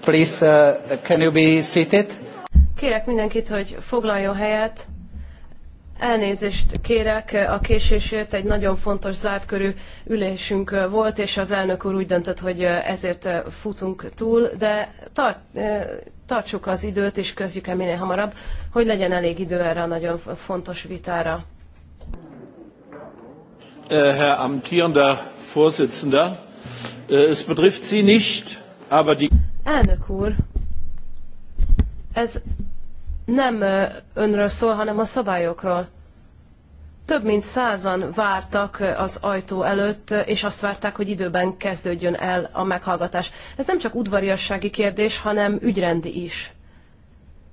please, uh, can you be seated? Kérek mindenkit, hogy foglaljon helyet. Elnézést kérek a késésért, egy nagyon fontos körű ülésünk volt, és az elnök úr úgy döntött, hogy ezért futunk túl, de tart, eh, tartsuk az időt, és közjük el minél hamarabb, hogy legyen elég idő erre a nagyon fontos vitára. Äh, Herr amtierender Vorsitzender, äh, es betrifft Sie nicht, aber die Elnök úr, ez nem önről szól, hanem a szabályokról. Több mint százan vártak az ajtó előtt, és azt várták, hogy időben kezdődjön el a meghallgatás. Ez nem csak udvariassági kérdés, hanem ügyrendi is.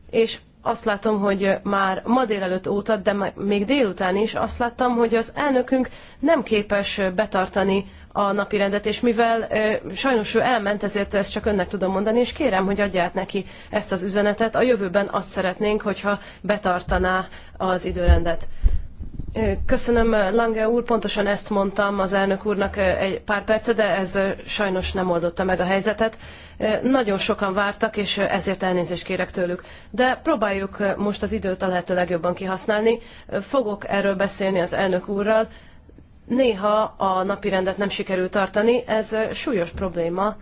És azt látom, hogy már ma délelőtt óta, de még délután is azt láttam, hogy az elnökünk nem képes betartani a napirendet, és mivel sajnos ő elment, ezért ezt csak önnek tudom mondani, és kérem, hogy adját neki ezt az üzenetet. A jövőben azt szeretnénk, hogyha betartaná az időrendet. Köszönöm, Lange úr, pontosan ezt mondtam az elnök úrnak egy pár perce, de ez sajnos nem oldotta meg a helyzetet. Nagyon sokan vártak, és ezért elnézést kérek tőlük. De próbáljuk most az időt a lehető legjobban kihasználni. Fogok erről beszélni az elnök úrral, néha a napi rendet nem sikerül tartani, ez súlyos probléma,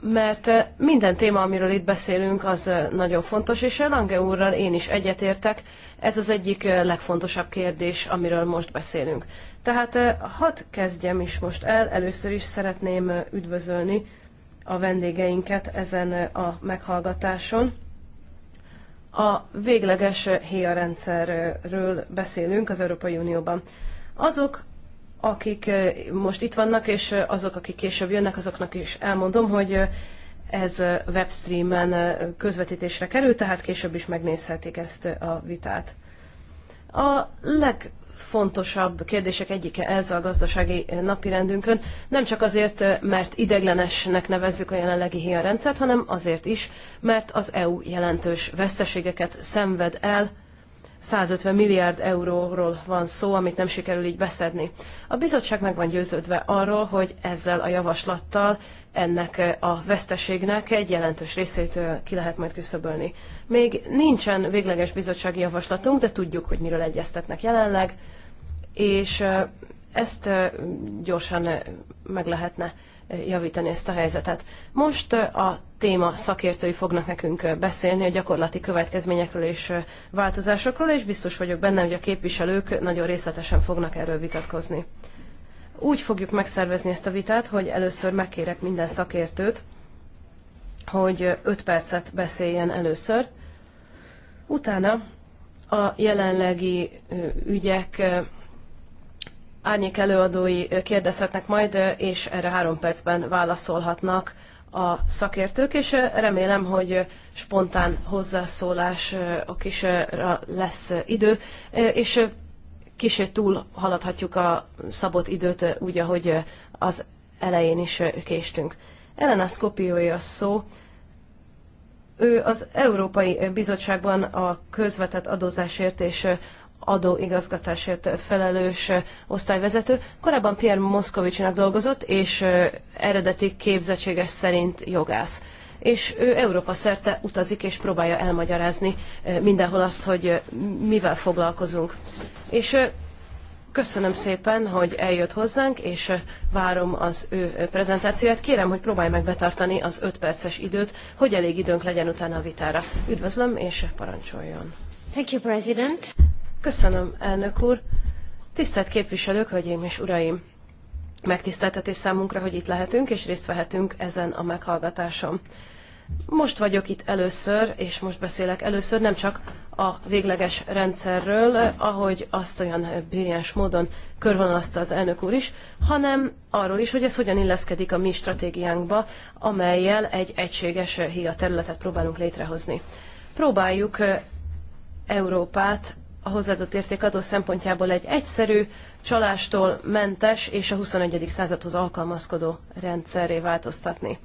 mert minden téma, amiről itt beszélünk, az nagyon fontos, és Lange úrral én is egyetértek, ez az egyik legfontosabb kérdés, amiről most beszélünk. Tehát hadd kezdjem is most el, először is szeretném üdvözölni a vendégeinket ezen a meghallgatáson. A végleges HIA rendszerről beszélünk az Európai Unióban. Azok, akik most itt vannak, és azok, akik később jönnek, azoknak is elmondom, hogy ez webstreamen közvetítésre kerül, tehát később is megnézhetik ezt a vitát. A legfontosabb kérdések egyike ez a gazdasági napirendünkön, nem csak azért, mert ideglenesnek nevezzük a jelenlegi hiarendszert, hanem azért is, mert az EU jelentős veszteségeket szenved el 150 milliárd euróról van szó, amit nem sikerül így beszedni. A bizottság meg van győződve arról, hogy ezzel a javaslattal ennek a veszteségnek egy jelentős részét ki lehet majd küszöbölni. Még nincsen végleges bizottsági javaslatunk, de tudjuk, hogy miről egyeztetnek jelenleg, és ezt gyorsan meg lehetne javítani ezt a helyzetet. Most a téma szakértői fognak nekünk beszélni a gyakorlati következményekről és változásokról, és biztos vagyok benne, hogy a képviselők nagyon részletesen fognak erről vitatkozni. Úgy fogjuk megszervezni ezt a vitát, hogy először megkérek minden szakértőt, hogy 5 percet beszéljen először, utána a jelenlegi ügyek árnyék előadói kérdezhetnek majd, és erre három percben válaszolhatnak a szakértők, és remélem, hogy spontán hozzászólások is lesz idő, és kicsit túl haladhatjuk a szabott időt úgy, ahogy az elején is késtünk. Elena Szkopiói a szó. Ő az Európai Bizottságban a közvetett adózásért és adóigazgatásért felelős osztályvezető. Korábban Pierre Moszkovicsinak dolgozott, és eredeti képzettséges szerint jogász. És ő Európa szerte utazik és próbálja elmagyarázni mindenhol azt, hogy mivel foglalkozunk. És köszönöm szépen, hogy eljött hozzánk, és várom az ő prezentációját. Kérem, hogy próbálj meg betartani az 5 perces időt, hogy elég időnk legyen utána a vitára. Üdvözlöm, és parancsoljon. Thank you, President. Köszönöm, elnök úr. Tisztelt képviselők, hölgyeim és uraim! Megtiszteltetés számunkra, hogy itt lehetünk és részt vehetünk ezen a meghallgatáson. Most vagyok itt először, és most beszélek először nem csak a végleges rendszerről, ahogy azt olyan brilliáns módon körvonalazta az elnök úr is, hanem arról is, hogy ez hogyan illeszkedik a mi stratégiánkba, amelyel egy egységes HIA területet próbálunk létrehozni. Próbáljuk Európát a hozzáadott értékadó szempontjából egy egyszerű, csalástól mentes és a 21. századhoz alkalmazkodó rendszerré változtatni.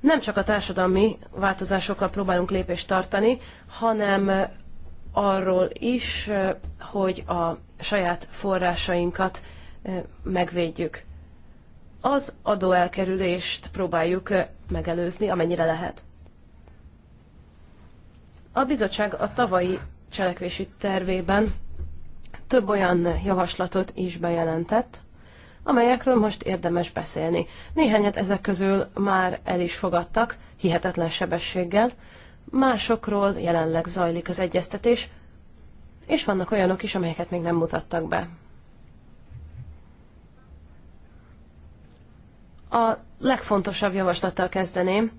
Nem csak a társadalmi változásokkal próbálunk lépést tartani, hanem arról is, hogy a saját forrásainkat eh, megvédjük. Az adóelkerülést próbáljuk eh, megelőzni, amennyire lehet. A bizottság a tavalyi cselekvési tervében több olyan javaslatot is bejelentett, amelyekről most érdemes beszélni. Néhányat ezek közül már el is fogadtak, hihetetlen sebességgel, másokról jelenleg zajlik az egyeztetés, és vannak olyanok is, amelyeket még nem mutattak be. A legfontosabb javaslattal kezdeném,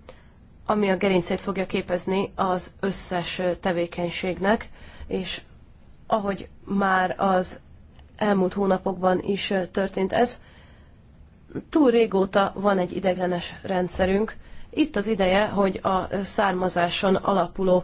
ami a gerincét fogja képezni az összes tevékenységnek, és ahogy már az elmúlt hónapokban is történt ez, túl régóta van egy ideglenes rendszerünk. Itt az ideje, hogy a származáson alapuló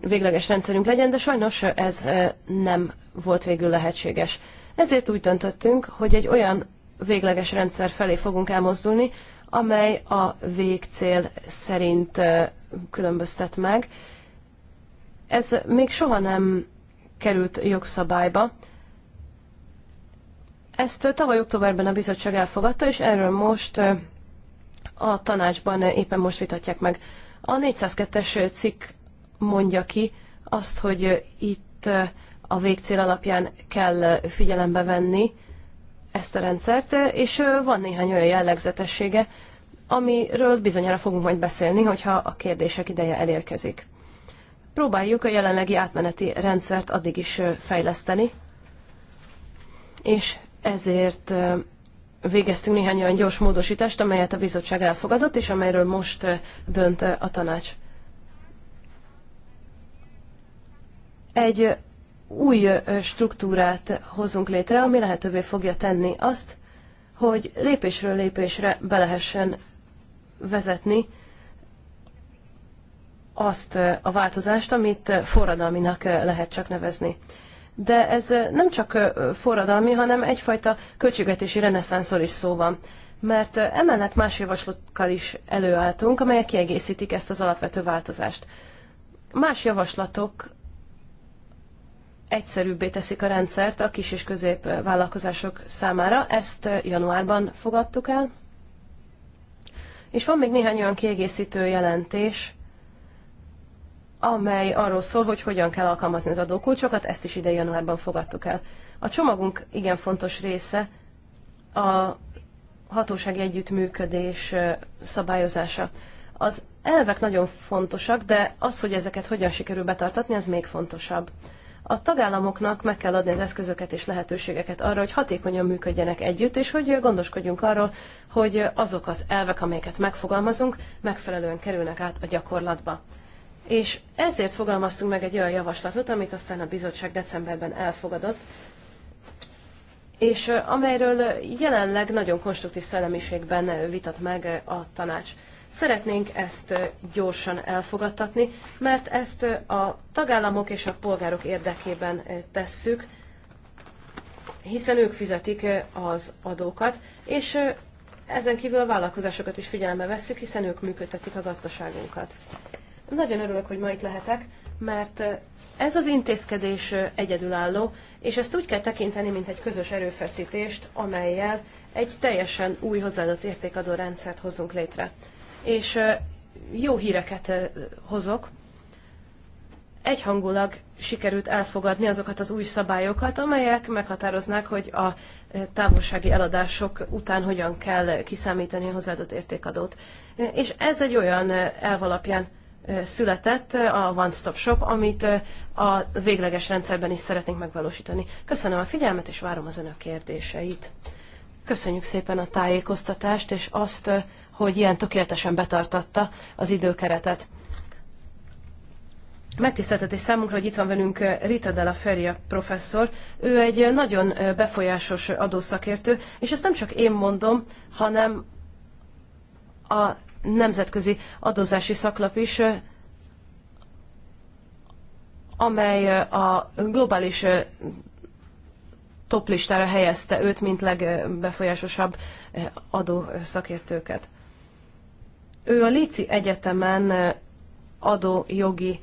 végleges rendszerünk legyen, de sajnos ez nem volt végül lehetséges. Ezért úgy döntöttünk, hogy egy olyan végleges rendszer felé fogunk elmozdulni, amely a végcél szerint különböztet meg. Ez még soha nem került jogszabályba. Ezt tavaly októberben a bizottság elfogadta, és erről most a tanácsban éppen most vitatják meg. A 402-es cikk mondja ki azt, hogy itt a végcél alapján kell figyelembe venni ezt a rendszert, és van néhány olyan jellegzetessége, amiről bizonyára fogunk majd beszélni, hogyha a kérdések ideje elérkezik. Próbáljuk a jelenlegi átmeneti rendszert addig is fejleszteni, és ezért végeztünk néhány olyan gyors módosítást, amelyet a bizottság elfogadott, és amelyről most dönt a tanács. Egy új struktúrát hozunk létre, ami lehetővé fogja tenni azt, hogy lépésről lépésre be lehessen vezetni azt a változást, amit forradalminak lehet csak nevezni. De ez nem csak forradalmi, hanem egyfajta költségvetési reneszánszor is szó van. Mert emellett más javaslatokkal is előálltunk, amelyek kiegészítik ezt az alapvető változást. Más javaslatok egyszerűbbé teszik a rendszert a kis és közép vállalkozások számára. Ezt januárban fogadtuk el. És van még néhány olyan kiegészítő jelentés, amely arról szól, hogy hogyan kell alkalmazni az adókulcsokat, ezt is ide januárban fogadtuk el. A csomagunk igen fontos része a hatósági együttműködés szabályozása. Az elvek nagyon fontosak, de az, hogy ezeket hogyan sikerül betartatni, az még fontosabb. A tagállamoknak meg kell adni az eszközöket és lehetőségeket arra, hogy hatékonyan működjenek együtt, és hogy gondoskodjunk arról, hogy azok az elvek, amelyeket megfogalmazunk, megfelelően kerülnek át a gyakorlatba. És ezért fogalmaztunk meg egy olyan javaslatot, amit aztán a bizottság decemberben elfogadott, és amelyről jelenleg nagyon konstruktív szellemiségben vitat meg a tanács. Szeretnénk ezt gyorsan elfogadtatni, mert ezt a tagállamok és a polgárok érdekében tesszük, hiszen ők fizetik az adókat, és ezen kívül a vállalkozásokat is figyelembe vesszük, hiszen ők működtetik a gazdaságunkat. Nagyon örülök, hogy ma itt lehetek, mert ez az intézkedés egyedülálló, és ezt úgy kell tekinteni, mint egy közös erőfeszítést, amelyel egy teljesen új hozzáadott értékadó rendszert hozunk létre és jó híreket hozok. Egyhangulag sikerült elfogadni azokat az új szabályokat, amelyek meghatároznák, hogy a távolsági eladások után hogyan kell kiszámítani a hozzáadott értékadót. És ez egy olyan elv alapján született a One Stop Shop, amit a végleges rendszerben is szeretnénk megvalósítani. Köszönöm a figyelmet, és várom az önök kérdéseit. Köszönjük szépen a tájékoztatást, és azt hogy ilyen tökéletesen betartatta az időkeretet. Megtiszteltetés számunkra, hogy itt van velünk Rita Della Feria professzor. Ő egy nagyon befolyásos adószakértő, és ezt nem csak én mondom, hanem a nemzetközi adózási szaklap is, amely a globális toplistára helyezte őt, mint legbefolyásosabb adószakértőket. Ő a Léci Egyetemen adó jogi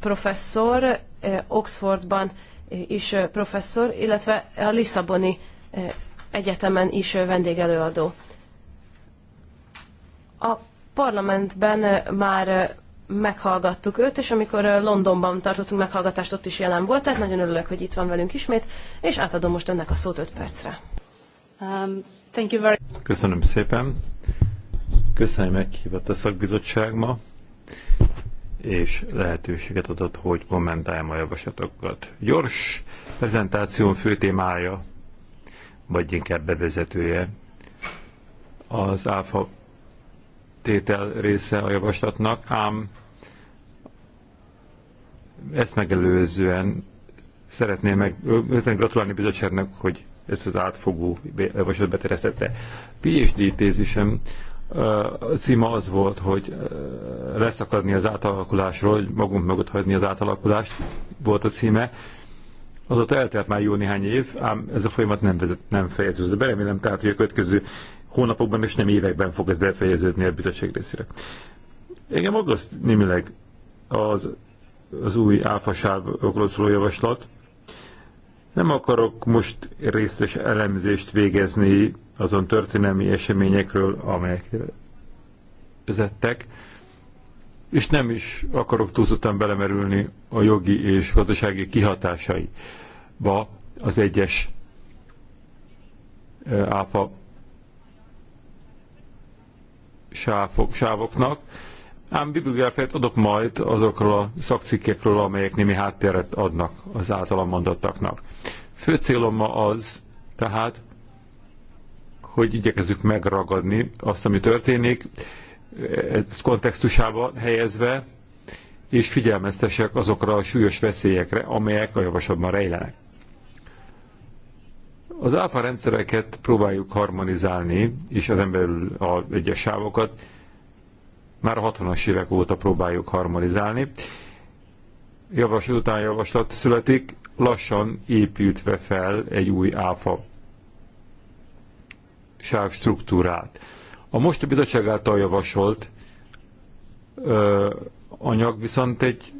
professzor, Oxfordban is professzor, illetve a Lisszaboni Egyetemen is vendégelőadó. A parlamentben már meghallgattuk őt, és amikor Londonban tartottunk meghallgatást, ott is jelen volt, tehát nagyon örülök, hogy itt van velünk ismét, és átadom most önnek a szót 5 percre. Um, thank you very... Köszönöm szépen. Köszönöm, hogy meghívott a szakbizottság ma, és lehetőséget adott, hogy kommentáljam a javaslatokat. Gyors prezentáció fő témája, vagy inkább bevezetője, az áfa tétel része a javaslatnak, ám ezt megelőzően szeretném meg, ötlen gratulálni bizottságnak, hogy ezt az átfogó javaslat beteresztette. PhD tézisem a címa az volt, hogy leszakadni az átalakulásról, hogy magunk mögött hagyni az átalakulást, volt a címe. Azóta eltelt már jó néhány év, ám ez a folyamat nem, vezet, nem fejeződött be. Remélem tehát, hogy a következő hónapokban és nem években fog ez befejeződni a bizottság részére. Engem aggaszt némileg az, az új áfasávokról szóló javaslat. Nem akarok most részletes elemzést végezni azon történelmi eseményekről, amelyek vezettek, és nem is akarok túlzottan belemerülni a jogi és gazdasági kihatásaiba az egyes áfa sávok, sávoknak, ám bibliográfiát adok majd azokról a szakcikkekről, amelyek némi háttéret adnak az általam mondottaknak. Fő célom ma az, tehát, hogy igyekezzük megragadni azt, ami történik, ezt kontextusába helyezve, és figyelmeztessek azokra a súlyos veszélyekre, amelyek a javaslatban rejlenek. Az áfa rendszereket próbáljuk harmonizálni, és ezen belül a egyes sávokat már a 60-as évek óta próbáljuk harmonizálni. Javaslat után javaslat születik, lassan épültve fel egy új áfa sáv struktúrát. A most a bizottság által javasolt ö, anyag viszont egy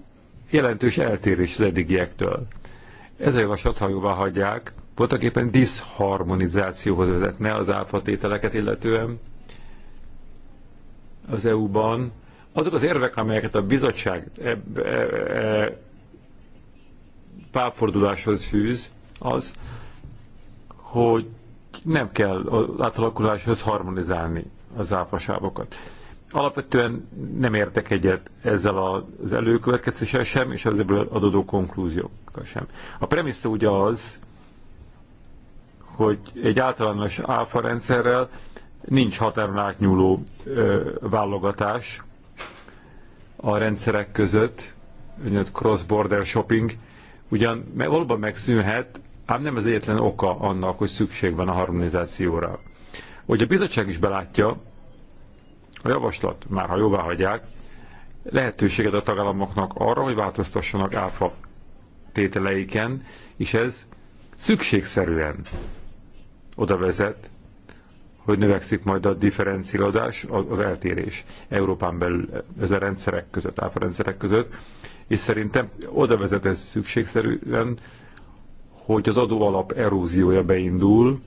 jelentős eltérés az eddigiektől. Ez a javaslat, ha jóvá hagyják, voltak éppen diszharmonizációhoz vezetne az áfatételeket illetően az EU-ban. Azok az érvek, amelyeket a bizottság e, e, e, párforduláshoz fűz, az, hogy nem kell az átalakuláshoz harmonizálni az áfasávokat. Alapvetően nem értek egyet ezzel az előkövetkezéssel sem, és az ebből adódó konklúziókkal sem. A premissza ugye az, hogy egy általános áfa rendszerrel nincs határon átnyúló ö, válogatás a rendszerek között, úgynevezett cross-border shopping, ugyan valóban megszűnhet, Ám nem az egyetlen oka annak, hogy szükség van a harmonizációra. Hogy a bizottság is belátja, a javaslat, már ha jóvá hagyják, lehetőséget a tagállamoknak arra, hogy változtassanak áfa tételeiken, és ez szükségszerűen oda vezet, hogy növekszik majd a differenciálódás, az eltérés Európán belül ez a rendszerek között, áfa rendszerek között, és szerintem oda vezet ez szükségszerűen, hogy az adóalap eróziója beindul,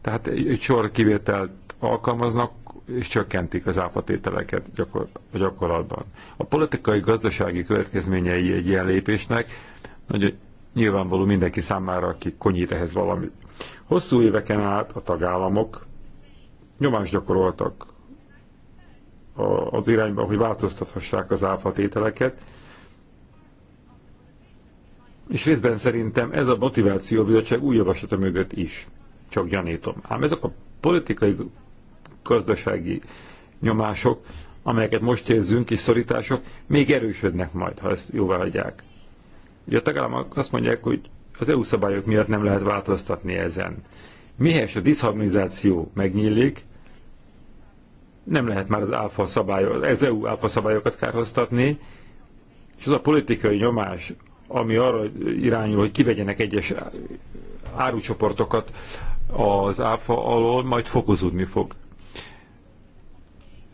tehát egy, sor kivételt alkalmaznak, és csökkentik az áfatételeket gyakor, a gyakorlatban. A politikai-gazdasági következményei egy ilyen lépésnek nagyon nyilvánvaló mindenki számára, aki konyít ehhez valamit. Hosszú éveken át a tagállamok nyomást gyakoroltak az irányba, hogy változtathassák az áfatételeket, és részben szerintem ez a motiváció a bizottság új javaslata mögött is. Csak gyanítom. Ám ezek a politikai, gazdasági nyomások, amelyeket most érzünk, és szorítások, még erősödnek majd, ha ezt jóvá hagyják. Ugye a tagállamok azt mondják, hogy az EU szabályok miatt nem lehet változtatni ezen. Mihez a diszharmonizáció megnyílik, nem lehet már az álfa szabályok, az EU álfa szabályokat kárhoztatni, és az a politikai nyomás, ami arra irányul, hogy kivegyenek egyes árucsoportokat az áfa alól, majd fokozódni fog.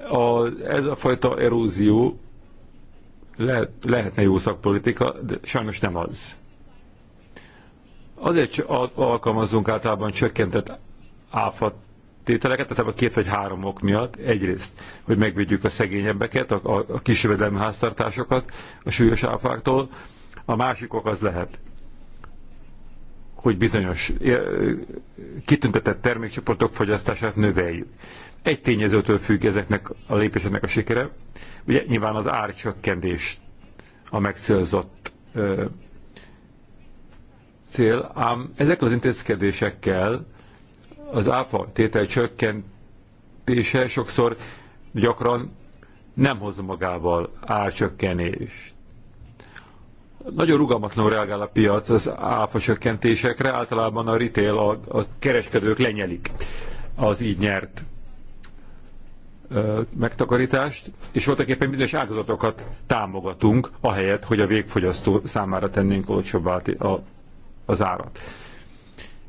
A, ez a fajta erózió lehet, lehetne jó szakpolitika, de sajnos nem az. Azért alkalmazunk általában csökkentett áfa tételeket, tehát a két vagy három ok miatt. Egyrészt, hogy megvédjük a szegényebbeket, a, a, a kisjövedelmi háztartásokat a súlyos áfáktól, a másik ok az lehet, hogy bizonyos kitüntetett termékcsoportok fogyasztását növeljük. Egy tényezőtől függ ezeknek a lépéseknek a sikere. Ugye nyilván az árcsökkentés a megcélzott ö, cél, ám ezek az intézkedésekkel az áfa tétel csökkentése sokszor gyakran nem hoz magával árcsökkenést nagyon rugalmatlanul reagál a piac az áfa csökkentésekre, általában a retail, a, a kereskedők lenyelik az így nyert megtakarítást, és voltak éppen bizonyos ágazatokat támogatunk, ahelyett, hogy a végfogyasztó számára tennénk olcsóbbá a, az árat.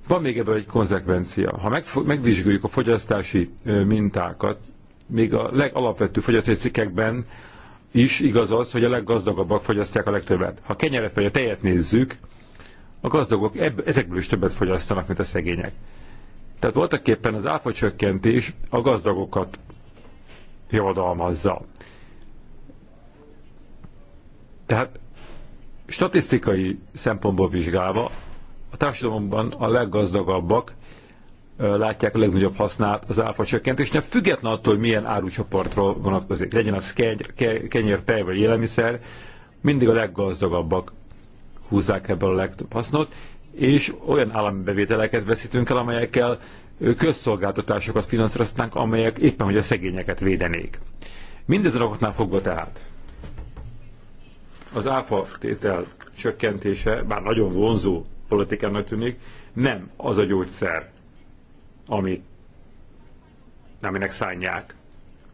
Van még ebből egy konzekvencia. Ha megvizsgáljuk a fogyasztási mintákat, még a legalapvető fogyasztói cikkekben is igaz az, hogy a leggazdagabbak fogyasztják a legtöbbet. Ha kenyeret vagy a tejet nézzük, a gazdagok ebb, ezekből is többet fogyasztanak, mint a szegények. Tehát voltak éppen az áfa csökkentés a gazdagokat javadalmazza. Tehát statisztikai szempontból vizsgálva a társadalomban a leggazdagabbak látják a legnagyobb hasznát az áfa csökkentésnek, független attól, hogy milyen árucsoportról vonatkozik. Legyen az kenyér, kenyér tej vagy élelmiszer, mindig a leggazdagabbak húzzák ebből a legtöbb hasznot, és olyan állami bevételeket veszítünk el, amelyekkel közszolgáltatásokat finanszíroztánk, amelyek éppen hogy a szegényeket védenék. Mindezen okoknál fogva tehát az áfa tétel csökkentése, bár nagyon vonzó politikának tűnik, nem az a gyógyszer, ami, aminek szánják.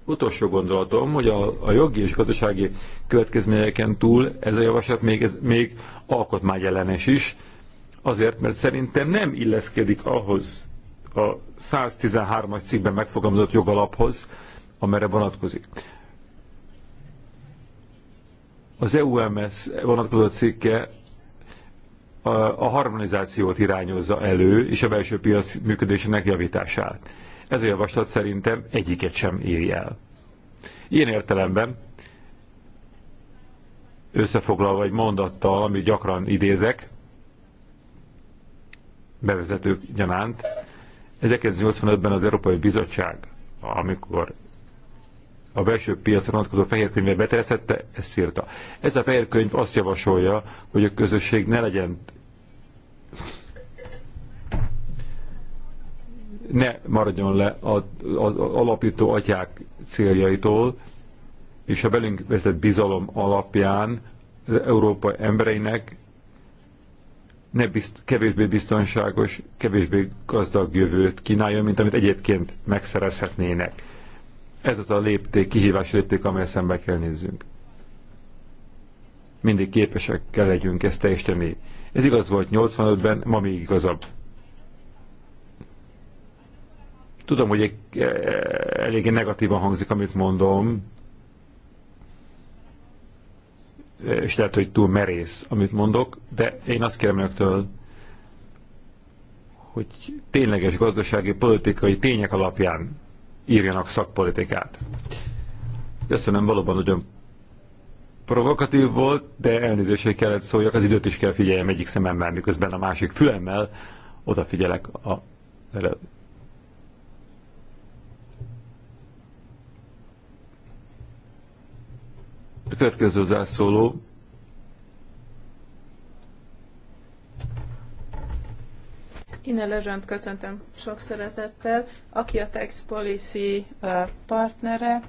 Utolsó gondolatom, hogy a, a jogi és gazdasági következményeken túl ez a javaslat még, ez, még alkotmányellenes is, azért, mert szerintem nem illeszkedik ahhoz a 113-as cikkben megfogalmazott jogalaphoz, amire vonatkozik. Az EUMS vonatkozó cikke a harmonizációt irányozza elő, és a belső piac működésének javítását. Ez a javaslat szerintem egyiket sem éri el. Ilyen értelemben összefoglalva egy mondattal, amit gyakran idézek, bevezetők gyanánt, 1985-ben az Európai Bizottság, amikor a belső piacra vonatkozó fehérkönyvbe beteresztette, ezt írta. Ez a könyv azt javasolja, hogy a közösség ne legyen ne maradjon le az alapító atyák céljaitól, és a belünk vezet bizalom alapján az európai embereinek ne bizt, kevésbé biztonságos, kevésbé gazdag jövőt kínáljon, mint amit egyébként megszerezhetnének. Ez az a lépték, kihívás lépték, amely szembe kell nézzünk. Mindig képesek kell legyünk ezt teljesíteni. Ez igaz volt 85-ben, ma még igazabb. Tudom, hogy elég e, eléggé negatívan hangzik, amit mondom, e, és lehet, hogy túl merész, amit mondok, de én azt kérem önöktől, hogy tényleges gazdasági, politikai tények alapján írjanak szakpolitikát. Köszönöm, valóban nagyon provokatív volt, de elnézést, hogy kellett szóljak, az időt is kell figyeljem egyik szememmel, miközben a másik fülemmel odafigyelek a A következő zászóló Ine Lezsönt köszöntöm sok szeretettel, aki a Tax Policy partnere,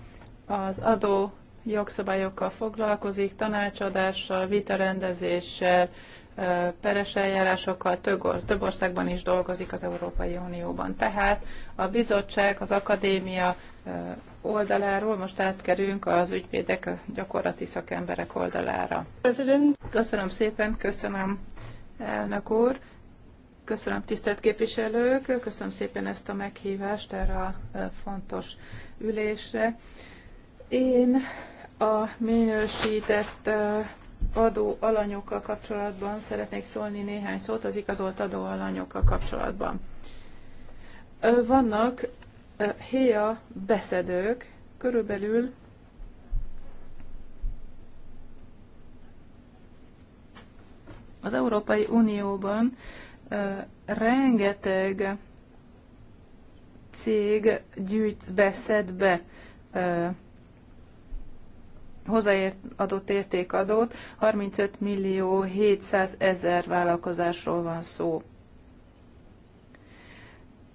az adó jogszabályokkal foglalkozik, tanácsadással, vitarendezéssel, peres eljárásokkal több, több országban is dolgozik az Európai Unióban. Tehát a bizottság, az akadémia oldaláról most átkerünk az ügyvédek a gyakorlati szakemberek oldalára. Köszönöm szépen, köszönöm elnök úr. Köszönöm, tisztelt képviselők, köszönöm szépen ezt a meghívást erre a e, fontos ülésre. Én a minősített e, adó alanyokkal kapcsolatban szeretnék szólni néhány szót az igazolt adó alanyokkal kapcsolatban. E, vannak héja beszedők, körülbelül az Európai Unióban rengeteg cég gyűjt be, szed be hozzáért adott értékadót, 35 millió 700 ezer vállalkozásról van szó.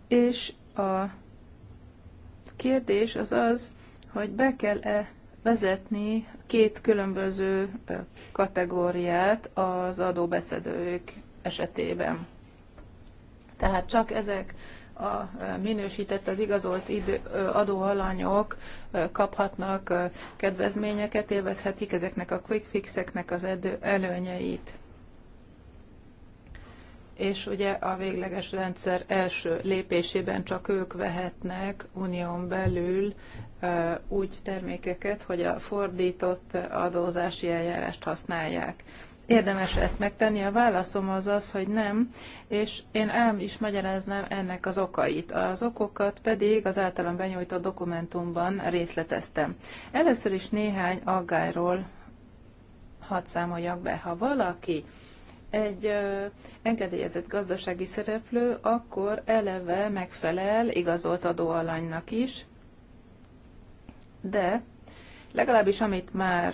És a kérdés az az, hogy be kell-e vezetni két különböző kategóriát az adóbeszedők esetében. Tehát csak ezek a e, minősített, az igazolt e, adóalanyok e, kaphatnak kedvezményeket, élvezhetik ezeknek a quick fixeknek az edő, előnyeit. És ugye a végleges rendszer első lépésében csak ők vehetnek unión belül úgy termékeket, hogy a fordított adózási eljárást használják érdemes ezt megtenni? A válaszom az az, hogy nem, és én el is magyaráznám ennek az okait. Az okokat pedig az általam benyújtott dokumentumban részleteztem. Először is néhány aggályról hadd számoljak be. Ha valaki egy ö, engedélyezett gazdasági szereplő, akkor eleve megfelel igazolt adóalanynak is, de legalábbis amit már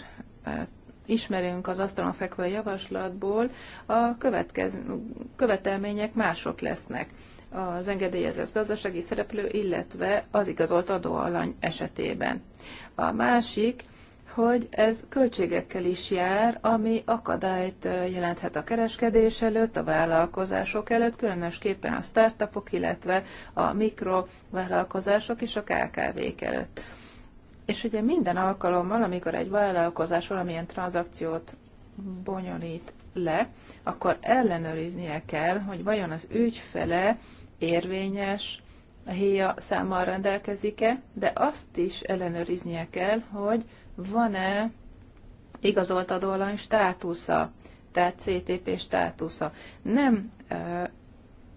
ismerünk az asztalon fekvő javaslatból, a következ, követelmények mások lesznek az engedélyezett gazdasági szereplő, illetve az igazolt adóalany esetében. A másik, hogy ez költségekkel is jár, ami akadályt jelenthet a kereskedés előtt, a vállalkozások előtt, különösképpen a startupok, illetve a mikrovállalkozások és a KKV-k előtt. És ugye minden alkalommal, amikor egy vállalkozás valamilyen tranzakciót bonyolít le, akkor ellenőriznie kell, hogy vajon az ügyfele érvényes héja számmal rendelkezik-e, de azt is ellenőriznie kell, hogy van-e igazolt adóalany státusza, tehát CTP státusza. Nem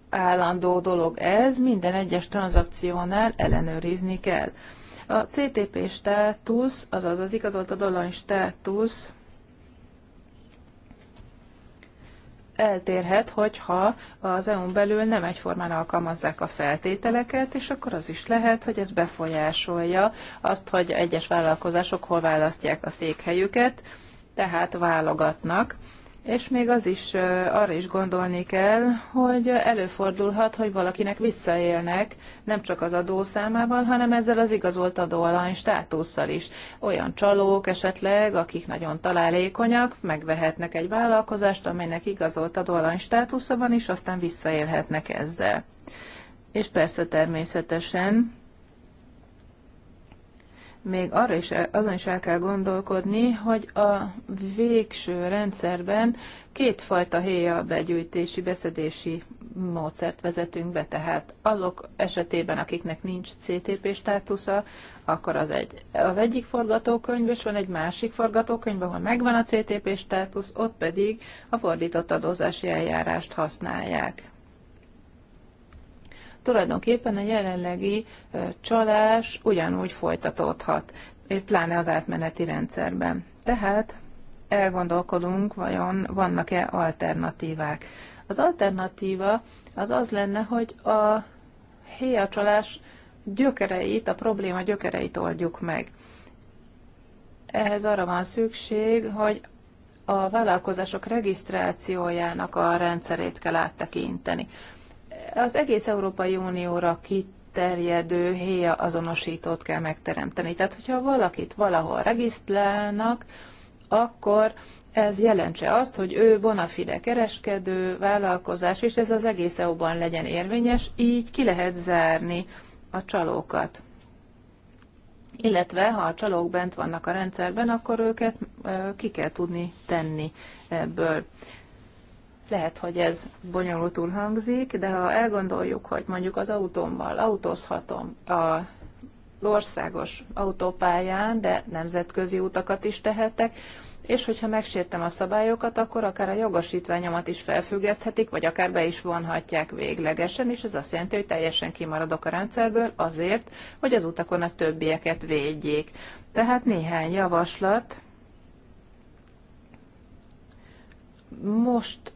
állandó dolog ez, minden egyes tranzakciónál ellenőrizni kell. A CTP státusz, azaz az igazoltad online státusz eltérhet, hogyha az EU-n belül nem egyformán alkalmazzák a feltételeket, és akkor az is lehet, hogy ez befolyásolja azt, hogy egyes vállalkozások hol választják a székhelyüket, tehát válogatnak és még az is, arra is gondolni kell, hogy előfordulhat, hogy valakinek visszaélnek nem csak az adószámával, hanem ezzel az igazolt adóalany státusszal is. Olyan csalók esetleg, akik nagyon találékonyak, megvehetnek egy vállalkozást, amelynek igazolt adóalany státusza van, és aztán visszaélhetnek ezzel. És persze természetesen még arra is, azon is el kell gondolkodni, hogy a végső rendszerben kétfajta héja begyűjtési, beszedési módszert vezetünk be, tehát azok esetében, akiknek nincs CTP státusza, akkor az, egy, az egyik forgatókönyv, és van egy másik forgatókönyv, ahol megvan a CTP státusz, ott pedig a fordított adózási eljárást használják tulajdonképpen a jelenlegi csalás ugyanúgy folytatódhat, eh, pláne az átmeneti rendszerben. Tehát elgondolkodunk, vajon vannak-e alternatívák. Az alternatíva az az lenne, hogy a héjacsalás gyökereit, a probléma gyökereit oldjuk meg. Ehhez arra van szükség, hogy a vállalkozások regisztrációjának a rendszerét kell áttekinteni az egész Európai Unióra kiterjedő héja azonosítót kell megteremteni. Tehát, hogyha valakit valahol regisztrálnak, akkor ez jelentse azt, hogy ő bonafide kereskedő, vállalkozás, és ez az egész EU-ban legyen érvényes, így ki lehet zárni a csalókat. Illetve, ha a csalók bent vannak a rendszerben, akkor őket ki kell tudni tenni ebből. Lehet, hogy ez bonyolultul hangzik, de ha elgondoljuk, hogy mondjuk az autómmal autózhatom a országos autópályán, de nemzetközi utakat is tehetek, és hogyha megsértem a szabályokat, akkor akár a jogosítványomat is felfüggeszthetik, vagy akár be is vonhatják véglegesen, és ez azt jelenti, hogy teljesen kimaradok a rendszerből azért, hogy az utakon a többieket védjék. Tehát néhány javaslat most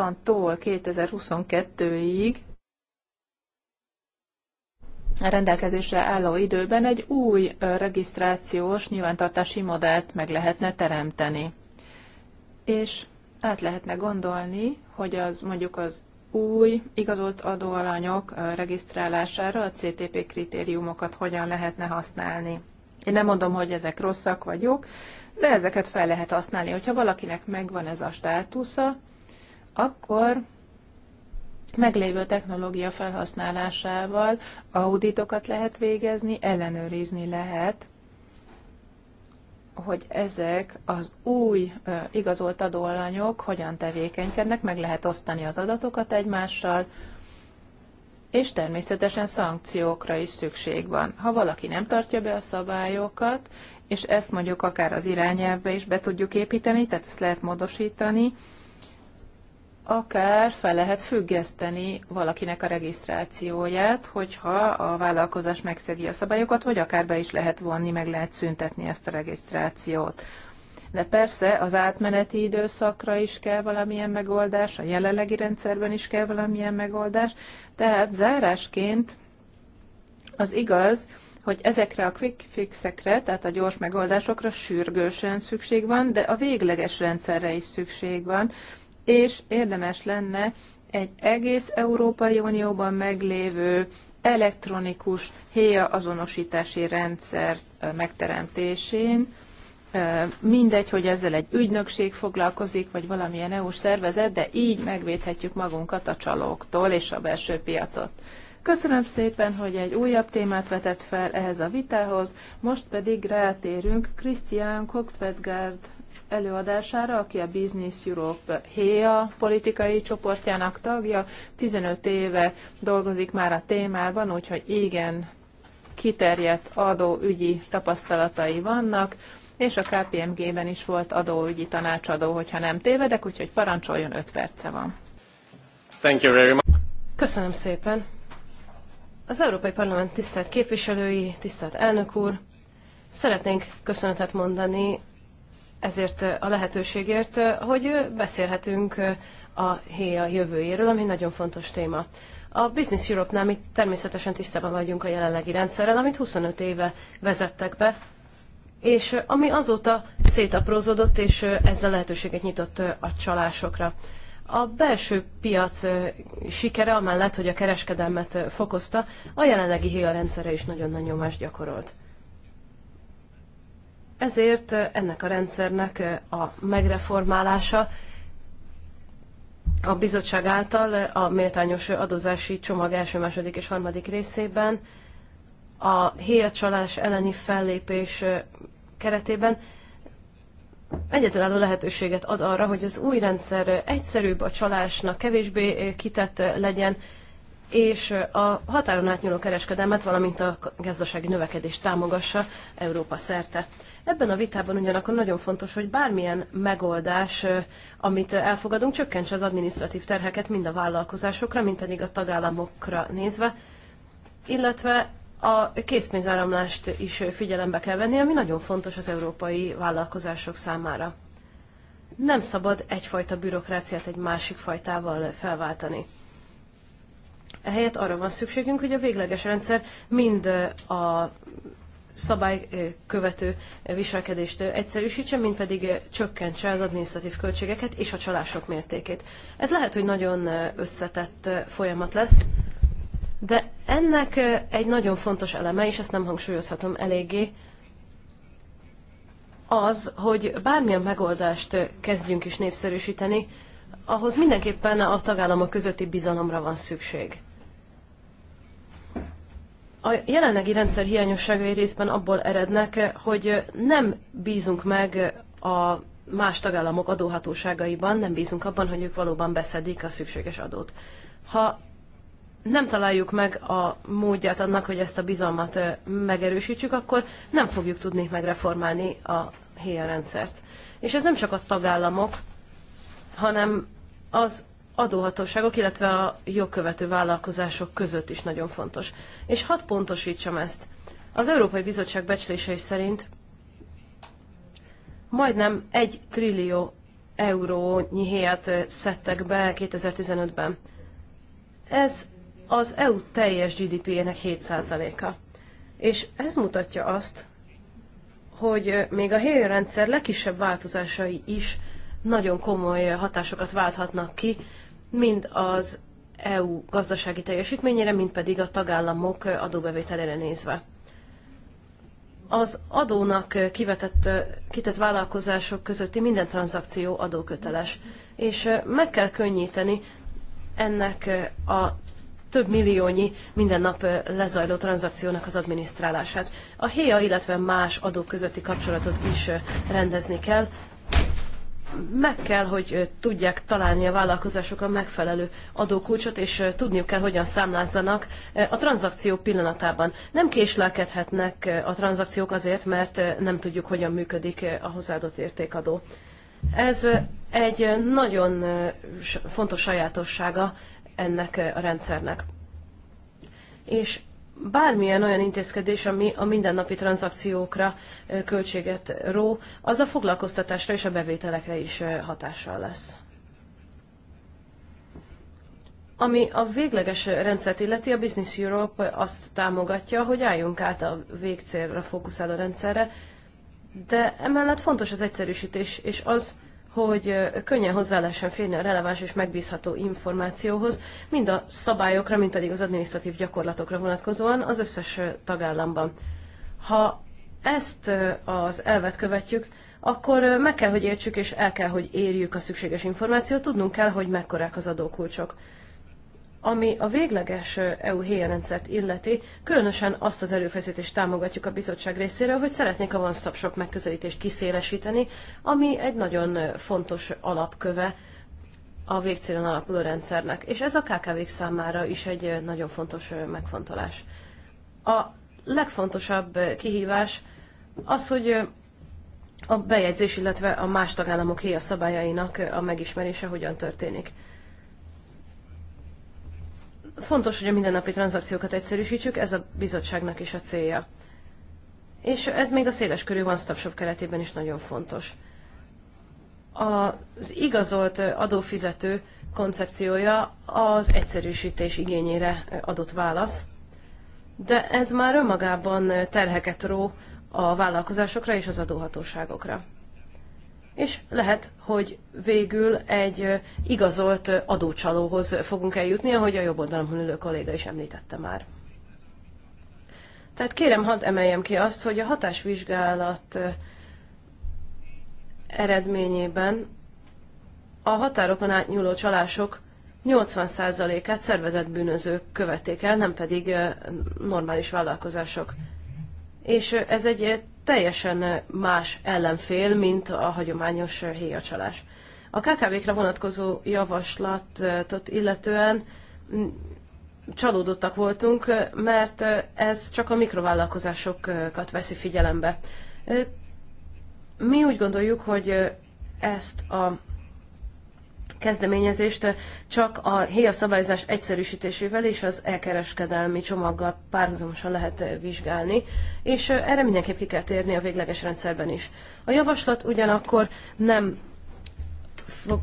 mostantól 2022-ig a rendelkezésre álló időben egy új regisztrációs nyilvántartási modellt meg lehetne teremteni. És át lehetne gondolni, hogy az mondjuk az új igazolt adóalanyok regisztrálására a CTP kritériumokat hogyan lehetne használni. Én nem mondom, hogy ezek rosszak vagyok, de ezeket fel lehet használni. Hogyha valakinek megvan ez a státusza, akkor meglévő technológia felhasználásával auditokat lehet végezni, ellenőrizni lehet, hogy ezek az új igazolt adóalanyok hogyan tevékenykednek, meg lehet osztani az adatokat egymással, és természetesen szankciókra is szükség van. Ha valaki nem tartja be a szabályokat, és ezt mondjuk akár az irányelvbe is be tudjuk építeni, tehát ezt lehet módosítani, akár fel lehet függeszteni valakinek a regisztrációját, hogyha a vállalkozás megszegi a szabályokat, vagy akár be is lehet vonni, meg lehet szüntetni ezt a regisztrációt. De persze az átmeneti időszakra is kell valamilyen megoldás, a jelenlegi rendszerben is kell valamilyen megoldás, tehát zárásként az igaz, hogy ezekre a quick fixekre, tehát a gyors megoldásokra sürgősen szükség van, de a végleges rendszerre is szükség van, és érdemes lenne egy egész Európai Unióban meglévő elektronikus héja azonosítási rendszer megteremtésén, mindegy, hogy ezzel egy ügynökség foglalkozik, vagy valamilyen EU-s szervezet, de így megvédhetjük magunkat a csalóktól és a belső piacot. Köszönöm szépen, hogy egy újabb témát vetett fel ehhez a vitához, most pedig rátérünk Christian Koktvedgárd előadására, aki a Business Europe HEA politikai csoportjának tagja. 15 éve dolgozik már a témában, úgyhogy igen, kiterjedt adóügyi tapasztalatai vannak, és a KPMG-ben is volt adóügyi tanácsadó, hogyha nem tévedek, úgyhogy parancsoljon, 5 perce van. Thank you very much. Köszönöm szépen. Az Európai Parlament tisztelt képviselői, tisztelt elnök úr, szeretnénk köszönetet mondani ezért a lehetőségért, hogy beszélhetünk a héja jövőjéről, ami nagyon fontos téma. A Business Europe-nál mi természetesen tisztában vagyunk a jelenlegi rendszerrel, amit 25 éve vezettek be, és ami azóta szétaprózódott, és ezzel lehetőséget nyitott a csalásokra. A belső piac sikere, amellett, hogy a kereskedelmet fokozta, a jelenlegi héja rendszerre is nagyon nagy nyomást gyakorolt. Ezért ennek a rendszernek a megreformálása a bizottság által a méltányos adózási csomag első, második és harmadik részében a héjacsalás elleni fellépés keretében egyedülálló lehetőséget ad arra, hogy az új rendszer egyszerűbb, a csalásnak kevésbé kitett legyen, és a határon átnyúló kereskedelmet, valamint a gazdasági növekedést támogassa Európa szerte. Ebben a vitában ugyanakkor nagyon fontos, hogy bármilyen megoldás, amit elfogadunk, csökkentse az adminisztratív terheket mind a vállalkozásokra, mind pedig a tagállamokra nézve, illetve a készpénzáramlást is figyelembe kell venni, ami nagyon fontos az európai vállalkozások számára. Nem szabad egyfajta bürokráciát egy másik fajtával felváltani. Ehelyett arra van szükségünk, hogy a végleges rendszer mind a szabálykövető viselkedést egyszerűsítse, mint pedig csökkentse az adminisztratív költségeket és a csalások mértékét. Ez lehet, hogy nagyon összetett folyamat lesz, de ennek egy nagyon fontos eleme, és ezt nem hangsúlyozhatom eléggé, az, hogy bármilyen megoldást kezdjünk is népszerűsíteni, ahhoz mindenképpen a tagállamok közötti bizalomra van szükség. A jelenlegi rendszer hiányosságai részben abból erednek, hogy nem bízunk meg a más tagállamok adóhatóságaiban, nem bízunk abban, hogy ők valóban beszedik a szükséges adót. Ha nem találjuk meg a módját annak, hogy ezt a bizalmat megerősítsük, akkor nem fogjuk tudni megreformálni a héja rendszert. És ez nem csak a tagállamok, hanem az adóhatóságok, illetve a jogkövető vállalkozások között is nagyon fontos. És hadd pontosítsam ezt. Az Európai Bizottság becslései szerint majdnem egy trillió eurónyi héját szedtek be 2015-ben. Ez az EU teljes GDP-jének 7%-a. És ez mutatja azt, hogy még a helyrendszer legkisebb változásai is nagyon komoly hatásokat válthatnak ki mind az EU gazdasági teljesítményére, mind pedig a tagállamok adóbevételére nézve. Az adónak kivetett, kitett vállalkozások közötti minden tranzakció adóköteles, és meg kell könnyíteni ennek a több milliónyi minden nap lezajló tranzakciónak az adminisztrálását. A HÉA, e illetve más adók közötti kapcsolatot is rendezni kell, meg kell, hogy tudják találni a vállalkozások a megfelelő adókulcsot, és tudniuk kell, hogyan számlázzanak a tranzakció pillanatában. Nem késlelkedhetnek a tranzakciók azért, mert nem tudjuk, hogyan működik a hozzáadott értékadó. Ez egy nagyon fontos sajátossága ennek a rendszernek. És bármilyen olyan intézkedés, ami a mindennapi tranzakciókra költséget ró, az a foglalkoztatásra és a bevételekre is hatással lesz. Ami a végleges rendszert illeti, a Business Europe azt támogatja, hogy álljunk át a végcélra fókuszáló rendszerre, de emellett fontos az egyszerűsítés, és az, hogy könnyen hozzá lehessen férni a releváns és megbízható információhoz, mind a szabályokra, mind pedig az adminisztratív gyakorlatokra vonatkozóan az összes tagállamban. Ha ezt az elvet követjük, akkor meg kell, hogy értsük és el kell, hogy érjük a szükséges információt, tudnunk kell, hogy mekkorák az adókulcsok. Ami a végleges EU héja rendszert illeti, különösen azt az erőfeszítést támogatjuk a bizottság részéről, hogy szeretnék a One Stop Shop megközelítést kiszélesíteni, ami egy nagyon fontos alapköve a végcélon alapuló rendszernek, és ez a kkv számára is egy nagyon fontos megfontolás. A legfontosabb kihívás az, hogy a bejegyzés, illetve a más tagállamok héja szabályainak a megismerése hogyan történik. Fontos, hogy a mindennapi tranzakciókat egyszerűsítsük, ez a bizottságnak is a célja. És ez még a széles körű One Stop Shop keretében is nagyon fontos. Az igazolt adófizető koncepciója az egyszerűsítés igényére adott válasz, de ez már önmagában terheket ró a vállalkozásokra és az adóhatóságokra és lehet, hogy végül egy igazolt adócsalóhoz fogunk eljutni, ahogy a jobb oldalon ülő kolléga is említette már. Tehát kérem, hadd emeljem ki azt, hogy a hatásvizsgálat eredményében a határokon átnyúló csalások 80%-át szervezett bűnözők követték el, nem pedig normális vállalkozások. És ez egy teljesen más ellenfél, mint a hagyományos héjacsalás. A KKV-kra vonatkozó javaslatot illetően csalódottak voltunk, mert ez csak a mikrovállalkozásokat veszi figyelembe. Mi úgy gondoljuk, hogy ezt a kezdeményezést csak a héja szabályzás egyszerűsítésével és az elkereskedelmi csomaggal párhuzamosan lehet vizsgálni, és erre mindenképp ki kell térni a végleges rendszerben is. A javaslat ugyanakkor nem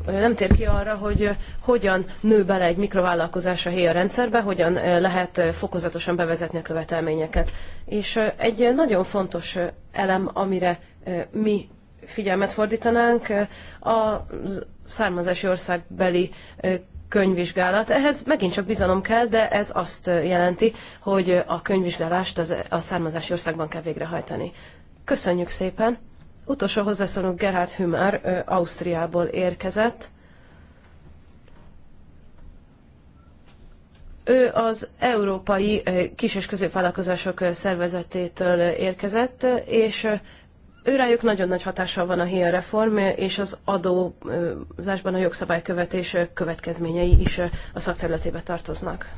nem tér ki arra, hogy hogyan nő bele egy mikrovállalkozás a héja rendszerbe, hogyan lehet fokozatosan bevezetni a követelményeket. És egy nagyon fontos elem, amire mi figyelmet fordítanánk, a származási országbeli könyvvizsgálat. Ehhez megint csak bizalom kell, de ez azt jelenti, hogy a könyvvizsgálást az, a származási országban kell végrehajtani. Köszönjük szépen! Utolsó hozzászólunk Gerhard Hümer, Ausztriából érkezett. Ő az Európai Kis- és Középvállalkozások Szervezetétől érkezett, és Őrájuk nagyon nagy hatással van a HIA reform, és az adózásban a jogszabálykövetés következményei is a szakterületébe tartoznak.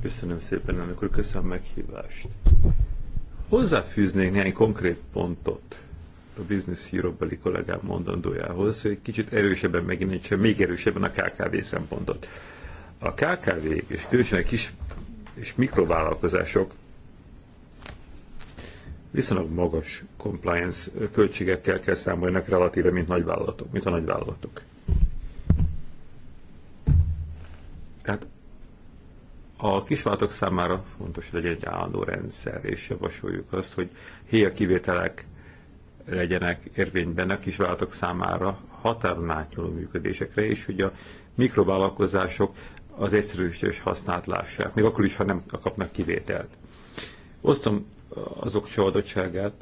Köszönöm szépen, elnök úr, köszönöm a meghívást. Hozzáfűznék néhány konkrét pontot a Business Hero beli kollégám mondandójához, hogy kicsit erősebben megjelenítse, még erősebben a KKV szempontot. A kkv és különösen a kis és mikrovállalkozások viszonylag magas compliance költségekkel kell számoljanak relatíve, mint nagyvállalatok, mint a nagyvállalatok. Tehát a kisvállalatok számára fontos, hogy legyen egy állandó rendszer, és javasoljuk azt, hogy héja kivételek legyenek érvényben a kisvállalatok számára határon átnyúló működésekre, és hogy a mikrovállalkozások az egyszerűsítés használt lássák, még akkor is, ha nem kapnak kivételt. Osztom azok se adottságát,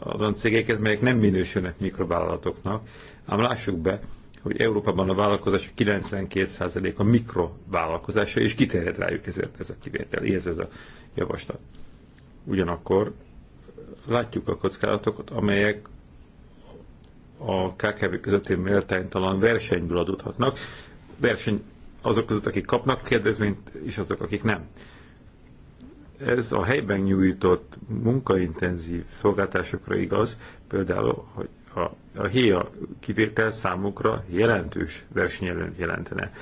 azon cégeket, melyek nem minősülnek mikrovállalatoknak. Ám lássuk be, hogy Európában a vállalkozás 92%-a mikrovállalkozása, és kiterjed rájuk ezért ez a kivétel, ez, ez a javaslat. Ugyanakkor látjuk a kockázatokat, amelyek a KKV közötti méltánytalan versenyből adódhatnak. Verseny azok között, akik kapnak kedvezményt, és azok, akik nem. Ez a helyben nyújtott munkaintenzív szolgáltásokra igaz, például, hogy a, a héja kivétel számukra jelentős versenyelőn jelentene.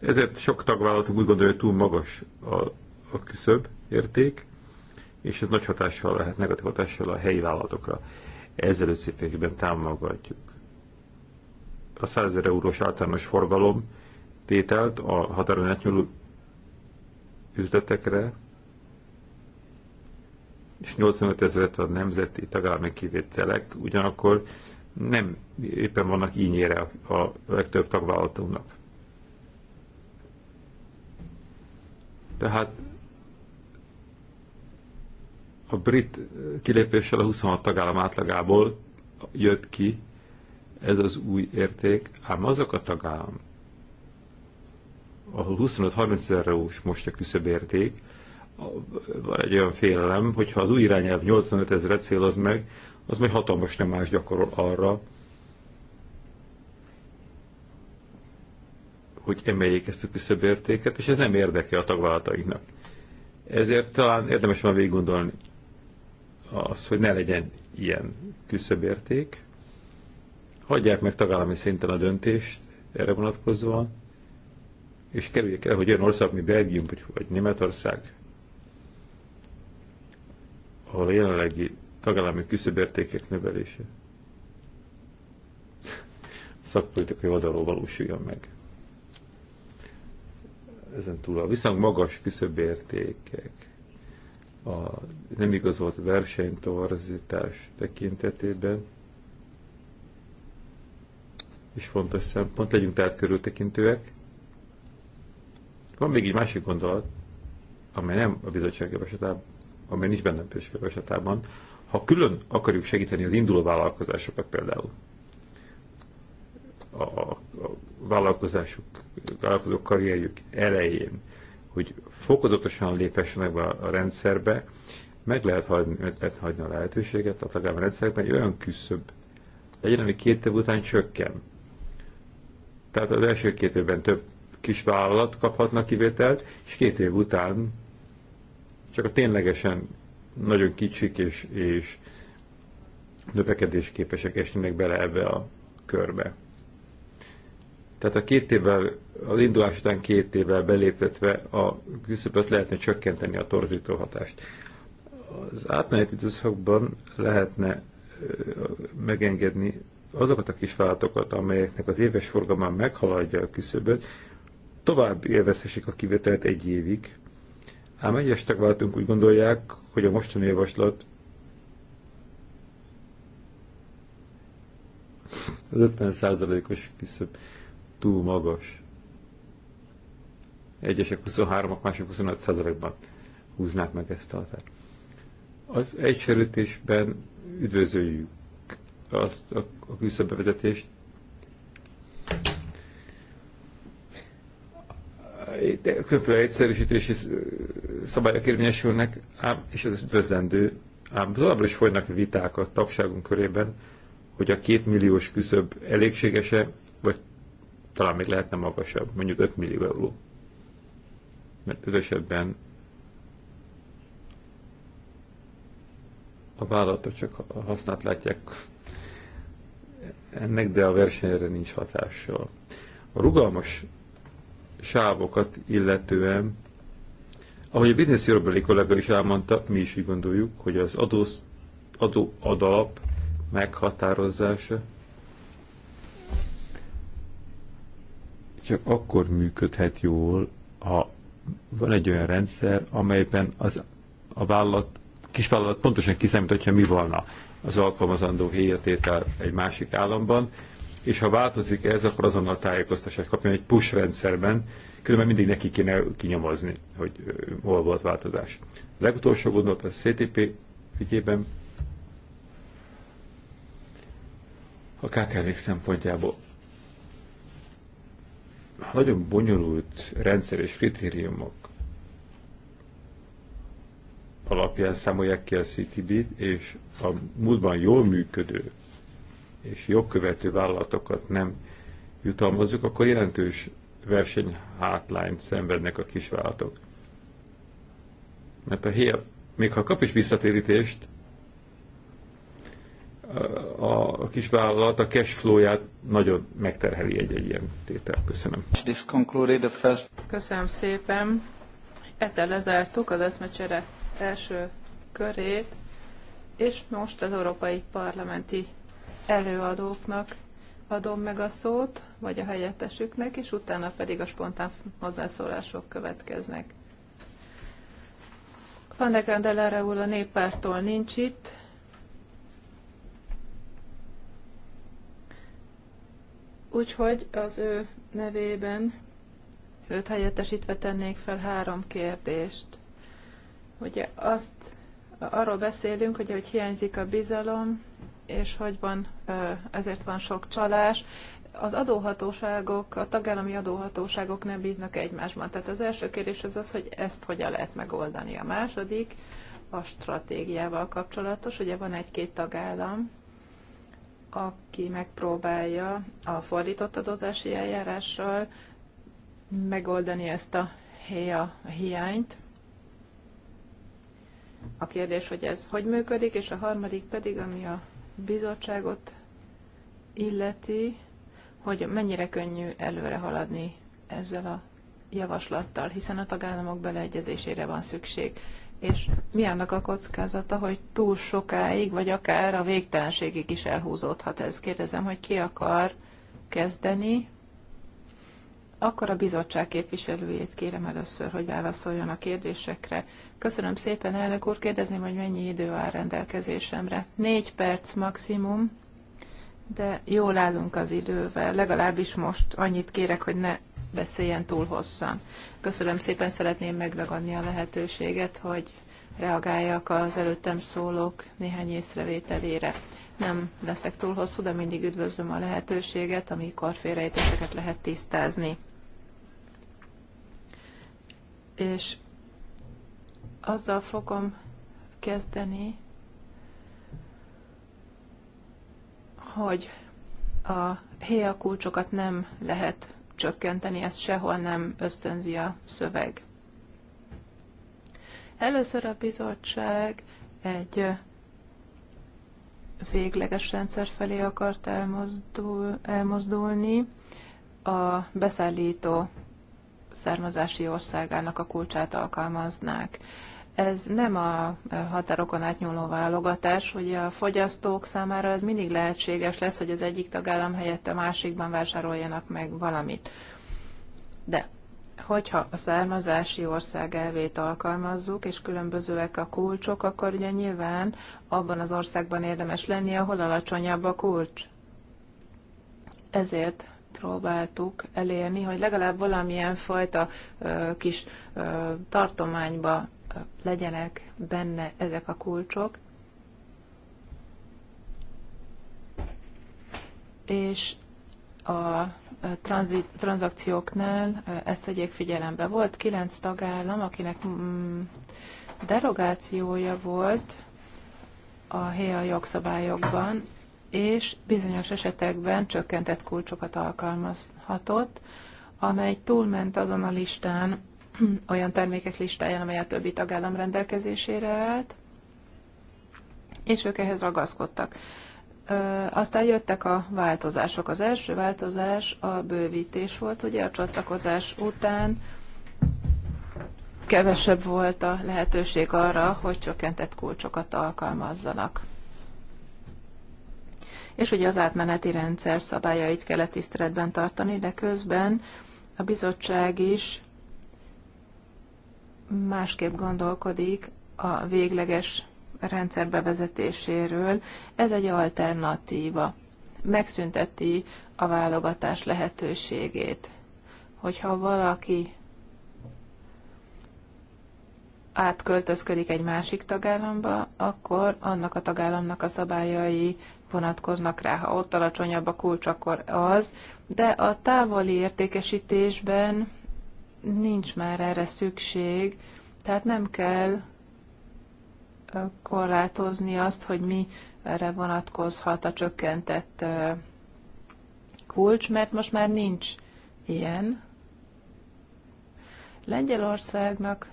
Ezért sok tagvállalatunk úgy gondolja, hogy túl magas a, a küszöb érték, és ez nagy hatással lehet, negatív hatással a helyi vállalatokra. Ezzel összefüggésben támogatjuk a 100 ezer eurós általános forgalom tételt a határon átnyúló üzletekre, és 85 ezeret a nemzeti tagállami kivételek, ugyanakkor nem éppen vannak ínyére a, legtöbb tagvállalatunknak. Tehát a brit kilépéssel a 26 tagállam átlagából jött ki ez az új érték, ám azok a tagállam, ahol 25-30 ezerre most a küszöbérték, érték, van egy olyan félelem, hogyha az új irányelv 85 ezeret céloz meg, az majd hatalmas nem más gyakorol arra, hogy emeljék ezt a küszöbértéket, és ez nem érdeke a tagvállalatainknak. Ezért talán érdemes van végig gondolni az, hogy ne legyen ilyen küszöbérték. Hagyják meg tagállami szinten a döntést erre vonatkozóan, és kerüljék el, hogy olyan ország, mint Belgium vagy, vagy Németország ahol a jelenlegi tagállami küszöbértékek növelése szakpolitikai oldalról valósuljon meg. Ezen túl a viszont magas küszöbértékek, a nem igazolt versenytorzítás tekintetében és fontos szempont, legyünk tehát körültekintőek. Van még egy másik gondolat, amely nem a bizottság javaslatában amely nincs benne például esetában, ha külön akarjuk segíteni az induló vállalkozásokat például, a, a vállalkozásuk, vállalkozók karrierjük elején, hogy fokozatosan lépessenek be a rendszerbe, meg lehet hagyni, lehet hagyni a lehetőséget a tagállami rendszerekben, egy olyan küszöbb legyen, ami két év után csökken. Tehát az első két évben több kis vállalat kaphatnak kivételt, és két év után csak a ténylegesen nagyon kicsik és, és növekedésképesek esnének bele ebbe a körbe. Tehát a két évvel, az indulás után két évvel beléptetve a küszöböt lehetne csökkenteni a torzító hatást. Az átmeneti időszakban lehetne megengedni azokat a kis vállalatokat, amelyeknek az éves forgalmán meghaladja a küszöböt, tovább élvezhessék a kivételt egy évig, Ám egyes tagváltunk úgy gondolják, hogy a mostani javaslat az 50%-os küszöb túl magas. Egyesek 23-ak, mások 25 százalékban húznák meg ezt a határt. Az egysérültésben üdvözöljük azt a, a küszöbbevezetést, különféle egyszerűsítési szabályok érvényesülnek, ám, és ez üdvözlendő, ám továbbra is folynak viták a tagságunk körében, hogy a két milliós küszöb elégségese vagy talán még lehetne magasabb, mondjuk 5 millió euró. Mert ez esetben a vállalatot csak a hasznát látják ennek, de a versenyre nincs hatással. A rugalmas sávokat illetően, ahogy a Business Europe kollega is elmondta, mi is így gondoljuk, hogy az adósz, adó adalap meghatározása csak akkor működhet jól, ha van egy olyan rendszer, amelyben az, a vállalat, kisvállalat pontosan kiszámíthatja, mi volna az alkalmazandó héjatétel egy másik államban, és ha változik ez, akkor azonnal tájékoztatást kapja egy push rendszerben, különben mindig neki kéne kinyomozni, hogy hol volt változás. A legutolsó gondolat a CTP ügyében a kkv szempontjából nagyon bonyolult rendszer és kritériumok alapján számolják ki a CTB-t, és a múltban jól működő és jogkövető vállalatokat nem jutalmazzuk, akkor jelentős versenyhátlányt szenvednek a kisvállalatok. Mert a hely, még ha kap is visszatérítést, a kisvállalat a cash flow-ját nagyon megterheli egy-egy ilyen tétel. Köszönöm. Köszönöm szépen. Ezzel lezártuk az eszmecsere első körét, és most az Európai Parlamenti előadóknak adom meg a szót, vagy a helyettesüknek, és utána pedig a spontán hozzászólások következnek. Van de Candelára úr a néppártól nincs itt. Úgyhogy az ő nevében őt helyettesítve tennék fel három kérdést. Ugye azt arról beszélünk, hogy, hogy hiányzik a bizalom, és hogy van, ezért van sok csalás. Az adóhatóságok, a tagállami adóhatóságok nem bíznak egymásban. Tehát az első kérdés az az, hogy ezt hogyan lehet megoldani. A második a stratégiával kapcsolatos. Ugye van egy-két tagállam, aki megpróbálja a fordított adózási eljárással megoldani ezt a héja hiányt. A kérdés, hogy ez hogy működik, és a harmadik pedig, ami a bizottságot illeti, hogy mennyire könnyű előre haladni ezzel a javaslattal, hiszen a tagállamok beleegyezésére van szükség. És mi annak a kockázata, hogy túl sokáig, vagy akár a végtelenségig is elhúzódhat ez? Kérdezem, hogy ki akar kezdeni, akkor a bizottság képviselőjét kérem először, hogy válaszoljon a kérdésekre. Köszönöm szépen, elnök úr. Kérdezném, hogy mennyi idő áll rendelkezésemre. Négy perc maximum, de jól állunk az idővel. Legalábbis most annyit kérek, hogy ne beszéljen túl hosszan. Köszönöm szépen, szeretném megragadni a lehetőséget, hogy reagáljak az előttem szólók néhány észrevételére. Nem leszek túl hosszú, de mindig üdvözlöm a lehetőséget, amikor félrejtéseket lehet tisztázni. És azzal fogom kezdeni, hogy a héja kulcsokat nem lehet csökkenteni, ezt sehol nem ösztönzi a szöveg. Először a bizottság egy végleges rendszer felé akart elmozdul, elmozdulni, a beszállító származási országának a kulcsát alkalmaznák ez nem a határokon átnyúló válogatás, hogy a fogyasztók számára ez mindig lehetséges lesz, hogy az egyik tagállam helyett a másikban vásároljanak meg valamit. De hogyha a származási ország elvét alkalmazzuk, és különbözőek a kulcsok, akkor ugye nyilván abban az országban érdemes lenni, ahol alacsonyabb a kulcs. Ezért próbáltuk elérni, hogy legalább valamilyen fajta ö, kis ö, tartományba legyenek benne ezek a kulcsok, és a tranzakcióknál ezt tegyék figyelembe. Volt kilenc tagállam, akinek mm, derogációja volt a HEA jogszabályokban, és bizonyos esetekben csökkentett kulcsokat alkalmazhatott, amely túlment azon a listán, olyan termékek listáján, amely a többi tagállam rendelkezésére állt, és ők ehhez ragaszkodtak. Aztán jöttek a változások. Az első változás a bővítés volt, ugye a csatlakozás után kevesebb volt a lehetőség arra, hogy csökkentett kulcsokat alkalmazzanak. És ugye az átmeneti rendszer szabályait kellett tiszteletben tartani, de közben a bizottság is másképp gondolkodik a végleges rendszer bevezetéséről. Ez egy alternatíva. Megszünteti a válogatás lehetőségét. Hogyha valaki átköltözködik egy másik tagállamba, akkor annak a tagállamnak a szabályai vonatkoznak rá. Ha ott alacsonyabb a kulcs, akkor az, de a távoli értékesítésben nincs már erre szükség, tehát nem kell korlátozni azt, hogy mi erre vonatkozhat a csökkentett kulcs, mert most már nincs ilyen. Lengyelországnak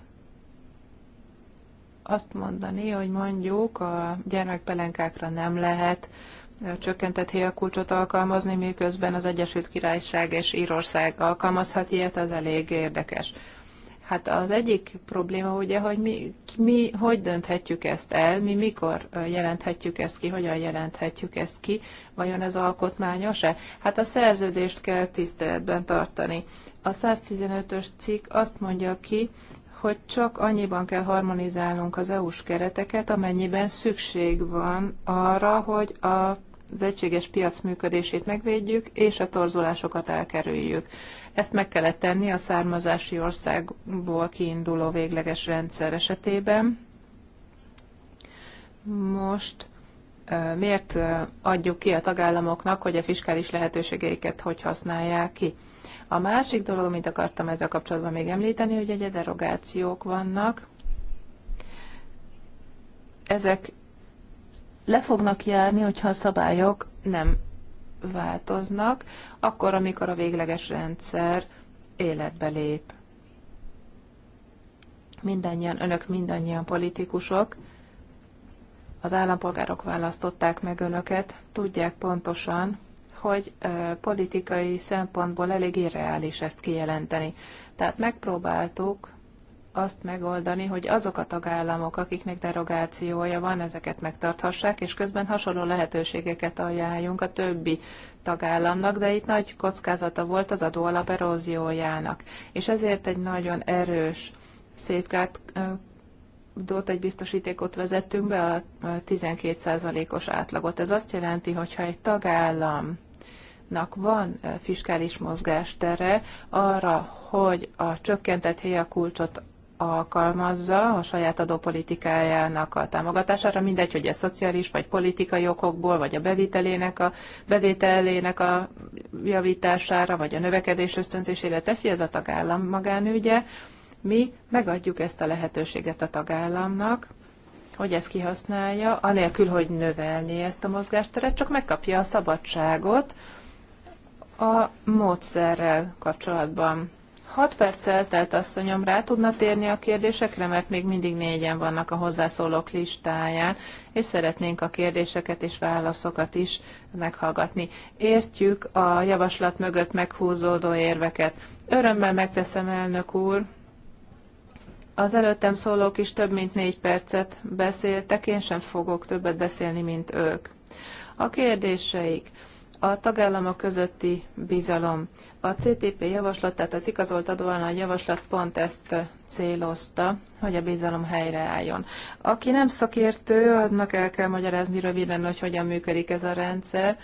azt mondani, hogy mondjuk a gyermekpelenkákra nem lehet csökkentett héjakulcsot alkalmazni, miközben az Egyesült Királyság és Írország alkalmazhat ilyet, az elég érdekes. Hát az egyik probléma ugye, hogy mi, mi hogy dönthetjük ezt el, mi mikor jelenthetjük ezt ki, hogyan jelenthetjük ezt ki, vajon ez alkotmányos-e? Hát a szerződést kell tiszteletben tartani. A 115-ös cikk azt mondja ki, hogy csak annyiban kell harmonizálnunk az EU-s kereteket, amennyiben szükség van arra, hogy a az egységes piac működését megvédjük, és a torzulásokat elkerüljük. Ezt meg kellett tenni a származási országból kiinduló végleges rendszer esetében. Most miért adjuk ki a tagállamoknak, hogy a fiskális lehetőségeiket hogy használják ki? A másik dolog, amit akartam ezzel kapcsolatban még említeni, hogy egy derogációk vannak, ezek le fognak járni, hogyha a szabályok nem változnak, akkor, amikor a végleges rendszer életbe lép. Mindannyian, önök mindannyian politikusok, az állampolgárok választották meg önöket, tudják pontosan, hogy ö, politikai szempontból elég irreális ezt kijelenteni. Tehát megpróbáltuk azt megoldani, hogy azok a tagállamok, akiknek derogációja van, ezeket megtarthassák, és közben hasonló lehetőségeket ajánljunk a többi tagállamnak, de itt nagy kockázata volt az adóalap eróziójának. És ezért egy nagyon erős szépkát dót egy biztosítékot vezettünk be, a 12%-os átlagot. Ez azt jelenti, hogy ha egy tagállam van fiskális mozgástere arra, hogy a csökkentett héjakulcsot alkalmazza a saját adópolitikájának a támogatására, mindegy, hogy ez szociális vagy politikai okokból, vagy a bevételének a, bevételének a javítására, vagy a növekedés ösztönzésére teszi ez a tagállam magánügye, mi megadjuk ezt a lehetőséget a tagállamnak, hogy ezt kihasználja, anélkül, hogy növelni ezt a mozgásteret, csak megkapja a szabadságot a módszerrel kapcsolatban. Hat perc eltelt asszonyom, rá tudna térni a kérdésekre, mert még mindig négyen vannak a hozzászólók listáján, és szeretnénk a kérdéseket és válaszokat is meghallgatni. Értjük a javaslat mögött meghúzódó érveket. Örömmel megteszem, elnök úr. Az előttem szólók is több mint négy percet beszéltek, én sem fogok többet beszélni, mint ők. A kérdéseik. A tagállamok közötti bizalom. A CTP javaslat, tehát az igazolt adóalany javaslat pont ezt eh, célozta, hogy a bizalom helyreálljon. Aki nem szakértő, aznak el kell magyarázni röviden, hogy hogyan működik ez a rendszer.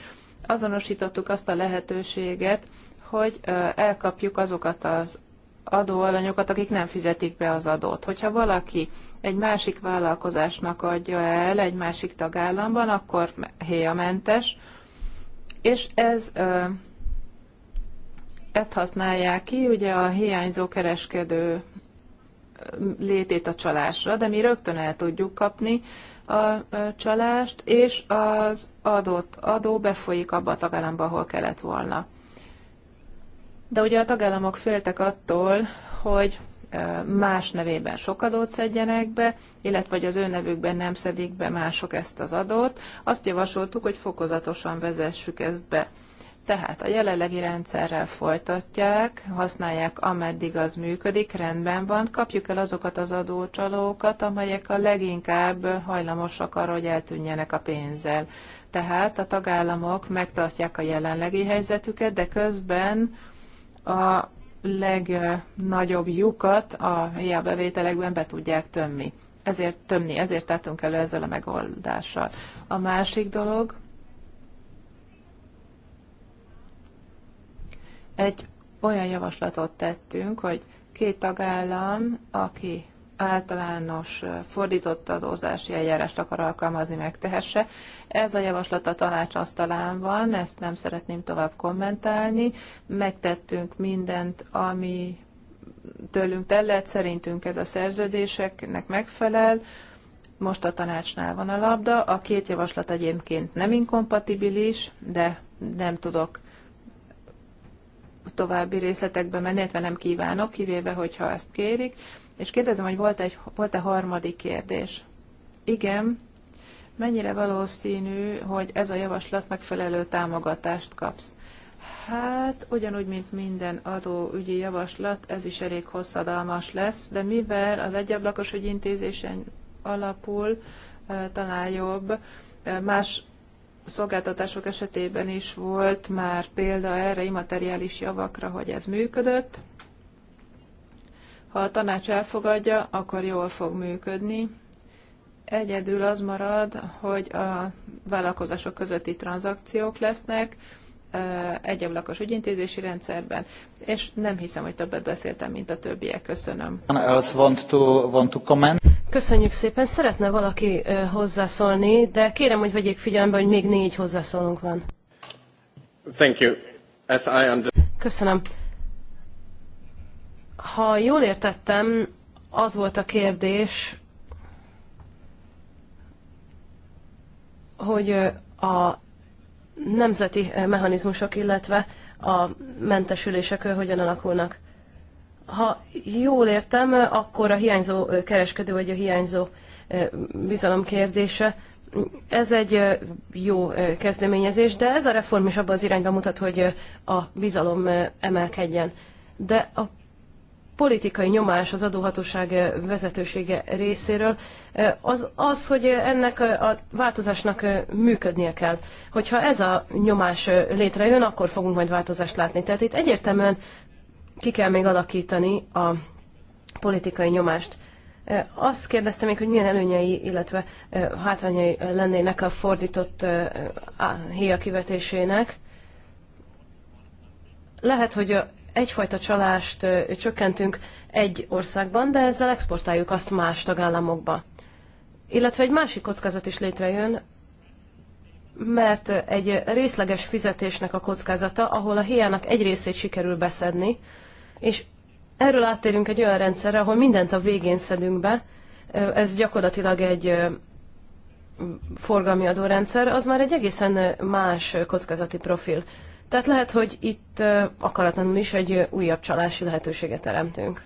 Azonosítottuk azt a lehetőséget, hogy eh, elkapjuk azokat az adóalanyokat, akik nem fizetik be az adót. Hogyha valaki egy másik vállalkozásnak adja el egy másik tagállamban, akkor héjamentes, mentes és ez ezt használják ki, ugye a hiányzó kereskedő létét a csalásra, de mi rögtön el tudjuk kapni a csalást, és az adott adó befolyik abba a tagállamba, ahol kellett volna. De ugye a tagállamok féltek attól, hogy más nevében sok adót szedjenek be, illetve hogy az ő nevükben nem szedik be mások ezt az adót. Azt javasoltuk, hogy fokozatosan vezessük ezt be. Tehát a jelenlegi rendszerrel folytatják, használják, ameddig az működik, rendben van, kapjuk el azokat az adócsalókat, amelyek a leginkább hajlamosak arra, hogy eltűnjenek a pénzzel. Tehát a tagállamok megtartják a jelenlegi helyzetüket, de közben a legnagyobb lyukat a hiábevételekben be tudják tömni. Ezért tömni, ezért tettünk elő ezzel a megoldással. A másik dolog, egy olyan javaslatot tettünk, hogy két tagállam, aki általános fordított adózási eljárást akar alkalmazni, megtehesse. Ez a javaslat a tanács asztalán van, ezt nem szeretném tovább kommentálni. Megtettünk mindent, ami tőlünk tellett, szerintünk ez a szerződéseknek megfelel. Most a tanácsnál van a labda. A két javaslat egyébként nem inkompatibilis, de nem tudok további részletekbe menni, illetve nem kívánok, kivéve, hogyha ezt kérik és kérdezem, hogy volt-e, egy, volt-e harmadik kérdés? Igen. Mennyire valószínű, hogy ez a javaslat megfelelő támogatást kapsz? Hát, ugyanúgy, mint minden adóügyi javaslat, ez is elég hosszadalmas lesz, de mivel az egyablakos ügyintézésen alapul, eh, talán jobb, eh, más szolgáltatások esetében is volt már példa erre immateriális javakra, hogy ez működött, ha a tanács elfogadja, akkor jól fog működni. Egyedül az marad, hogy a vállalkozások közötti tranzakciók lesznek, egyablakos ügyintézési rendszerben, és nem hiszem, hogy többet beszéltem, mint a többiek. Köszönöm. Want to, want to comment? Köszönjük szépen. Szeretne valaki hozzászólni, de kérem, hogy vegyék figyelembe, hogy még négy hozzászólunk van. Thank you. As I under- Köszönöm. Ha jól értettem, az volt a kérdés, hogy a nemzeti mechanizmusok, illetve a mentesülések hogyan alakulnak. Ha jól értem, akkor a hiányzó kereskedő vagy a hiányzó bizalom kérdése ez egy jó kezdeményezés, de ez a reform is abban az irányba mutat, hogy a bizalom emelkedjen. De a politikai nyomás az adóhatóság eh, vezetősége részéről, eh, az az, hogy ennek eh, a változásnak működnie kell. Hogyha ez a nyomás létrejön, akkor fogunk majd változást látni. Tehát itt egyértelműen ki kell még alakítani a politikai nyomást. Azt kérdeztem még, hogy milyen előnyei, illetve hátrányai lennének a fordított héja kivetésének. Lehet, hogy egyfajta csalást csökkentünk egy országban, de ezzel exportáljuk azt más tagállamokba. Illetve egy másik kockázat is létrejön, mert egy részleges fizetésnek a kockázata, ahol a hiának egy részét sikerül beszedni, és erről áttérünk egy olyan rendszerre, ahol mindent a végén szedünk be, ez gyakorlatilag egy forgalmi adórendszer, az már egy egészen más kockázati profil. Tehát lehet, hogy itt akaratlanul is egy újabb csalási lehetőséget teremtünk.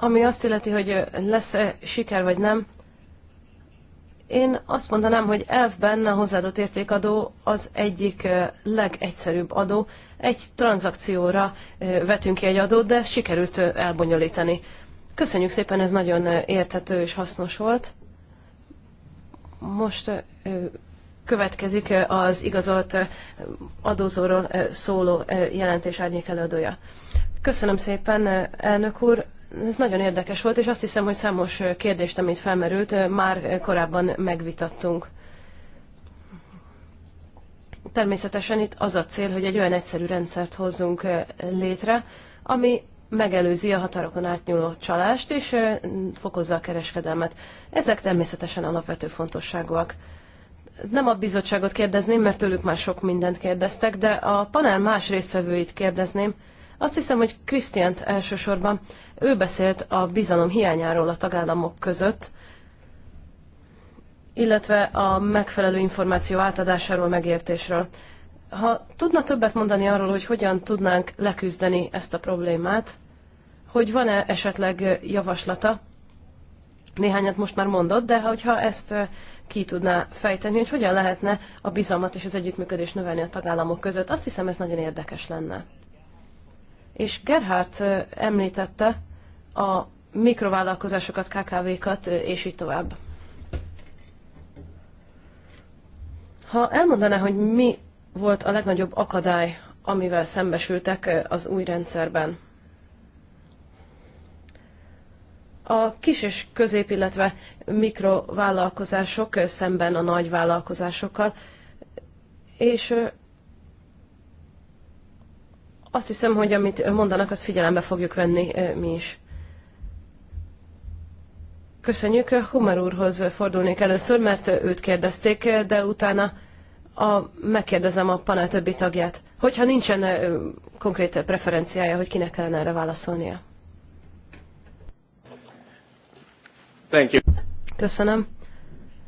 Ami azt illeti, hogy lesz-e siker vagy nem, én azt mondanám, hogy elfben a hozzáadott értékadó az egyik legegyszerűbb adó. Egy tranzakcióra vetünk ki egy adót, de ezt sikerült elbonyolítani. Köszönjük szépen, ez nagyon érthető és hasznos volt. Most Következik az igazolt adózóról szóló jelentés árnyék előadója. Köszönöm szépen, elnök úr. Ez nagyon érdekes volt, és azt hiszem, hogy számos kérdést, amit felmerült, már korábban megvitattunk. Természetesen itt az a cél, hogy egy olyan egyszerű rendszert hozzunk létre, ami megelőzi a határokon átnyúló csalást, és fokozza a kereskedelmet. Ezek természetesen alapvető fontosságúak nem a bizottságot kérdezném, mert tőlük már sok mindent kérdeztek, de a panel más résztvevőit kérdezném. Azt hiszem, hogy Krisztiánt elsősorban. Ő beszélt a bizalom hiányáról a tagállamok között, illetve a megfelelő információ átadásáról, megértésről. Ha tudna többet mondani arról, hogy hogyan tudnánk leküzdeni ezt a problémát, hogy van-e esetleg javaslata, néhányat most már mondott, de hogyha ezt ki tudná fejteni, hogy hogyan lehetne a bizalmat és az együttműködést növelni a tagállamok között. Azt hiszem, ez nagyon érdekes lenne. És Gerhard említette a mikrovállalkozásokat, KKV-kat, és így tovább. Ha elmondaná, hogy mi volt a legnagyobb akadály, amivel szembesültek az új rendszerben, a kis és közép, illetve mikrovállalkozások szemben a nagy vállalkozásokkal, és azt hiszem, hogy amit mondanak, azt figyelembe fogjuk venni mi is. Köszönjük, Humer úrhoz fordulnék először, mert őt kérdezték, de utána a, megkérdezem a panel többi tagját, hogyha nincsen konkrét preferenciája, hogy kinek kellene erre válaszolnia. Thank you. Köszönöm.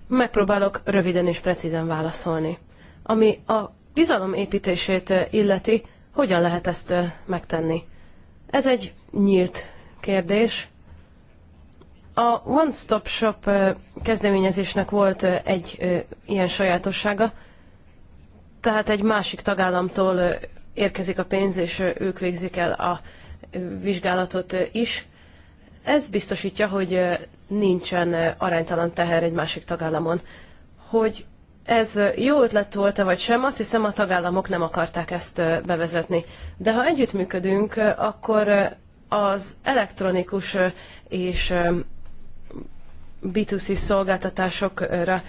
Megpróbálok röviden és precízen válaszolni. Ami a bizalom építését eh, illeti, hogyan lehet ezt eh, megtenni? Ez egy nyílt kérdés. A One Stop Shop eh, kezdeményezésnek volt egy ilyen sajátossága, tehát egy másik tagállamtól érkezik a pénz, és ők végzik el a vizsgálatot is. Ez biztosítja, hogy nincsen aránytalan teher egy másik tagállamon. Hogy ez jó ötlet volt-e vagy sem, azt hiszem a tagállamok nem akarták ezt bevezetni. De ha együttműködünk, akkor az elektronikus és B2C szolgáltatásokra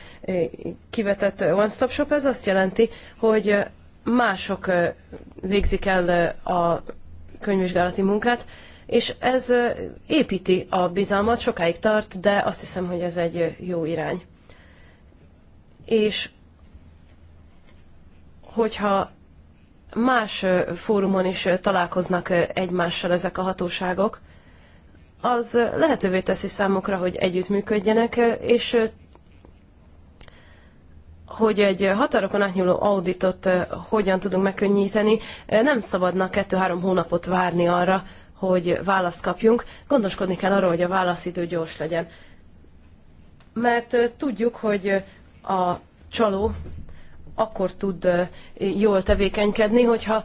kivetett one-stop shop, ez azt jelenti, hogy mások végzik el a könyvvizsgálati munkát, és ez építi a bizalmat, sokáig tart, de azt hiszem, hogy ez egy jó irány. És hogyha más fórumon is találkoznak egymással ezek a hatóságok, az lehetővé teszi számukra, hogy együttműködjenek, és hogy egy határokon átnyúló auditot hogyan tudunk megkönnyíteni, nem szabadna kettő-három hónapot várni arra, hogy választ kapjunk, gondoskodni kell arról, hogy a válaszidő gyors legyen. Mert tudjuk, hogy a csaló akkor tud jól tevékenykedni, hogyha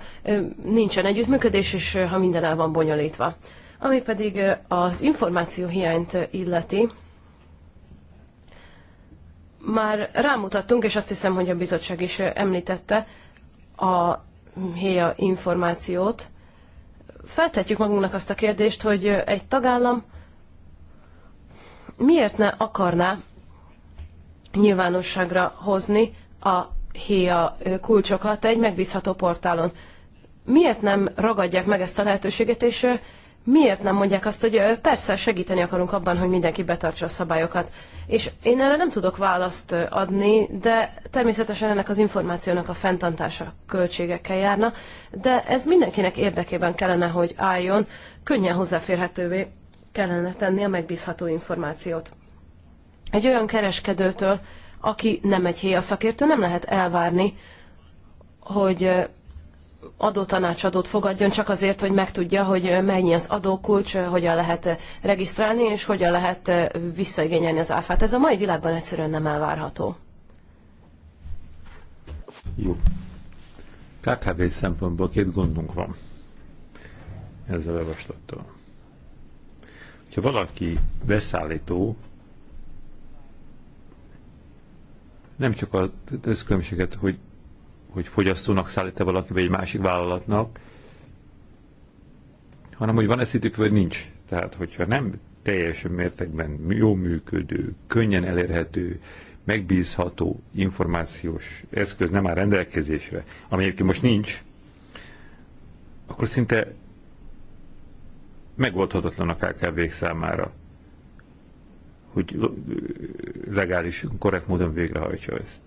nincsen együttműködés, és ha minden el van bonyolítva. Ami pedig az információ hiányt illeti, már rámutattunk, és azt hiszem, hogy a bizottság is említette a héja információt, feltetjük magunknak azt a kérdést, hogy egy tagállam miért ne akarná nyilvánosságra hozni a héja kulcsokat egy megbízható portálon. Miért nem ragadják meg ezt a lehetőséget, és miért nem mondják azt, hogy persze segíteni akarunk abban, hogy mindenki betartsa a szabályokat. És én erre nem tudok választ adni, de természetesen ennek az információnak a fenntartása költségekkel járna, de ez mindenkinek érdekében kellene, hogy álljon, könnyen hozzáférhetővé kellene tenni a megbízható információt. Egy olyan kereskedőtől, aki nem egy héja szakértő, nem lehet elvárni, hogy adótanácsadót fogadjon, csak azért, hogy megtudja, hogy mennyi az adókulcs, hogyan lehet regisztrálni, és hogyan lehet visszaigényelni az áfát. Ez a mai világban egyszerűen nem elvárható. Jó. KKV szempontból két gondunk van ezzel a javaslattal. Ha valaki beszállító, nem csak az összkülönbséget, hogy hogy fogyasztónak szállít-e valaki, vagy egy másik vállalatnak, hanem hogy van-e szitük, vagy nincs. Tehát, hogyha nem teljesen mértékben jó működő, könnyen elérhető, megbízható információs eszköz nem áll rendelkezésre, ami egyébként most nincs, akkor szinte megoldhatatlan a kkv számára, hogy legális, korrekt módon végrehajtsa ezt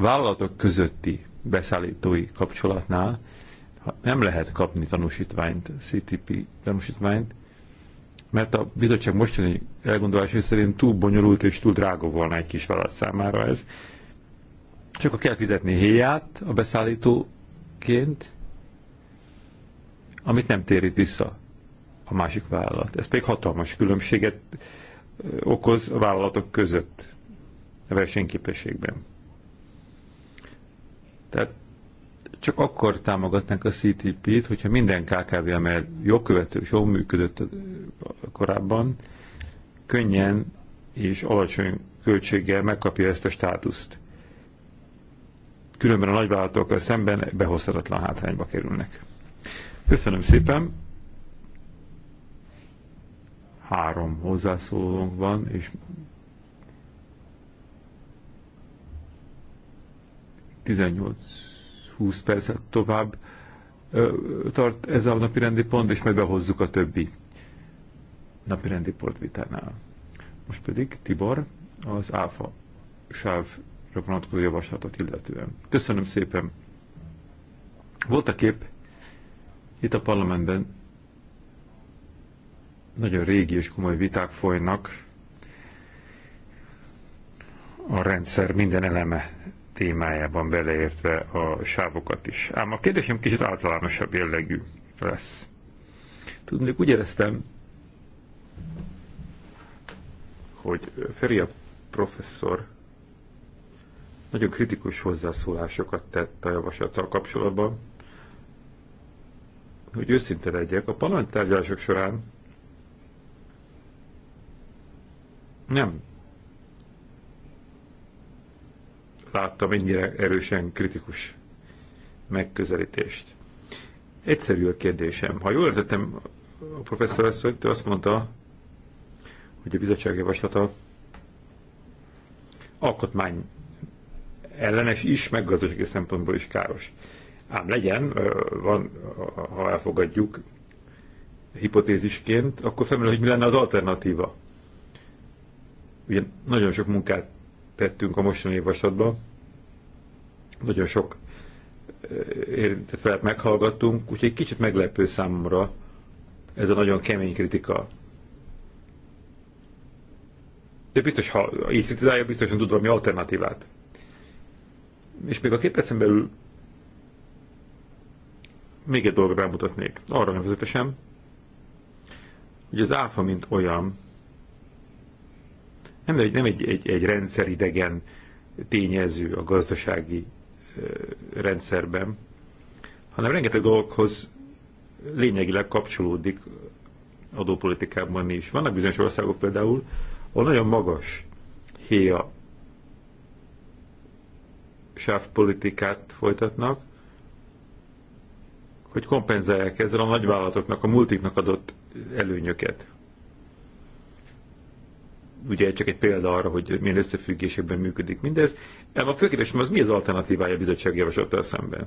vállalatok közötti beszállítói kapcsolatnál nem lehet kapni tanúsítványt, CTP tanúsítványt, mert a bizottság mostani elgondolása szerint túl bonyolult és túl drága volna egy kis vállalat számára ez. Csak akkor kell fizetni héját a beszállítóként, amit nem térít vissza a másik vállalat. Ez pedig hatalmas különbséget okoz a vállalatok között a versenyképességben. Tehát csak akkor támogatnánk a CTP-t, hogyha minden KKV, amely jól követő és jól működött korábban, könnyen és alacsony költséggel megkapja ezt a státuszt. Különben a nagyvállalatokkal szemben behozhatatlan hátrányba kerülnek. Köszönöm szépen! Három hozzászólónk van, és 18-20 percet tovább tart ez a napi rendi pont, és majd behozzuk a többi napi rendi portvitánál. Most pedig Tibor az ÁFA sávra vonatkozó javaslatot illetően. Köszönöm szépen! volt a kép itt a parlamentben nagyon régi és komoly viták folynak a rendszer minden eleme témájában beleértve a sávokat is. Ám a kérdésem kicsit általánosabb jellegű lesz. Tudnék, úgy éreztem, hogy a professzor nagyon kritikus hozzászólásokat tett a javaslattal kapcsolatban. Hogy őszinte legyek, a parlament során nem láttam ennyire erősen kritikus megközelítést. Egyszerű a kérdésem. Ha jól értettem, a professzor asszonyt azt mondta, hogy a bizottság javaslata alkotmány ellenes is, meg gazdasági szempontból is káros. Ám legyen, van, ha elfogadjuk hipotézisként, akkor felmerül, hogy mi lenne az alternatíva. Ugye nagyon sok munkát tettünk a mostani évasatba. Nagyon sok eh, érintett felett meghallgattunk, úgyhogy kicsit meglepő számomra ez a nagyon kemény kritika. De biztos, ha így kritizálja, biztosan tud valami alternatívát. És még a két percen belül még egy dolgot bemutatnék. Arra nevezetesen, hogy az áfa, mint olyan, nem, egy nem egy, egy, egy rendszeridegen tényező a gazdasági rendszerben, hanem rengeteg dologhoz lényegileg kapcsolódik adópolitikában is. Vannak bizonyos országok például, ahol nagyon magas héja sávpolitikát folytatnak, hogy kompenzálják ezzel a nagyvállalatoknak, a multiknak adott előnyöket ugye csak egy példa arra, hogy milyen összefüggésekben működik mindez. A fő kérdésem az, mi az alternatívája a bizottság javaslattal szemben?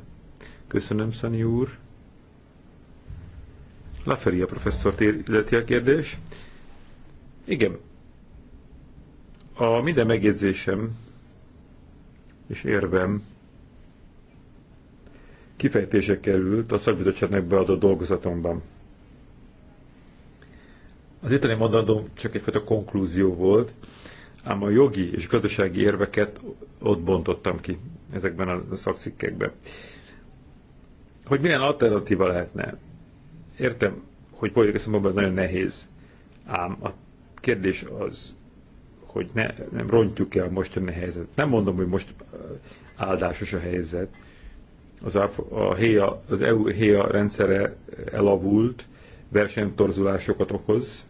Köszönöm, Szani úr. Laferi a professzor illeti a kérdés. Igen. A minden megjegyzésem és érvem kifejtése került a szakbizottságnak beadott dolgozatomban. Az itteni mondandóm csak egyfajta konklúzió volt, ám a jogi és gazdasági érveket ott bontottam ki ezekben a szakcikkekben. Hogy milyen alternatíva lehetne? Értem, hogy politikai szempontból ez nagyon nehéz, ám a kérdés az, hogy ne, nem rontjuk el mostani helyzet. Nem mondom, hogy most uh, áldásos a helyzet. Az, a, a HEA, az EU HEA rendszere elavult, versenytorzulásokat okoz,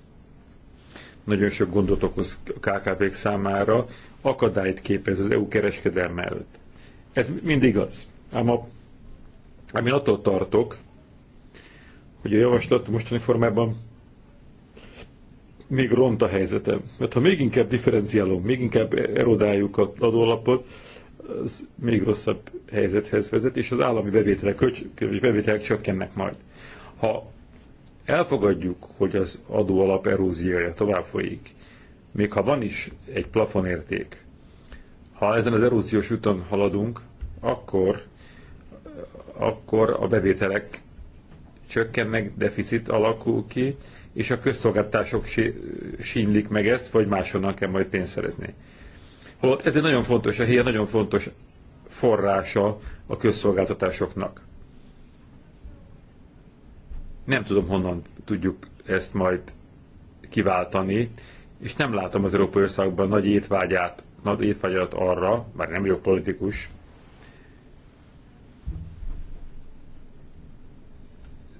nagyon sok gondot okoz KKV-k számára, akadályt képez az EU kereskedelme előtt. Ez mindig az. Ám, a, ám én attól tartok, hogy a javaslat mostani formában még ront a helyzetem. Mert ha még inkább differenciálom, még inkább erodáljuk az adólapot, az még rosszabb helyzethez vezet, és az állami bevételek, bevételek csökkennek majd. Ha elfogadjuk, hogy az adóalap eróziója tovább folyik, még ha van is egy plafonérték, ha ezen az eróziós úton haladunk, akkor, akkor a bevételek csökkennek, deficit alakul ki, és a közszolgáltások sínlik meg ezt, vagy máshonnan kell majd pénzt szerezni. Holott ez egy nagyon fontos, a helye nagyon fontos forrása a közszolgáltatásoknak. Nem tudom, honnan tudjuk ezt majd kiváltani, és nem látom az európai országban nagy étvágyát, nagy étvágyat arra, már nem vagyok politikus,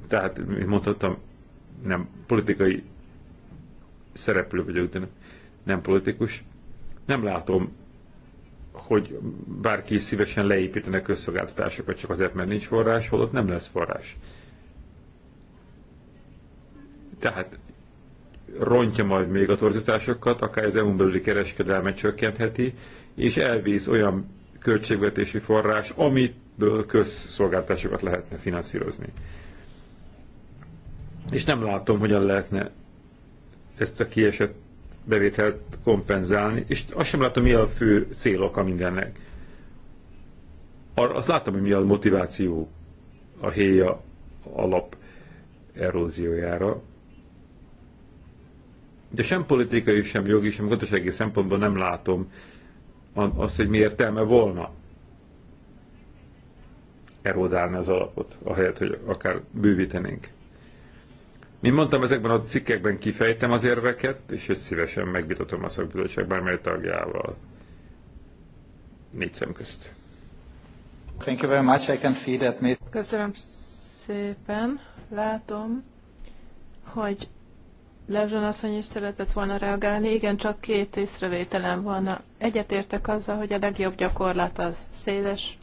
tehát, mint mondhatom, nem politikai szereplő vagyok, de nem, politikus. Nem látom, hogy bárki szívesen leépítenek közszolgáltatásokat csak azért, mert nincs forrás, holott nem lesz forrás. Tehát rontja majd még a torzításokat, akár az EU-n belüli kereskedelmet csökkentheti, és elvíz olyan költségvetési forrás, amiből közszolgáltásokat lehetne finanszírozni. És nem látom, hogyan lehetne ezt a kiesett bevételt kompenzálni, és azt sem látom, mi a fő a mindennek. Arra azt látom, hogy mi a motiváció a héja alap eróziójára, de sem politikai, sem jogi, sem gazdasági szempontból nem látom azt, hogy mi értelme volna erodálni az alapot, ahelyett, hogy akár bővítenénk. Mint mondtam, ezekben a cikkekben kifejtem az érveket, és hogy szívesen megvitatom a szakbizottság bármely tagjával. Négy szem közt. Thank you very much. I can see that. Köszönöm szépen. Látom, hogy Levzson asszony is szeretett volna reagálni. Igen, csak két észrevételem Egyet Egyetértek azzal, hogy a legjobb gyakorlat az széles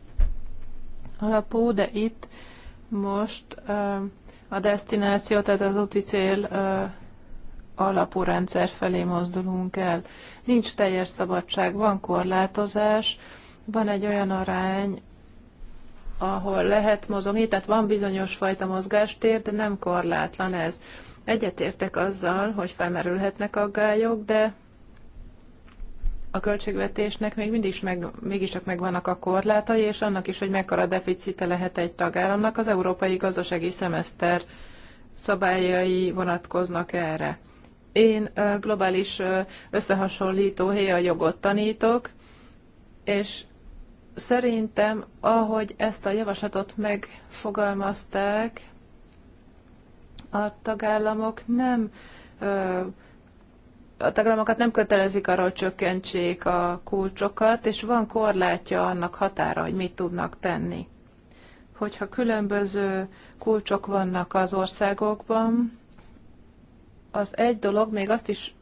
alapú, de itt most a destináció, tehát az úti cél alapú rendszer felé mozdulunk el. Nincs teljes szabadság, van korlátozás, van egy olyan arány, ahol lehet mozogni, tehát van bizonyos fajta mozgástér, de nem korlátlan ez. Egyetértek azzal, hogy felmerülhetnek aggályok, de a költségvetésnek még mindig is meg, mégiscsak megvannak a korlátai, és annak is, hogy mekkora deficite lehet egy tagállamnak, az európai gazdasági szemeszter szabályai vonatkoznak erre. Én globális összehasonlító a jogot tanítok, és szerintem, ahogy ezt a javaslatot megfogalmazták, a tagállamok nem a tagállamokat nem kötelezik arra, hogy csökkentsék a kulcsokat, és van korlátja annak határa, hogy mit tudnak tenni. Hogyha különböző kulcsok vannak az országokban, az egy dolog, még azt is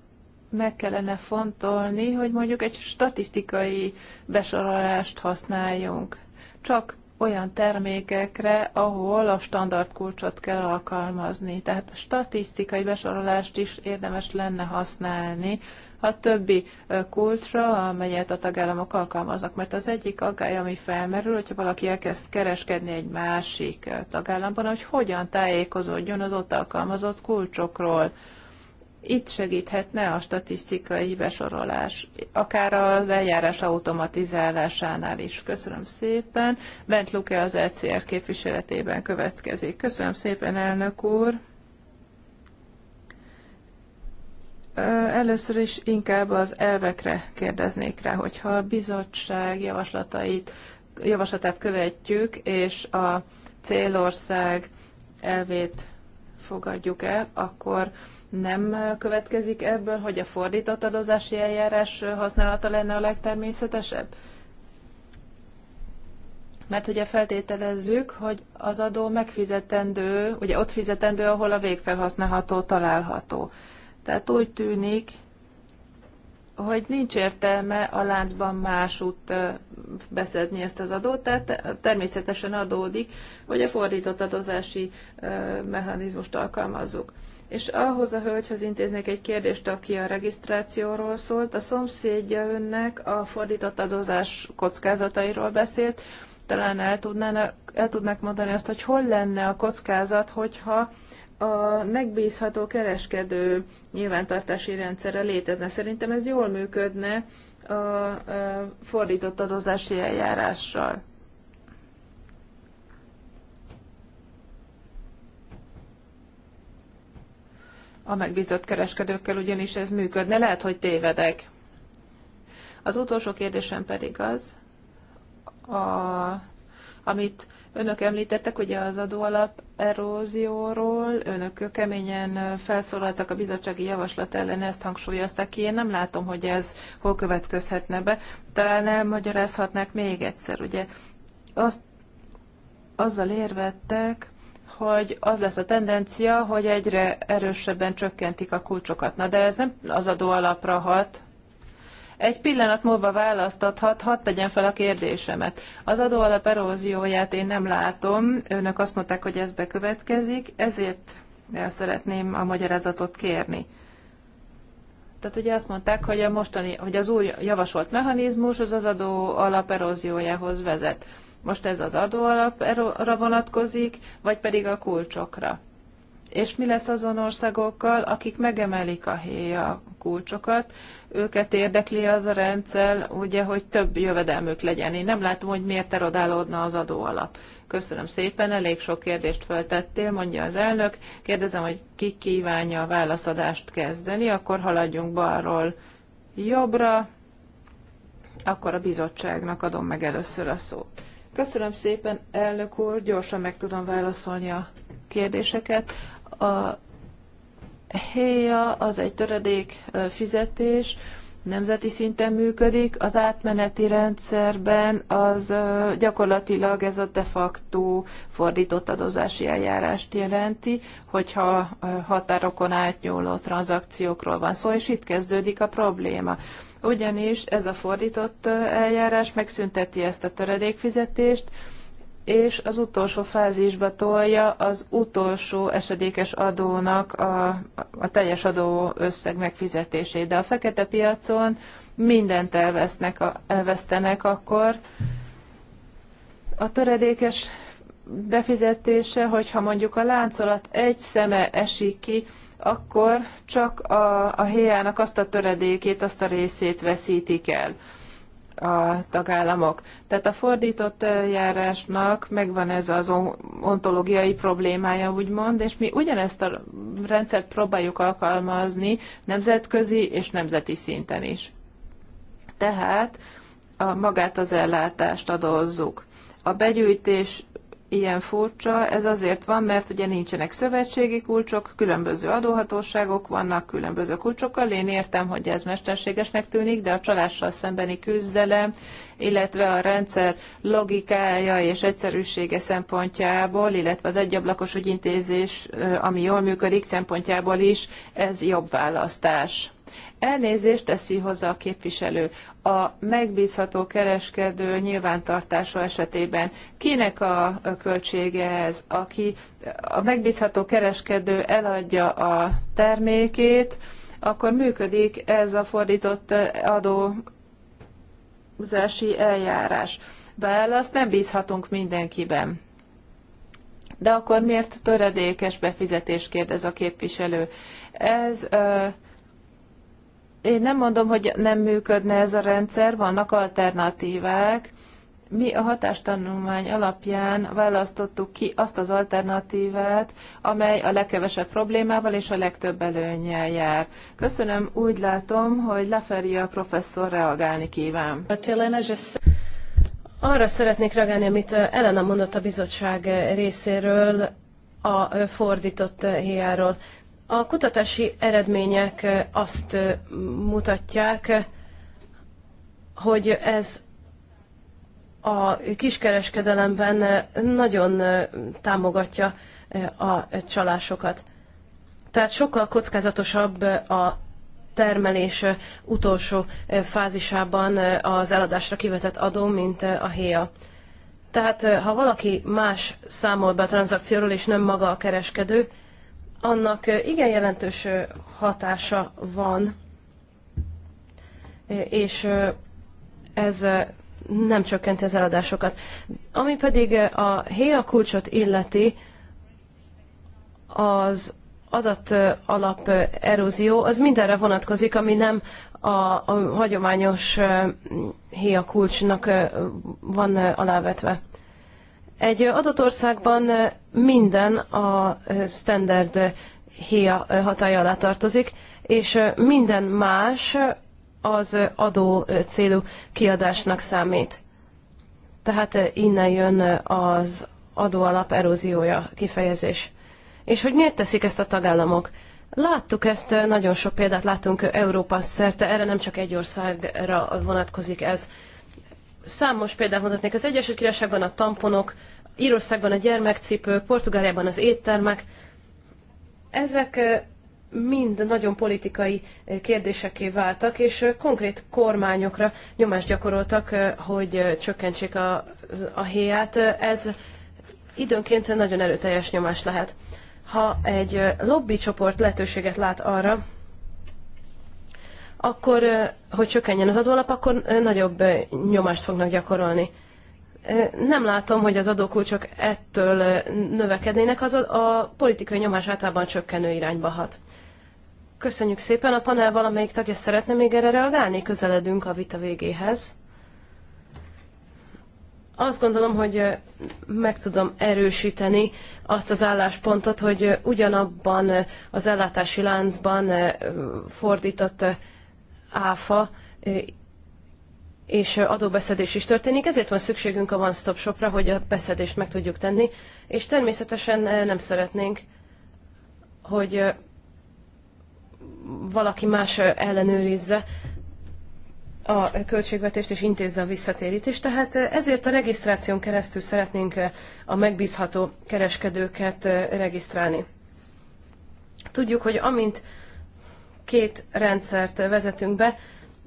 meg kellene fontolni, hogy mondjuk egy statisztikai besorolást használjunk. Csak olyan termékekre, ahol a standard kulcsot kell alkalmazni. Tehát a statisztikai besorolást is érdemes lenne használni a többi kulcsra, amelyet a tagállamok alkalmaznak. Mert az egyik aggály, ami felmerül, hogyha valaki elkezd kereskedni egy másik tagállamban, hogy hogyan tájékozódjon az ott alkalmazott kulcsokról itt segíthetne a statisztikai besorolás, akár az eljárás automatizálásánál is. Köszönöm szépen. Bent Luke az ECR képviseletében következik. Köszönöm szépen, elnök úr. Először is inkább az elvekre kérdeznék rá, hogyha a bizottság javaslatait, javaslatát követjük, és a célország elvét fogadjuk el, akkor nem következik ebből, hogy a fordított adózási eljárás használata lenne a legtermészetesebb? Mert ugye feltételezzük, hogy az adó megfizetendő, ugye ott fizetendő, ahol a végfelhasználható található. Tehát úgy tűnik, hogy nincs értelme a láncban másút beszedni ezt az adót, tehát természetesen adódik, hogy a fordított adózási mechanizmust alkalmazzuk. És ahhoz a hölgyhöz intéznék egy kérdést, aki a regisztrációról szólt. A szomszédja önnek a fordított adózás kockázatairól beszélt. Talán el, tudnának, el tudnák mondani azt, hogy hol lenne a kockázat, hogyha a megbízható kereskedő nyilvántartási rendszere létezne. Szerintem ez jól működne a fordított adózási eljárással. A megbízott kereskedőkkel ugyanis ez működne. Lehet, hogy tévedek. Az utolsó kérdésem pedig az, a, amit Önök említettek ugye az adóalap erózióról, önök keményen felszólaltak a bizottsági javaslat ellen, ezt hangsúlyozták ki. Én nem látom, hogy ez hol következhetne be. Talán elmagyarázhatnák még egyszer, ugye azt, azzal érvettek, hogy az lesz a tendencia, hogy egyre erősebben csökkentik a kulcsokat. Na, de ez nem az adóalapra hat, egy pillanat múlva választathat, hadd tegyen fel a kérdésemet. Az adóalap erózióját én nem látom, önök azt mondták, hogy ez bekövetkezik, ezért el szeretném a magyarázatot kérni. Tehát ugye azt mondták, hogy, a mostani, hogy az új javasolt mechanizmus az az adó alap eróziójához vezet. Most ez az adóalapra vonatkozik, vagy pedig a kulcsokra. És mi lesz azon országokkal, akik megemelik a héja kulcsokat? Őket érdekli az a rendszer, ugye, hogy több jövedelmük legyen. Én nem látom, hogy miért erodálódna az adóalap. Köszönöm szépen, elég sok kérdést feltettél, mondja az elnök. Kérdezem, hogy ki kívánja a válaszadást kezdeni, akkor haladjunk balról jobbra, akkor a bizottságnak adom meg először a szót. Köszönöm szépen, elnök úr, gyorsan meg tudom válaszolni a kérdéseket. A héja az egy töredék fizetés, nemzeti szinten működik, az átmeneti rendszerben az gyakorlatilag ez a de facto fordított adózási eljárást jelenti, hogyha határokon átnyúló tranzakciókról van szó, szóval és itt kezdődik a probléma. Ugyanis ez a fordított eljárás megszünteti ezt a töredékfizetést, és az utolsó fázisba tolja az utolsó esedékes adónak a, a teljes adó összeg megfizetését. De a fekete piacon mindent elvesznek, elvesztenek akkor. A töredékes befizetése, hogyha mondjuk a láncolat egy szeme esik ki, akkor csak a, a héjának azt a töredékét, azt a részét veszítik el a tagállamok. Tehát a fordított járásnak megvan ez az ontológiai problémája, úgymond, és mi ugyanezt a rendszert próbáljuk alkalmazni nemzetközi és nemzeti szinten is. Tehát a magát az ellátást adózzuk. A begyűjtés ilyen furcsa, ez azért van, mert ugye nincsenek szövetségi kulcsok, különböző adóhatóságok vannak, különböző kulcsokkal. Én értem, hogy ez mesterségesnek tűnik, de a csalással szembeni küzdelem, illetve a rendszer logikája és egyszerűsége szempontjából, illetve az egyablakos ügyintézés, ami jól működik szempontjából is, ez jobb választás. Elnézést teszi hozzá a képviselő. A megbízható kereskedő nyilvántartása esetében kinek a költsége ez? Aki a megbízható kereskedő eladja a termékét, akkor működik ez a fordított eh, adózási eljárás. azt nem bízhatunk mindenkiben. De akkor miért töredékes befizetés kérdez a képviselő? Ez uh, én nem mondom, hogy nem működne ez a rendszer, vannak alternatívák. Mi a hatástanulmány alapján választottuk ki azt az alternatívát, amely a legkevesebb problémával és a legtöbb előnyel jár. Köszönöm, úgy látom, hogy a professzor reagálni kíván. Arra szeretnék reagálni, amit Elena mondott a bizottság részéről, a fordított hiáról. A kutatási eredmények azt mutatják, hogy ez a kiskereskedelemben nagyon támogatja a csalásokat. Tehát sokkal kockázatosabb a termelés utolsó fázisában az eladásra kivetett adó, mint a héja. Tehát ha valaki más számol be a tranzakcióról, és nem maga a kereskedő, annak igen jelentős hatása van, és ez nem csökkenti az eladásokat. Ami pedig a héja kulcsot illeti, az adat alap erózió, az mindenre vonatkozik, ami nem a, a hagyományos héja kulcsnak van alávetve. Egy adott országban minden a standard héja hatája alá tartozik, és minden más az adó célú kiadásnak számít. Tehát innen jön az adóalap eróziója kifejezés. És hogy miért teszik ezt a tagállamok? Láttuk ezt, nagyon sok példát látunk Európa szerte, erre nem csak egy országra vonatkozik ez. Számos példát mondhatnék. Az Egyesült Királyságban a tamponok, Írországban a gyermekcipők, Portugáliában az éttermek. Ezek mind nagyon politikai kérdéseké váltak, és konkrét kormányokra nyomást gyakoroltak, hogy csökkentsék a, a héját. Ez időnként nagyon erőteljes nyomás lehet. Ha egy lobbycsoport lehetőséget lát arra, akkor, hogy csökkenjen az adólap, akkor nagyobb nyomást fognak gyakorolni. Nem látom, hogy az adókulcsok ettől növekednének, az a politikai nyomás általában csökkenő irányba hat. Köszönjük szépen. A panel valamelyik tagja szeretne még erre reagálni? Közeledünk a vita végéhez. Azt gondolom, hogy meg tudom erősíteni azt az álláspontot, hogy ugyanabban az ellátási láncban fordított áfa és adóbeszedés is történik, ezért van szükségünk a One Stop Shopra, hogy a beszedést meg tudjuk tenni, és természetesen nem szeretnénk, hogy valaki más ellenőrizze a költségvetést és intézze a visszatérítést. Tehát ezért a regisztráción keresztül szeretnénk a megbízható kereskedőket regisztrálni. Tudjuk, hogy amint két rendszert vezetünk be,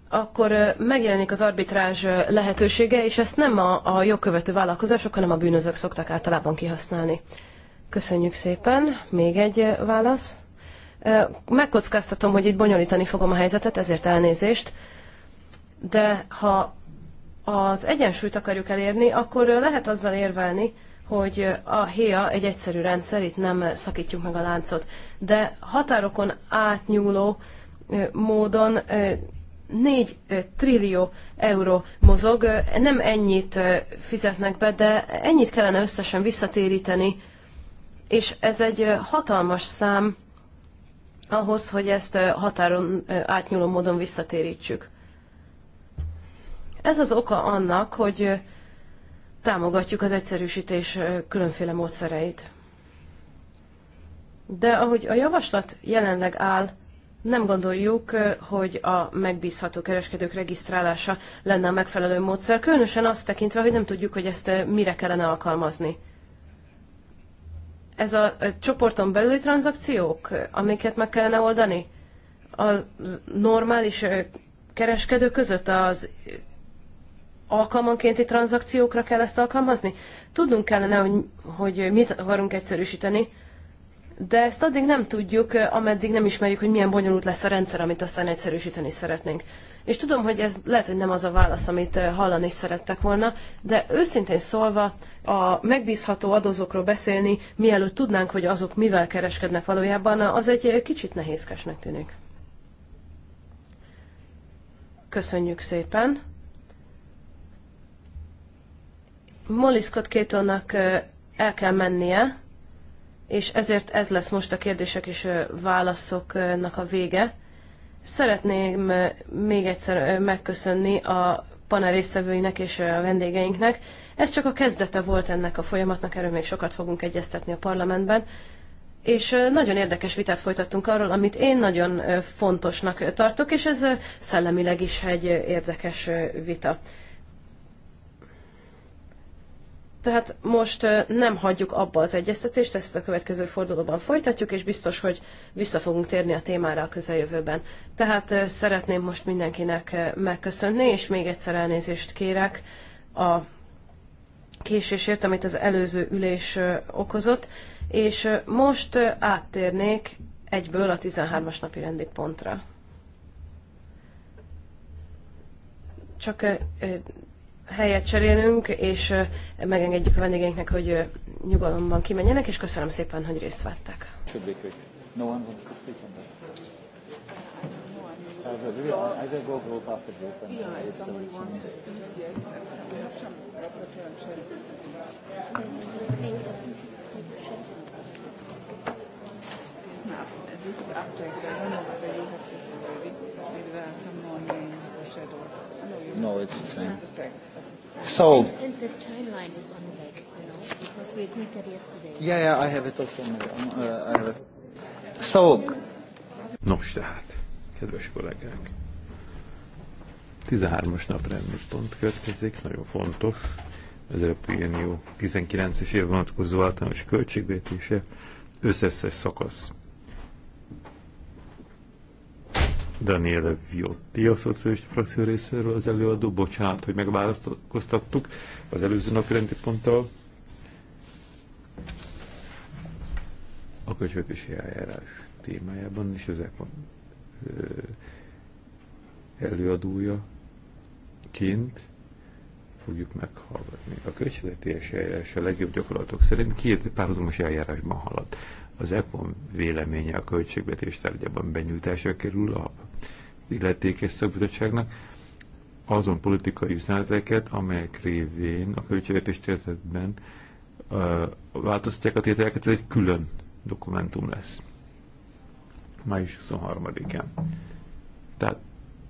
akkor megjelenik az arbitrázs lehetősége, és ezt nem a, a jogkövető vállalkozások, hanem a bűnözők szoktak általában kihasználni. Köszönjük szépen. Még egy válasz. Megkockáztatom, hogy itt bonyolítani fogom a helyzetet, ezért elnézést. De ha az egyensúlyt akarjuk elérni, akkor lehet azzal érvelni, hogy a héja e egy egyszerű rendszer, itt nem szakítjuk meg a láncot, de határokon átnyúló módon 4 trillió euró mozog, nem ennyit fizetnek be, de ennyit kellene összesen visszatéríteni, és ez egy hatalmas szám ahhoz, hogy ezt határon átnyúló módon visszatérítsük. Ez az oka annak, hogy támogatjuk az egyszerűsítés különféle módszereit. De ahogy a javaslat jelenleg áll, nem gondoljuk, hogy a megbízható kereskedők regisztrálása lenne a megfelelő módszer, különösen azt tekintve, hogy nem tudjuk, hogy ezt mire kellene alkalmazni. Ez a csoporton belüli tranzakciók, amiket meg kellene oldani? A normális kereskedő között az alkalmankénti tranzakciókra kell ezt alkalmazni? Tudnunk kellene, hogy, hogy mit akarunk egyszerűsíteni, de ezt addig nem tudjuk, ameddig nem ismerjük, hogy milyen bonyolult lesz a rendszer, amit aztán egyszerűsíteni szeretnénk. És tudom, hogy ez lehet, hogy nem az a válasz, amit eh, hallani szerettek volna, de őszintén szólva a megbízható adózókról beszélni, mielőtt tudnánk, hogy azok mivel kereskednek valójában, az egy kicsit nehézkesnek tűnik. Köszönjük szépen! Molly Scott Kétonnak el kell mennie, és ezért ez lesz most a kérdések és válaszoknak a vége. Szeretném még egyszer megköszönni a panel résztvevőinek és a vendégeinknek. Ez csak a kezdete volt ennek a folyamatnak, erről még sokat fogunk egyeztetni a parlamentben. És nagyon érdekes vitát folytattunk arról, amit én nagyon fontosnak tartok, és ez szellemileg is egy érdekes vita. Tehát most nem hagyjuk abba az egyeztetést, ezt a következő fordulóban folytatjuk, és biztos, hogy vissza fogunk térni a témára a közeljövőben. Tehát szeretném most mindenkinek megköszönni, és még egyszer elnézést kérek a késésért, amit az előző ülés okozott, és most áttérnék egyből a 13-as napi rendi pontra. Csak helyet cserélünk, és megengedjük a vendégeinknek, hogy nyugalomban kimenjenek, és köszönöm szépen, hogy részt vettek. This is updated. I don't know whether you have this already. Maybe there are some more names. No, it's the same. It's the same. So. And the timeline is on the back, you know, because we agreed that yesterday. Yeah, yeah, I have it also. Uh, I have it. So. Nos, tehát, kedves kollégák. 13-as naprendi pont következik, nagyon fontos. Az Európai Unió 19-es év vonatkozó általános költségvetése összes szakasz. Daniel Viotti, a szociális frakció részéről az előadó. Bocsánat, hogy megválasztoztattuk az előző napi rendi ponttal. A költségvetési eljárás témájában is van előadója kint fogjuk meghallgatni. A költségvetési eljárás a legjobb gyakorlatok szerint két párhuzamos eljárásban halad. Az ECOM véleménye a költségvetés tárgyában benyújtásra kerül, a illetékes szakbizottságnak azon politikai üzeneteket, amelyek révén a költségvetés tervezetben változtatják a tételeket, ez egy külön dokumentum lesz. Május 23-án. Tehát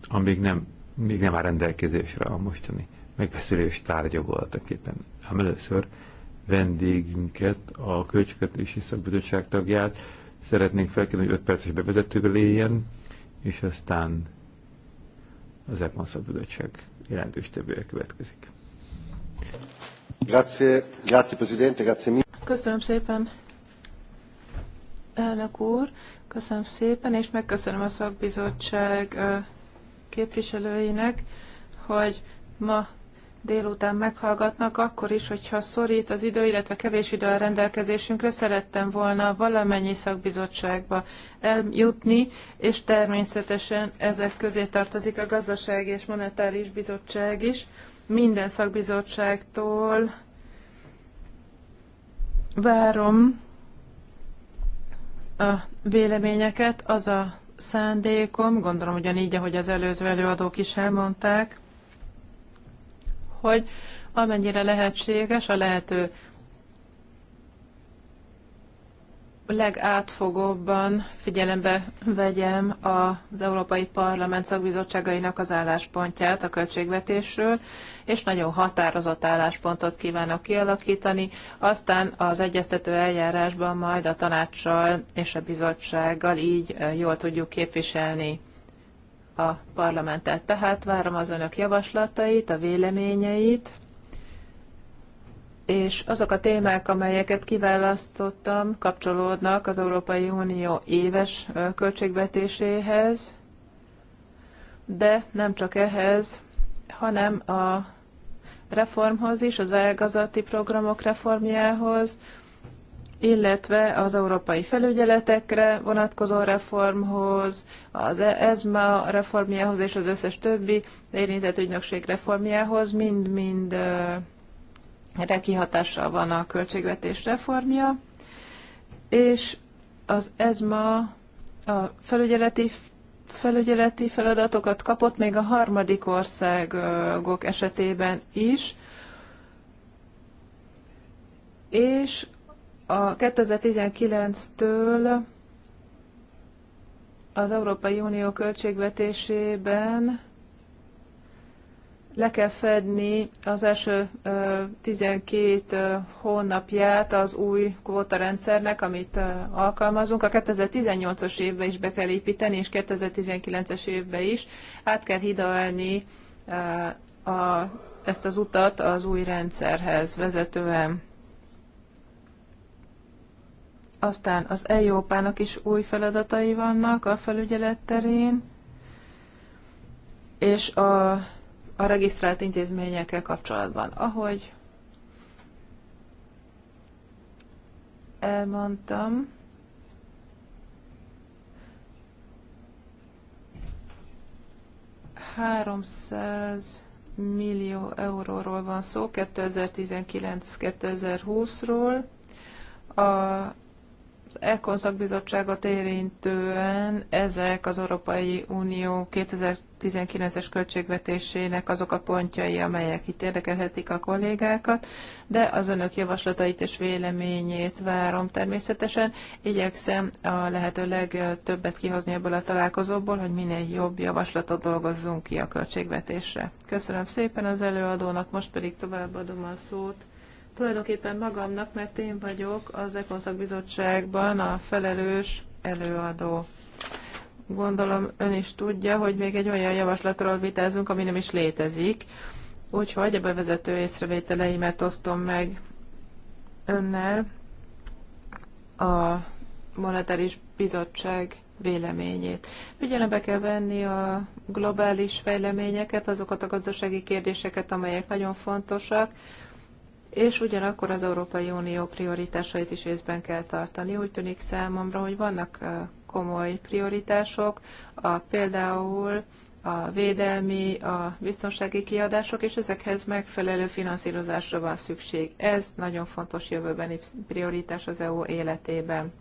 amíg nem, még nem áll rendelkezésre a mostani megbeszélés tárgya voltak éppen. Ám először vendégünket, a Költségvetési Szakbizottság tagját szeretnénk felkérni, hogy 5 perces bevezetővel éljen, és aztán az EPMA bizottság jelentős többére következik. Grazie, grazie Presidente, grazie Köszönöm szépen, elnök úr, köszönöm szépen, és megköszönöm a szakbizottság képviselőinek, hogy ma délután meghallgatnak, akkor is, hogyha szorít az idő, illetve kevés idő a rendelkezésünkre, szerettem volna valamennyi szakbizottságba eljutni, és természetesen ezek közé tartozik a Gazdasági és Monetáris Bizottság is. Minden szakbizottságtól várom a véleményeket, az a szándékom, gondolom ugyanígy, ahogy az előző előadók is elmondták, hogy amennyire lehetséges, a lehető legátfogóbban figyelembe vegyem az Európai Parlament szakbizottságainak az álláspontját a költségvetésről, és nagyon határozott álláspontot kívánok kialakítani, aztán az egyeztető eljárásban majd a tanácssal és a bizottsággal így jól tudjuk képviselni a parlamentet. Tehát várom az önök javaslatait, a véleményeit, és azok a témák, amelyeket kiválasztottam, kapcsolódnak az Európai Unió éves költségvetéséhez, de nem csak ehhez, hanem a reformhoz is, az ágazati programok reformjához, illetve az európai felügyeletekre vonatkozó reformhoz, az ESMA reformjához és az összes többi érintett ügynökség reformjához mind-mind erre kihatással van a költségvetés reformja, és az ESMA a felügyeleti felügyeleti feladatokat kapott még a harmadik országok esetében is, és a 2019-től az Európai Unió költségvetésében le kell fedni az első 12 hónapját az új kvótarendszernek, amit alkalmazunk. A 2018-as évbe is be kell építeni, és 2019-es évbe is át kell hidalni ezt az utat az új rendszerhez vezetően. Aztán az EIOPának is új feladatai vannak a felügyelet terén, és a, a regisztrált intézményekkel kapcsolatban. Ahogy elmondtam, háromszáz millió euróról van szó, 2019-2020-ról. A az ECON szakbizottságot érintően ezek az Európai Unió 2019-es költségvetésének azok a pontjai, amelyek itt érdekelhetik a kollégákat, de az önök javaslatait és véleményét várom természetesen. Igyekszem a lehető legtöbbet kihozni ebből a találkozóból, hogy minél jobb javaslatot dolgozzunk ki a költségvetésre. Köszönöm szépen az előadónak, most pedig továbbadom a szót tulajdonképpen magamnak, mert én vagyok az Ekonszak Bizottságban a felelős előadó. Gondolom ön is tudja, hogy még egy olyan javaslatról vitázunk, ami nem is létezik, úgyhogy a bevezető észrevételeimet osztom meg önnel a Monetáris Bizottság véleményét. Figyelembe kell venni a globális fejleményeket, azokat a gazdasági kérdéseket, amelyek nagyon fontosak, és ugyanakkor az Európai Unió prioritásait is észben kell tartani. Úgy tűnik számomra, hogy vannak komoly prioritások, a, például a védelmi, a biztonsági kiadások, és ezekhez megfelelő finanszírozásra van szükség. Ez nagyon fontos jövőbeni prioritás az EU életében.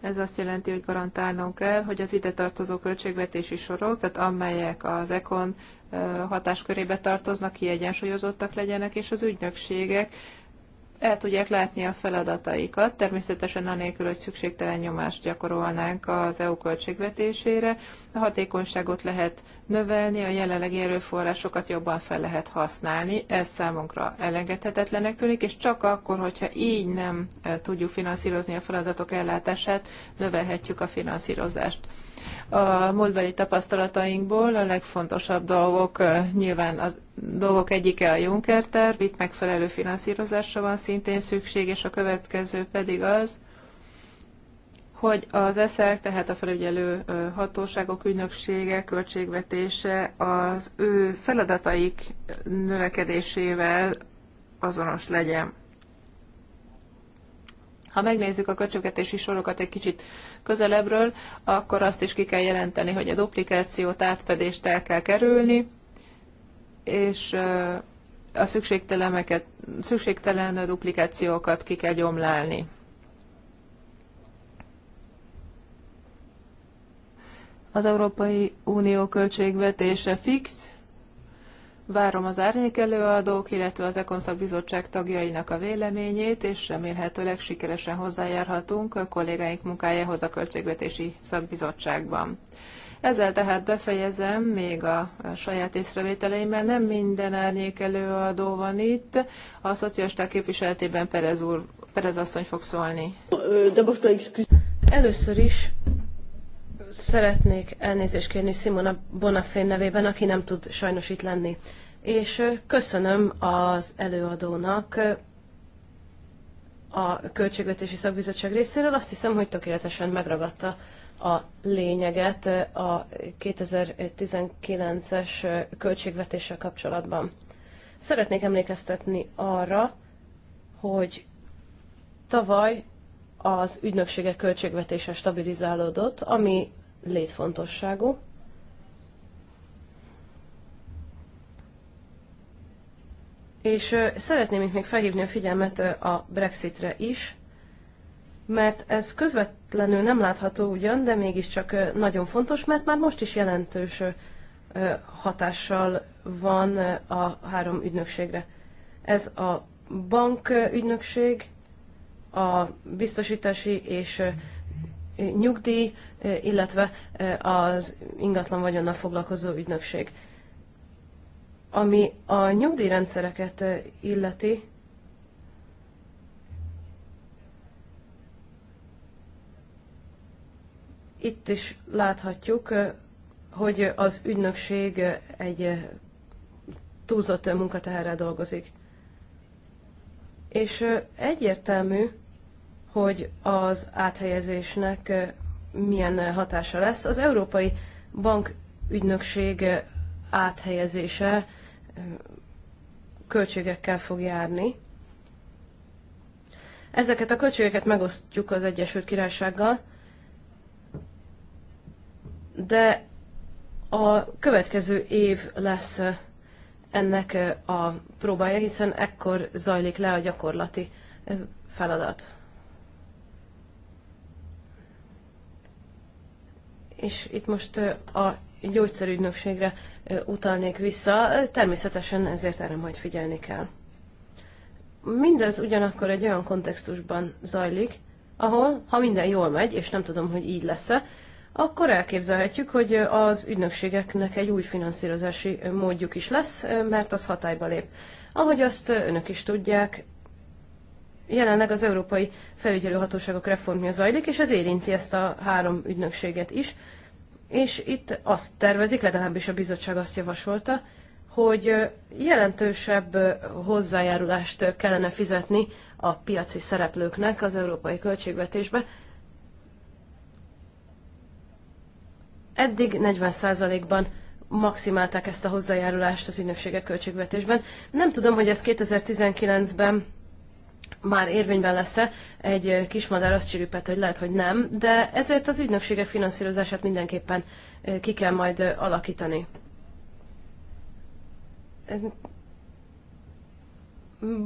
Ez azt jelenti, hogy garantálnunk kell, hogy az ide tartozó költségvetési sorok, tehát amelyek az ECON hatáskörébe tartoznak, kiegyensúlyozottak legyenek, és az ügynökségek el tudják látni a feladataikat, természetesen anélkül, hogy szükségtelen nyomást gyakorolnánk az EU költségvetésére. A hatékonyságot lehet növelni, a jelenlegi erőforrásokat jobban fel lehet használni. Ez számunkra elengedhetetlenek tűnik, és csak akkor, hogyha így nem tudjuk finanszírozni a feladatok ellátását, növelhetjük a finanszírozást. A múltbeli tapasztalatainkból a legfontosabb dolgok, nyilván a dolgok egyike a Juncker terv, itt megfelelő finanszírozásra van szintén szükség, és a következő pedig az, hogy az eszek, tehát a felügyelő hatóságok, ügynöksége költségvetése az ő feladataik növekedésével azonos legyen. Ha megnézzük a költségvetési sorokat egy kicsit közelebbről, akkor azt is ki kell jelenteni, hogy a duplikációt, átfedést el kell kerülni, és a szükségtelen duplikációkat ki kell gyomlálni. Az Európai Unió költségvetése fix. Várom az árnyék előadók, illetve az Ekonszak Bizottság tagjainak a véleményét, és remélhetőleg sikeresen hozzájárhatunk a kollégáink munkájához a Költségvetési Szakbizottságban. Ezzel tehát befejezem még a saját észrevételeimmel. Nem minden árnyék előadó van itt. A szocialisták képviseletében Perez, úr, Perez asszony fog szólni. Először is szeretnék elnézést kérni Simona Bonafé nevében, aki nem tud sajnos itt lenni. És köszönöm az előadónak a Költségvetési Szakbizottság részéről. Azt hiszem, hogy tökéletesen megragadta a lényeget a 2019-es költségvetéssel kapcsolatban. Szeretnék emlékeztetni arra, hogy tavaly az ügynökségek költségvetése stabilizálódott, ami létfontosságú. És szeretném itt még felhívni a figyelmet a Brexitre is, mert ez közvetlenül nem látható ugyan, de mégiscsak nagyon fontos, mert már most is jelentős hatással van a három ügynökségre. Ez a bankügynökség, a biztosítási és nyugdíj, illetve az ingatlan vagyonnal foglalkozó ügynökség. Ami a nyugdíjrendszereket illeti, itt is láthatjuk, hogy az ügynökség egy túlzott munkateherrel dolgozik. És egyértelmű, hogy az áthelyezésnek milyen hatása lesz. Az Európai ügynökség áthelyezése költségekkel fog járni. Ezeket a költségeket megosztjuk az Egyesült Királysággal, de a következő év lesz ennek a próbája, hiszen ekkor zajlik le a gyakorlati feladat. és itt most a gyógyszerügynökségre utalnék vissza, természetesen ezért erre majd figyelni kell. Mindez ugyanakkor egy olyan kontextusban zajlik, ahol, ha minden jól megy, és nem tudom, hogy így lesz-e, akkor elképzelhetjük, hogy az ügynökségeknek egy új finanszírozási módjuk is lesz, mert az hatályba lép. Ahogy azt önök is tudják, jelenleg az Európai Felügyelőhatóságok reformja zajlik, és ez érinti ezt a három ügynökséget is. És itt azt tervezik, legalábbis a bizottság azt javasolta, hogy jelentősebb hozzájárulást kellene fizetni a piaci szereplőknek az európai költségvetésbe. Eddig 40%-ban maximálták ezt a hozzájárulást az ügynökségek költségvetésben. Nem tudom, hogy ez 2019-ben már érvényben lesz-e. Egy kismadár azt csiripett, hogy lehet, hogy nem, de ezért az ügynökségek finanszírozását mindenképpen ki kell majd alakítani. Ez...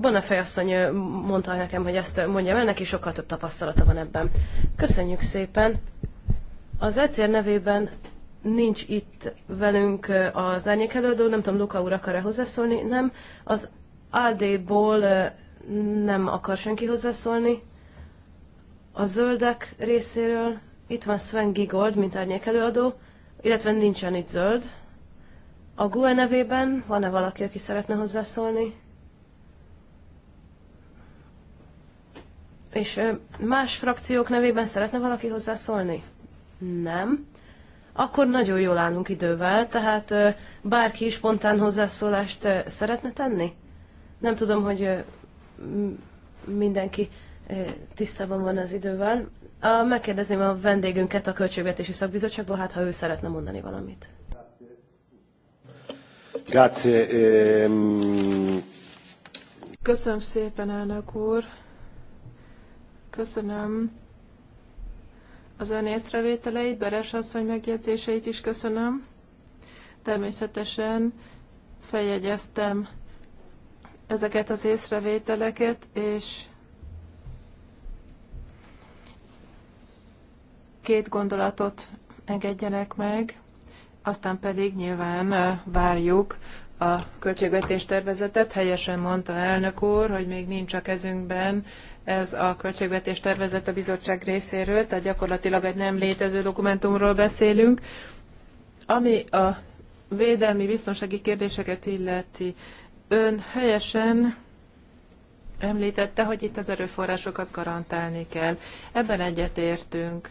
Bonafej asszony mondta nekem, hogy ezt mondjam el, neki sokkal több tapasztalata van ebben. Köszönjük szépen! Az ECR nevében nincs itt velünk az árnyék előadó, nem tudom, Luka úr akar-e hozzászólni, nem. Az AD-ból nem akar senki hozzászólni. A zöldek részéről itt van Sven Gigold, mint árnyékelőadó, illetve nincsen itt zöld. A GUE nevében van-e valaki, aki szeretne hozzászólni? És más frakciók nevében szeretne valaki hozzászólni? Nem. Akkor nagyon jól állunk idővel, tehát bárki is spontán hozzászólást szeretne tenni? Nem tudom, hogy mindenki eh, tisztában van az idővel. A, megkérdezném a vendégünket a Költségvetési Szakbizottságból, hát ha ő szeretne mondani valamit. Grazie. Ehm. Köszönöm szépen, elnök úr. Köszönöm az ön észrevételeit, Beres asszony megjegyzéseit is köszönöm. Természetesen feljegyeztem ezeket az észrevételeket, és két gondolatot engedjenek meg, aztán pedig nyilván várjuk a költségvetés tervezetet. Helyesen mondta elnök úr, hogy még nincs a kezünkben ez a költségvetés tervezet a bizottság részéről, tehát gyakorlatilag egy nem létező dokumentumról beszélünk. Ami a védelmi biztonsági kérdéseket illeti, Ön helyesen említette, hogy itt az erőforrásokat garantálni kell. Ebben egyetértünk.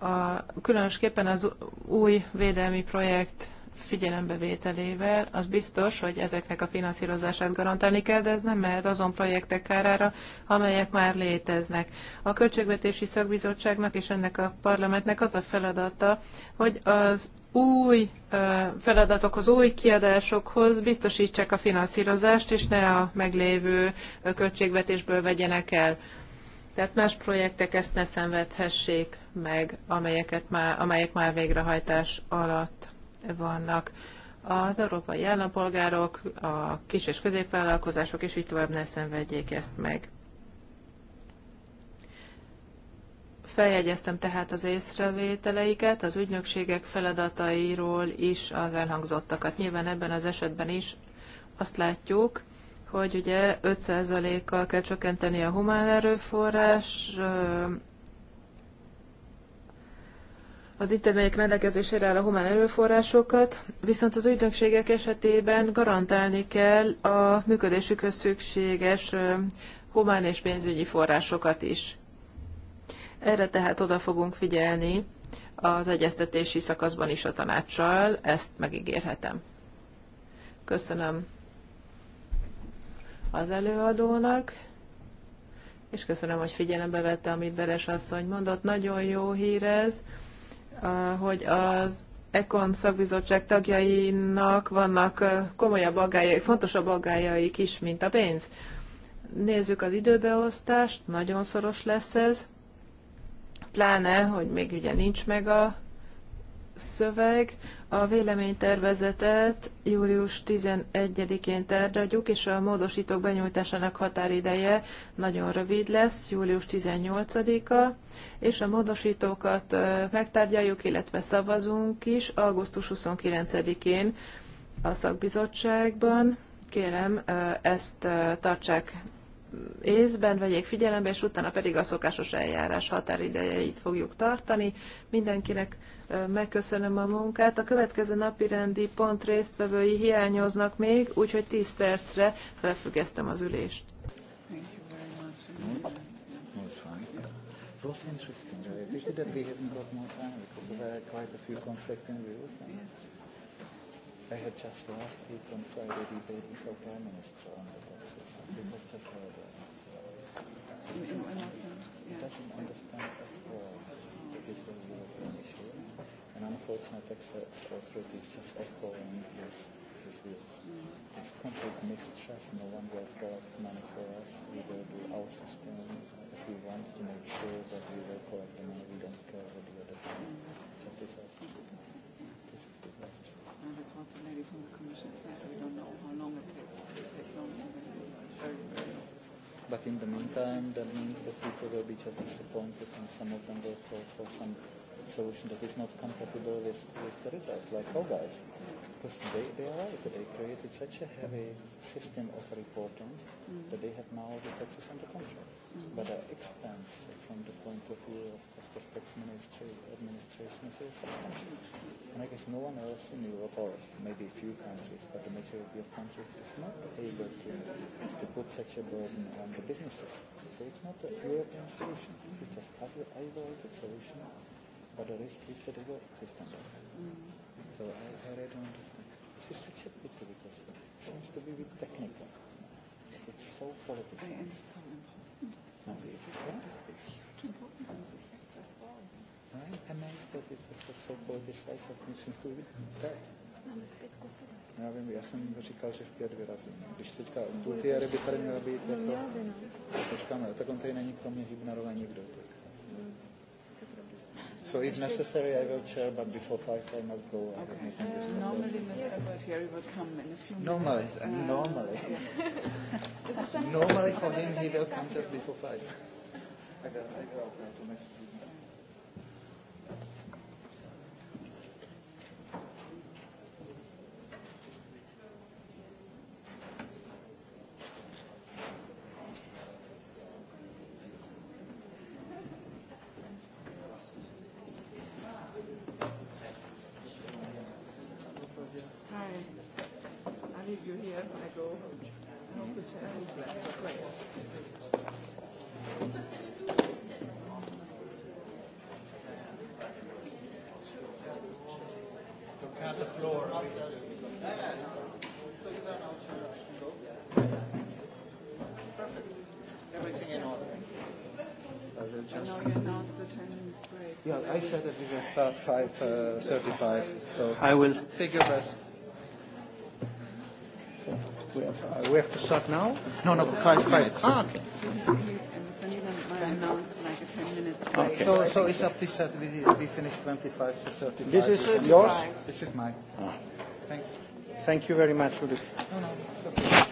A, különösképpen az új védelmi projekt figyelembevételével, az biztos, hogy ezeknek a finanszírozását garantálni kell, de ez nem mehet azon projektek kárára, amelyek már léteznek. A Költségvetési Szakbizottságnak és ennek a parlamentnek az a feladata, hogy az új feladatokhoz, új kiadásokhoz biztosítsák a finanszírozást, és ne a meglévő költségvetésből vegyenek el. Tehát más projektek ezt ne szenvedhessék meg, amelyeket már, amelyek már végrehajtás alatt vannak. Az európai állampolgárok, a kis és középvállalkozások és így tovább ne szenvedjék ezt meg. Feljegyeztem tehát az észrevételeiket, az ügynökségek feladatairól is az elhangzottakat. Nyilván ebben az esetben is azt látjuk, hogy ugye 5%-kal kell csökkenteni a humán erőforrás, az intézmények rendelkezésére áll a humán erőforrásokat, viszont az ügynökségek esetében garantálni kell a működésükhöz szükséges humán és pénzügyi forrásokat is. Erre tehát oda fogunk figyelni az egyeztetési szakaszban is a tanácssal, ezt megígérhetem. Köszönöm az előadónak, és köszönöm, hogy figyelembe vette, amit Beres asszony mondott. Nagyon jó hír ez, hogy az Ekon szakbizottság tagjainak vannak komolyabb aggájai, fontosabb aggájaik is, mint a pénz. Nézzük az időbeosztást, nagyon szoros lesz ez pláne, hogy még ugye nincs meg a szöveg. A véleménytervezetet július 11-én tárgyaljuk, és a módosítók benyújtásának határideje nagyon rövid lesz, július 18-a, és a módosítókat megtárgyaljuk, illetve szavazunk is augusztus 29-én a szakbizottságban. Kérem, ezt tartsák észben vegyék figyelembe, és utána pedig a szokásos eljárás határidejeit fogjuk tartani. Mindenkinek megköszönöm a munkát. A következő napi rendi pont résztvevői hiányoznak még, úgyhogy 10 percre felfüggesztem az ülést. was interesting. I pity that we haven't got more time because there are quite a few conflicting views. And I had just last week on Friday debate with our Prime Minister on the topic. It was just horrible. It doesn't understand at all the wisdom of the issue, and unfortunately, authority uh, is just echoing his his views. It's complete mistrust, no one will collect money for us. We will do our system as we want to make sure that we will collect the money. We don't care what the other thing. It's a disaster. This is disaster. And that's what the lady from the commission said. We don't know how long it takes. It will take longer than very, very long. But in the meantime, that means that people will be just disappointed and some of them will fall for some solution that is not compatible with, with the result, like all oh, guys. Because they, they are right. They created such a heavy system of reporting mm. that they have now the taxes under control. But uh, expense from the point of view of cost of tax ministry, administration is also expensive. And I guess no one else in Europe, or maybe a few countries, but the majority of countries is not able to, to put such a burden on the businesses. So it's not a European solution. It's just either the good solution, but the risk is that it exists on that. So I, I really don't understand. This is such a pity because it seems to be a bit technical. It's so political. Já vím, já jsem říkal, že v pět vyrazí. Když teďka tu ty jary by tady měla být, jako, počkáme, tak on tady není kromě Hybnerova nikdo. Tak. So if necessary, I will chair, but before five, I must go. okay. Uh, normally, Mr. Gualtieri will come in a few normally, minutes. Uh, normally, normally. normally for him, he will come just before five. I got, I got to Mexico. because it's just. No, you announced the 10 minutes break. Yeah, I said that we will start 5:35. Uh, so I will. Take your rest. So we have, uh, we have to start now. No, no, five minutes. Ah, okay. Okay. So, so it's up to set. We, we finish 25 to 35. This is yours. This is mine. Ah. Thanks. Thank you very much for this. No, no, it's okay.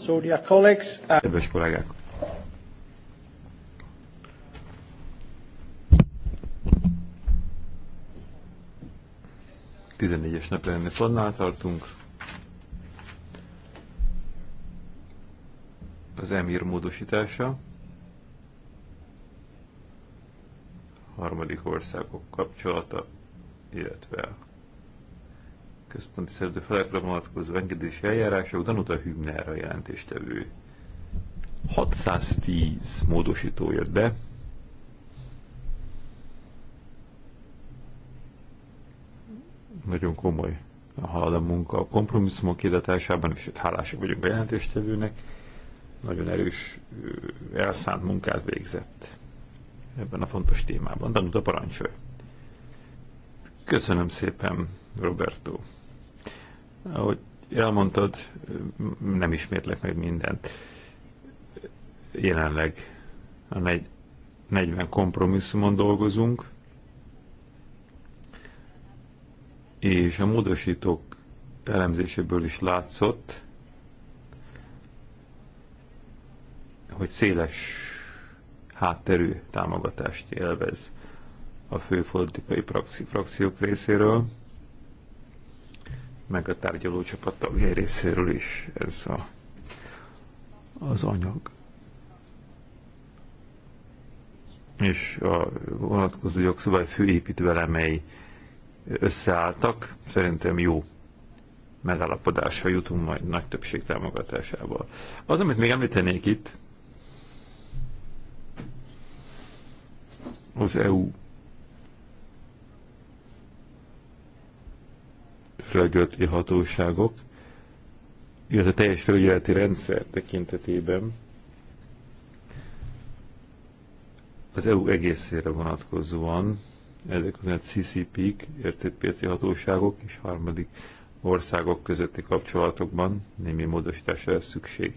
So, dear colleagues, uh... Kedves kollégák! Tizennégyes nap fonnál tartunk. Az emír módosítása. Harmadik országok kapcsolata, illetve központi szerző felekre vonatkozó engedési eljárása után utal Hübnerre a jelentéstevő. 610 módosító jött be. Nagyon komoly a halad a munka a kompromisszumok életásában, és itt hálásak vagyunk a jelentéstevőnek. Nagyon erős, elszánt munkát végzett ebben a fontos témában. Danuta parancsolja. Köszönöm szépen, Roberto. Ahogy elmondtad, nem ismétlek meg mindent. Jelenleg a 40 kompromisszumon dolgozunk, és a módosítók elemzéséből is látszott, hogy széles hátterű támogatást élvez a fő politikai frakciók részéről meg a tárgyaló csapat tagjai részéről is ez a, az anyag. És a vonatkozó jogszabály főépítő elemei összeálltak, szerintem jó megállapodásra jutunk majd nagy többség támogatásával. Az, amit még említenék itt, az EU felügyeleti hatóságok, illetve teljes felügyeleti rendszer tekintetében az EU egészére vonatkozóan, ezek az CCP-k, értékpiaci hatóságok és harmadik országok közötti kapcsolatokban némi módosításra lesz szükség.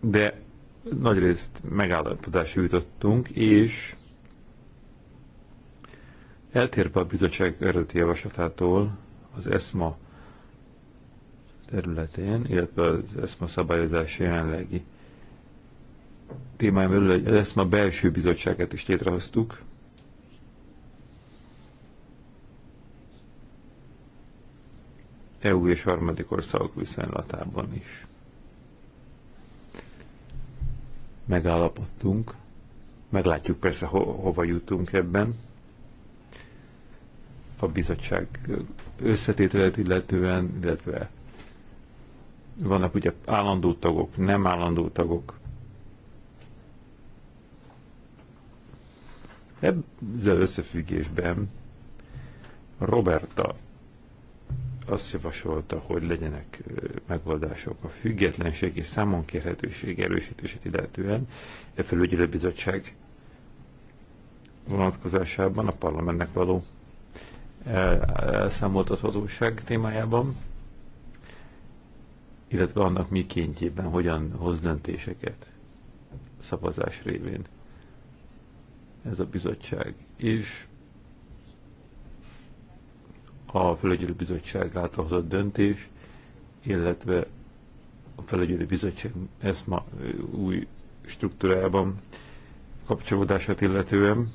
De nagyrészt megállapodásra jutottunk, és Eltérve a bizottság eredeti javaslatától az ESMA területén, illetve az ESMA szabályozás jelenlegi témája belül az ESMA belső bizottságát is létrehoztuk, EU és harmadik országok viszonylatában is. Megállapodtunk, meglátjuk persze ho hova jutunk ebben, a bizottság összetételet illetően, illetve vannak ugye állandó tagok, nem állandó tagok. Ezzel összefüggésben Roberta azt javasolta, hogy legyenek megoldások a függetlenség és számon kérhetőség erősítését illetően. E felügyelőbizottság vonatkozásában a parlamentnek való elszámoltathatóság témájában, illetve annak mikéntjében hogyan hoz döntéseket szavazás révén ez a bizottság. És a Felügyelő Bizottság által hozott döntés, illetve a Felügyelő Bizottság ezt ma új struktúrában kapcsolódását illetően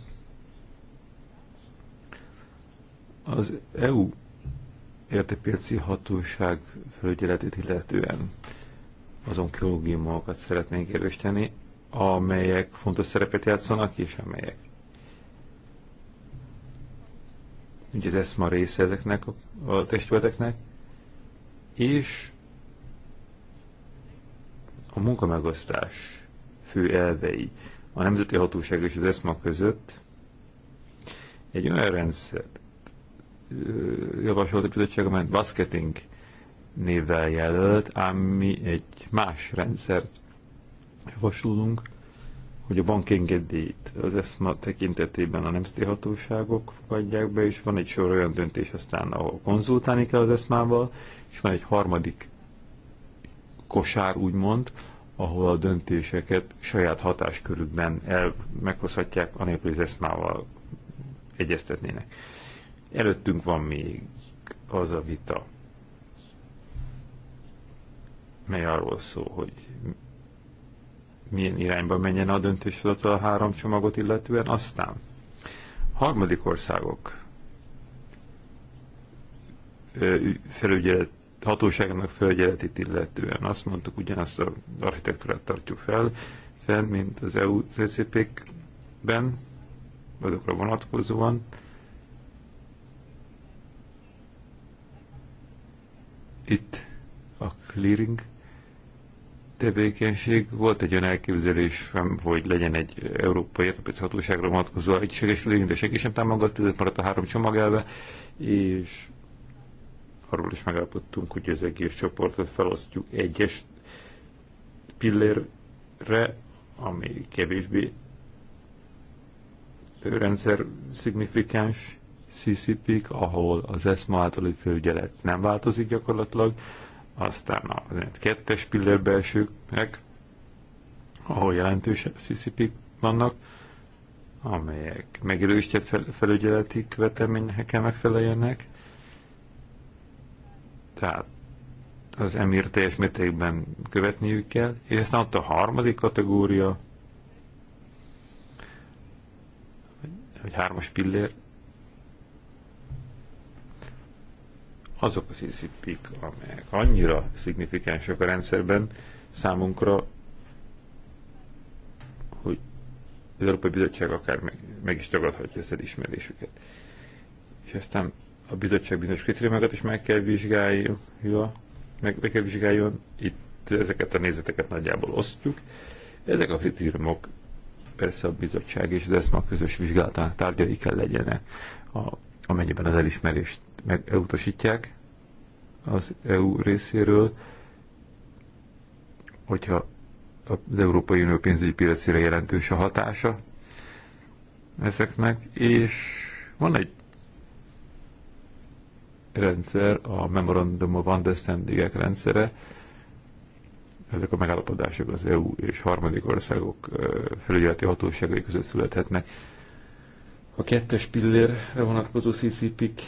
Az EU értékpiaci hatóság felügyeletét illetően azon kritériumokat szeretnénk érvesteni, amelyek fontos szerepet játszanak, és amelyek ugye ez ESMA része ezeknek a testületeknek, és a munkamegosztás fő elvei a Nemzeti Hatóság és az ESMA között egy olyan rendszert javasolt a bizottság, amelyet basketing névvel jelölt, ám mi egy más rendszert javasolunk, hogy a bankengedélyt az ESMA tekintetében a nemzeti hatóságok fogadják be, és van egy sor olyan döntés aztán, ahol konzultálni kell az esma és van egy harmadik kosár, úgymond, ahol a döntéseket saját hatáskörükben el, meghozhatják, anélkül, hogy az ESMA-val egyeztetnének. Előttünk van még az a vita, mely arról szól, hogy milyen irányba menjen a döntéshozatal a három csomagot illetően, aztán harmadik országok felügyelet, hatóságnak felügyeletét illetően. Azt mondtuk, ugyanazt az architektúrát tartjuk fel, fel mint az EU CCP-ben, azokra vonatkozóan, Itt a clearing tevékenység. Volt egy olyan elképzelés, hogy legyen egy európai értepic hatóságra vonatkozó egységes clearing, de senki sem támogatta, ez maradt a három csomag elve, és arról is megállapodtunk, hogy az egész csoportot felosztjuk egyes pillérre, ami kevésbé rendszer szignifikáns, CCP-k, ahol az ESMA általi főügyelet nem változik gyakorlatilag, aztán a kettes pillérbe esőknek, ahol jelentős ccp vannak, amelyek megerősített fel, felügyeleti kell megfeleljenek. Tehát az emír teljes mértékben követniük kell, és aztán ott a harmadik kategória, vagy hármas pillér, azok az iszipik, amelyek annyira szignifikánsak a rendszerben számunkra, hogy az Európai Bizottság akár meg, meg is tagadhatja ezt ismerésüket. És aztán a bizottság bizonyos kritériumokat is meg kell vizsgálja, meg, meg kell vizsgáljon, itt ezeket a nézeteket nagyjából osztjuk. Ezek a kritériumok persze a bizottság és az ESMA közös vizsgálatának tárgyai kell legyenek, a, amennyiben az elismerést elutasítják az EU részéről, hogyha az Európai Unió pénzügyi piacére jelentős a hatása ezeknek, és van egy rendszer, a Memorandum of understanding rendszere, ezek a megállapodások az EU és harmadik országok felügyeleti hatóságai között születhetnek. A kettes pillérre vonatkozó CCP-ket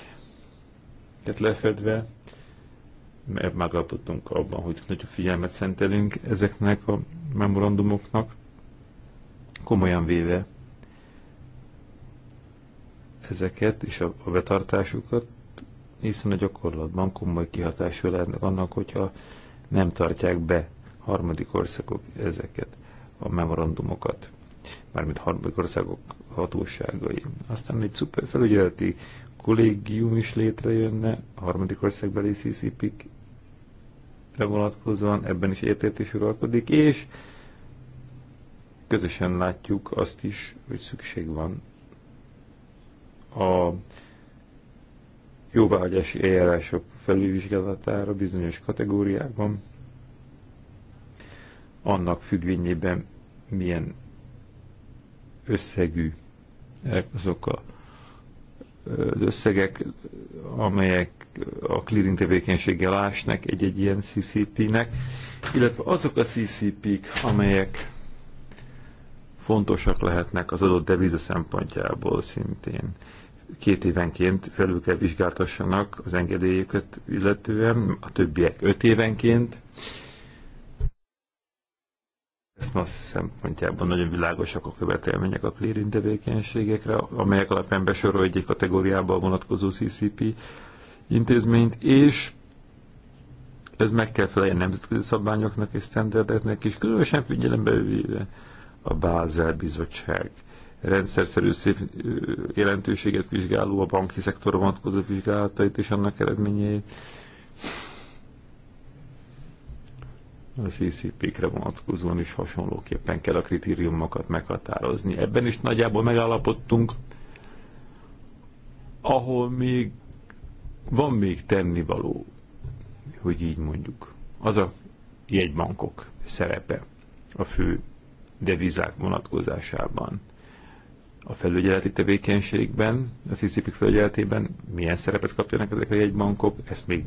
lefedve megállapodtunk abban, hogy nagyobb figyelmet szentelünk ezeknek a memorandumoknak, komolyan véve ezeket és a, betartásukat, hiszen a gyakorlatban komoly kihatású lehetnek annak, hogyha nem tartják be harmadik országok ezeket a memorandumokat, mármint harmadik országok hatóságai. Aztán egy szuper felügyeleti kollégium is létrejönne, a harmadik országbeli ccp vonatkozóan, ebben is értetés uralkodik, és közösen látjuk azt is, hogy szükség van a jóváhagyási eljárások felülvizsgálatára bizonyos kategóriákban, annak függvényében milyen összegű e- azok a az összegek, amelyek a clearing tevékenységgel ásnak egy-egy ilyen CCP-nek, illetve azok a CCP-k, amelyek fontosak lehetnek az adott deviza szempontjából szintén. Két évenként felül kell vizsgáltassanak az engedélyüket illetően, a többiek öt évenként, ESMAS szempontjában nagyon világosak a követelmények a clearing tevékenységekre, amelyek alapján besorol egy kategóriába a vonatkozó CCP intézményt, és ez meg kell feleljen nemzetközi szabványoknak és standardeknek is, különösen figyelembe véve a Bázel Bizottság rendszerszerű szép jelentőséget vizsgáló a banki szektor vonatkozó vizsgálatait és annak eredményeit a CCP-kre vonatkozóan is hasonlóképpen kell a kritériumokat meghatározni. Ebben is nagyjából megállapodtunk, ahol még van még tennivaló, hogy így mondjuk. Az a jegybankok szerepe a fő devizák vonatkozásában. A felügyeleti tevékenységben, a CCP felügyeletében milyen szerepet kapjanak ezek a jegybankok, ezt még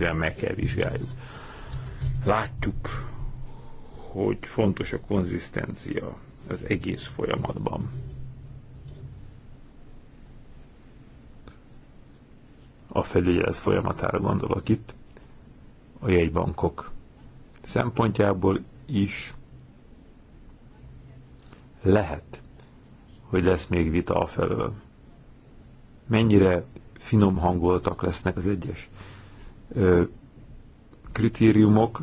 olyan meg kell vizsgáljuk látjuk, hogy fontos a konzisztencia az egész folyamatban. A felügyelet folyamatára gondolok itt, a jegybankok szempontjából is lehet, hogy lesz még vita a felől. Mennyire finom hangoltak lesznek az egyes kritériumok,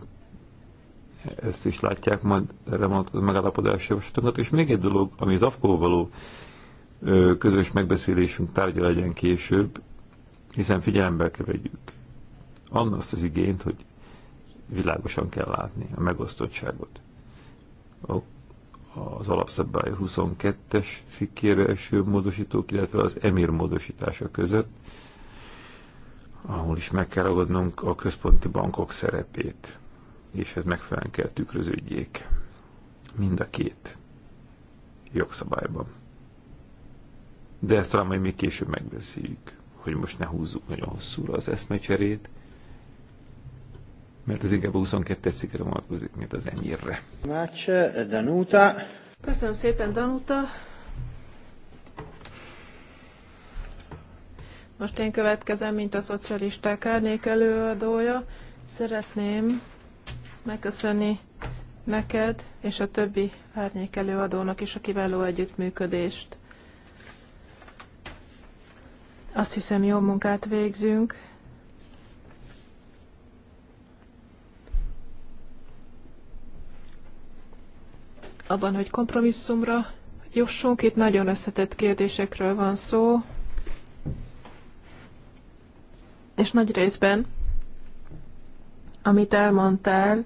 ezt is látják majd erre vonatkozó megállapodási javaslatokat. és még egy dolog, ami az afko való közös megbeszélésünk tárgya legyen később, hiszen figyelembe kell vegyük annak az igényt, hogy világosan kell látni a megosztottságot. A, az alapszabály 22-es cikkére eső módosítók, illetve az emír módosítása között ahol is meg kell ragadnunk a központi bankok szerepét, és ez megfelelően kell tükröződjék mind a két jogszabályban. De ezt talán majd még később megbeszéljük, hogy most ne húzzuk nagyon hosszúra az eszmecserét, mert az inkább a 22 cikkre vonatkozik, mint az enyérre. Danuta. Köszönöm szépen, Danuta. Most én következem, mint a szocialisták árnyék előadója. Szeretném megköszönni neked és a többi árnyék előadónak is a kiváló együttműködést. Azt hiszem, jó munkát végzünk. Abban, hogy kompromisszumra jussunk, itt nagyon összetett kérdésekről van szó, és nagy részben, amit elmondtál,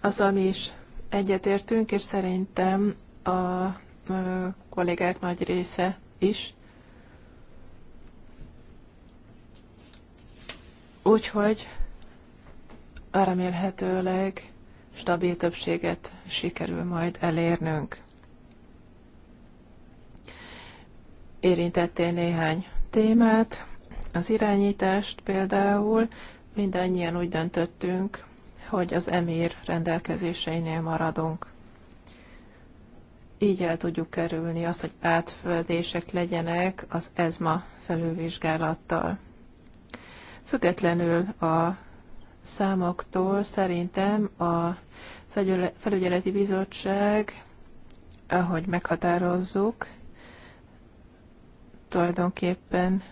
az ami is egyetértünk, és szerintem a kollégák nagy része is. Úgyhogy remélhetőleg stabil többséget sikerül majd elérnünk. Érintettél néhány témát, az irányítást például mindannyian úgy döntöttünk, hogy az emír rendelkezéseinél maradunk. Így el tudjuk kerülni azt, hogy átföldések legyenek az ezma felülvizsgálattal. Függetlenül a számoktól szerintem a felügyeleti bizottság, ahogy meghatározzuk, tulajdonképpen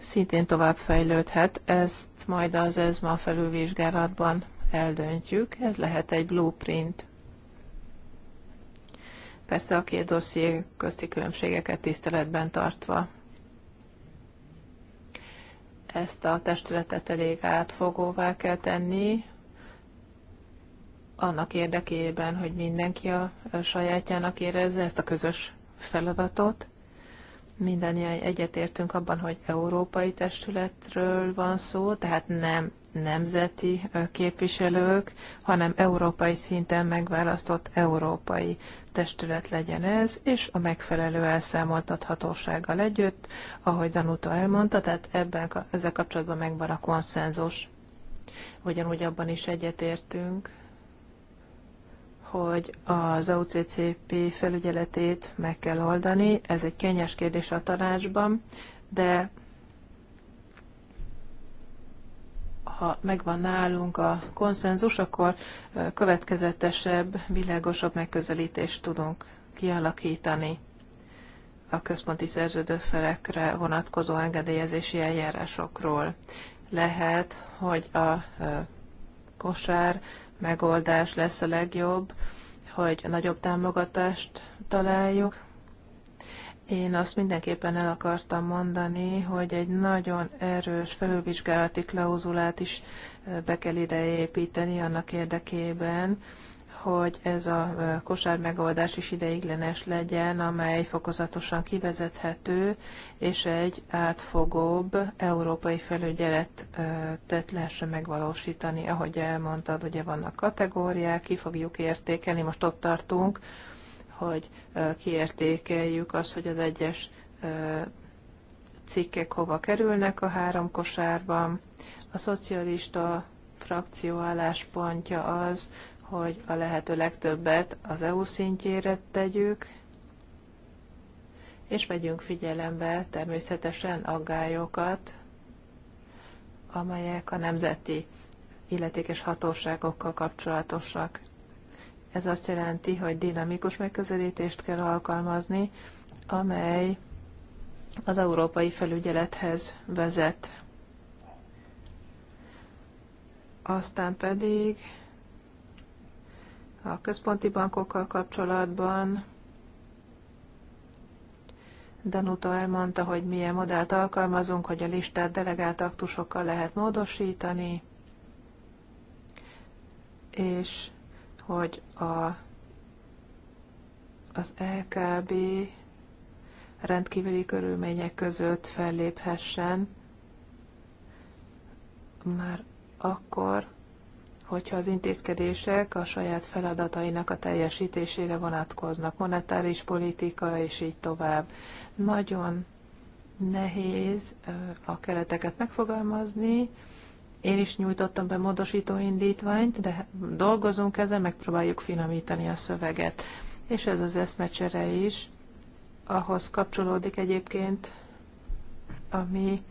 szintén tovább fejlődhet, ezt majd az ESMA felülvizsgálatban eldöntjük, ez lehet egy blueprint. Persze a két dosszié közti különbségeket tiszteletben tartva. Ezt a testületet elég átfogóvá kell tenni, annak érdekében, hogy mindenki a sajátjának érezze ezt a közös feladatot mindannyian egyetértünk abban, hogy európai testületről van szó, tehát nem nemzeti képviselők, hanem európai szinten megválasztott európai testület legyen ez, és a megfelelő elszámoltathatósággal együtt, ahogy Danuta elmondta, tehát ebben, ezzel kapcsolatban megvan a konszenzus. Ugyanúgy abban is egyetértünk, hogy az OCCP felügyeletét meg kell oldani. Ez egy kényes kérdés a tanácsban, de ha megvan nálunk a konszenzus, akkor következetesebb, világosabb megközelítést tudunk kialakítani a központi szerződő felekre vonatkozó engedélyezési eljárásokról. Lehet, hogy a kosár megoldás lesz a legjobb, hogy a nagyobb támogatást találjuk. Én azt mindenképpen el akartam mondani, hogy egy nagyon erős felülvizsgálati klauzulát is eh, be kell ide építeni annak érdekében, hogy ez a kosár megoldás is ideiglenes legyen, amely fokozatosan kivezethető, és egy átfogóbb európai felügyeletet lehessen megvalósítani. Ahogy elmondtad, ugye vannak kategóriák, ki fogjuk értékelni, most ott tartunk, hogy kiértékeljük azt, hogy az egyes cikkek hova kerülnek a három kosárban. A szocialista frakció álláspontja az, hogy a lehető legtöbbet az EU szintjére tegyük, és vegyünk figyelembe természetesen aggályokat, amelyek a nemzeti illetékes hatóságokkal kapcsolatosak. Ez azt jelenti, hogy dinamikus megközelítést kell alkalmazni, amely az európai felügyelethez vezet. Aztán pedig a központi bankokkal kapcsolatban. Danuta elmondta, hogy milyen modellt alkalmazunk, hogy a listát delegált aktusokkal lehet módosítani, és hogy a, az LKB rendkívüli körülmények között felléphessen már akkor, hogyha az intézkedések a saját feladatainak a teljesítésére vonatkoznak, monetáris politika és így tovább. Nagyon nehéz a kereteket megfogalmazni. Én is nyújtottam be módosító indítványt, de dolgozunk ezen, megpróbáljuk finomítani a szöveget. És ez az eszmecsere is ahhoz kapcsolódik egyébként, ami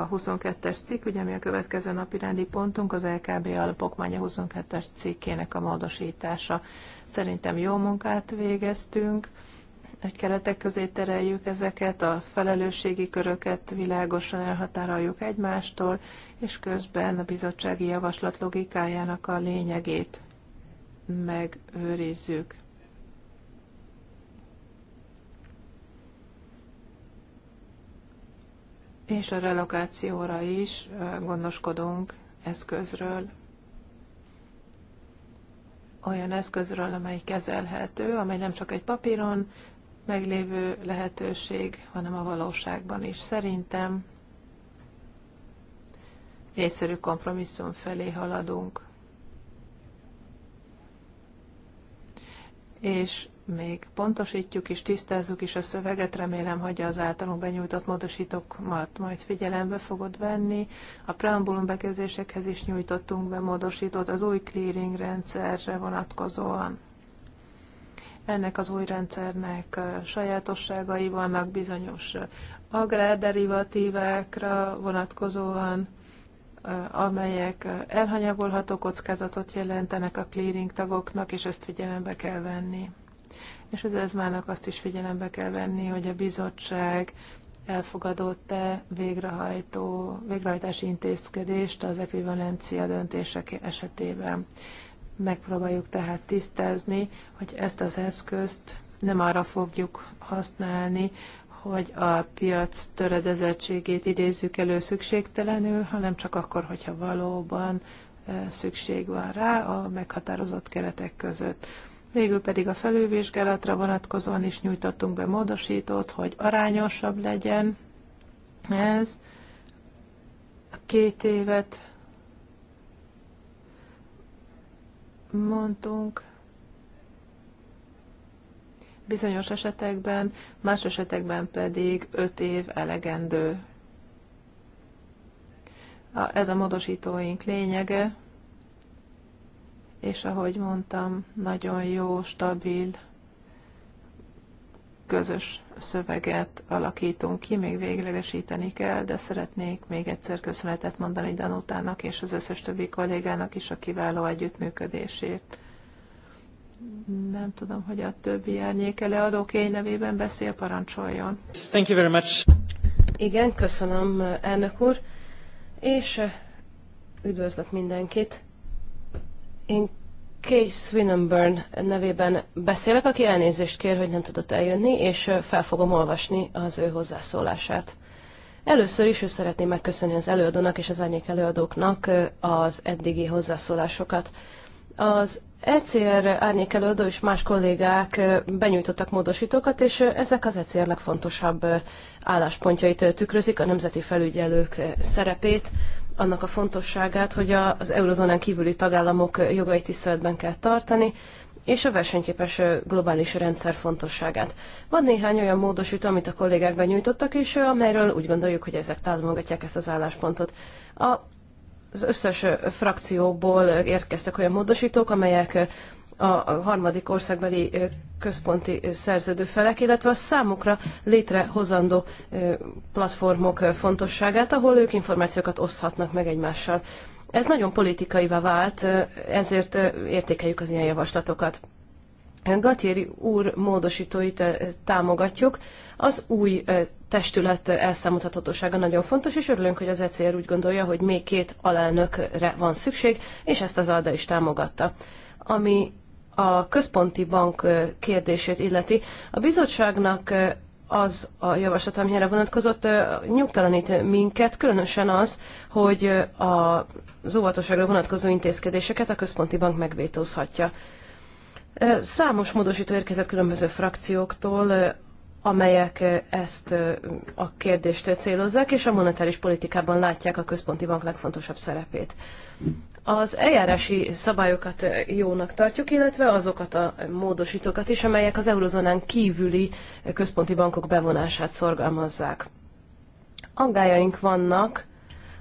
a 22-es cikk, ugye ami a következő napi rendi pontunk, az LKB alapokmánya 22-es cikkének a módosítása. Szerintem jó munkát végeztünk, egy keretek közé tereljük ezeket, a felelősségi köröket világosan elhatároljuk egymástól, és közben a bizottsági javaslat logikájának a lényegét megőrizzük. és a relokációra is gondoskodunk eszközről, olyan eszközről, amely kezelhető, amely nem csak egy papíron meglévő lehetőség, hanem a valóságban is. Szerintem észszerű kompromisszum felé haladunk. És még pontosítjuk és tisztázzuk is a szöveget. Remélem, hogy az általunk benyújtott módosítókat majd figyelembe fogod venni. A preambulum bekezdésekhez is nyújtottunk be módosítót az új clearing rendszerre vonatkozóan. Ennek az új rendszernek sajátosságai vannak bizonyos agrárderivatívákra vonatkozóan, amelyek elhanyagolható kockázatot jelentenek a clearing tagoknak, és ezt figyelembe kell venni és az ezmának azt is figyelembe kell venni, hogy a bizottság elfogadott-e végrehajtó, végrehajtási intézkedést az ekvivalencia döntések esetében. Megpróbáljuk tehát tisztázni, hogy ezt az eszközt nem arra fogjuk használni, hogy a piac töredezettségét idézzük elő szükségtelenül, hanem csak akkor, hogyha valóban eh, szükség van rá a meghatározott keretek között. Végül pedig a felülvizsgálatra vonatkozóan is nyújtottunk be módosítót, hogy arányosabb legyen ez. Két évet mondtunk bizonyos esetekben, más esetekben pedig 5 év elegendő. A, ez a módosítóink lényege és ahogy mondtam, nagyon jó, stabil, közös szöveget alakítunk ki, még véglegesíteni kell, de szeretnék még egyszer köszönetet mondani Danutának és az összes többi kollégának is a kiváló együttműködésért. Nem tudom, hogy a többi árnyék előadó kény nevében beszél, parancsoljon. Thank you very much. Igen, köszönöm, elnök úr, és eh, üdvözlök mindenkit. Én Case Swinburne nevében beszélek, aki elnézést kér, hogy nem tudott eljönni, és fel fogom olvasni az ő hozzászólását. Először is ő szeretném megköszönni az előadónak és az anyék előadóknak az eddigi hozzászólásokat. Az ECR árnyék előadó és más kollégák benyújtottak módosítókat, és ezek az ECR legfontosabb álláspontjait tükrözik, a nemzeti felügyelők szerepét, annak a fontosságát, hogy az eurozónán kívüli tagállamok jogai tiszteletben kell tartani, és a versenyképes globális rendszer fontosságát. Van néhány olyan módosító, amit a kollégák benyújtottak, és amelyről úgy gondoljuk, hogy ezek támogatják ezt az álláspontot. A az összes frakcióból érkeztek olyan módosítók, amelyek a harmadik országbeli központi szerződő felek, illetve a számukra létrehozandó platformok fontosságát, ahol ők információkat oszthatnak meg egymással. Ez nagyon politikaivá vált, ezért értékeljük az ilyen javaslatokat. Gatieri úr módosítóit támogatjuk. Az új testület elszámoltathatósága nagyon fontos, és örülünk, hogy az ECR úgy gondolja, hogy még két alelnökre van szükség, és ezt az ALDA is támogatta. Ami a központi bank kérdését illeti, a bizottságnak az a javaslat, amire vonatkozott, nyugtalanít minket, különösen az, hogy az óvatosságra vonatkozó intézkedéseket a központi bank megvétózhatja. Számos módosító érkezett különböző frakcióktól, amelyek ezt a kérdést célozzák, és a monetáris politikában látják a központi bank legfontosabb szerepét. Az eljárási szabályokat jónak tartjuk, illetve azokat a módosítókat is, amelyek az eurozónán kívüli központi bankok bevonását szorgalmazzák. Aggájaink vannak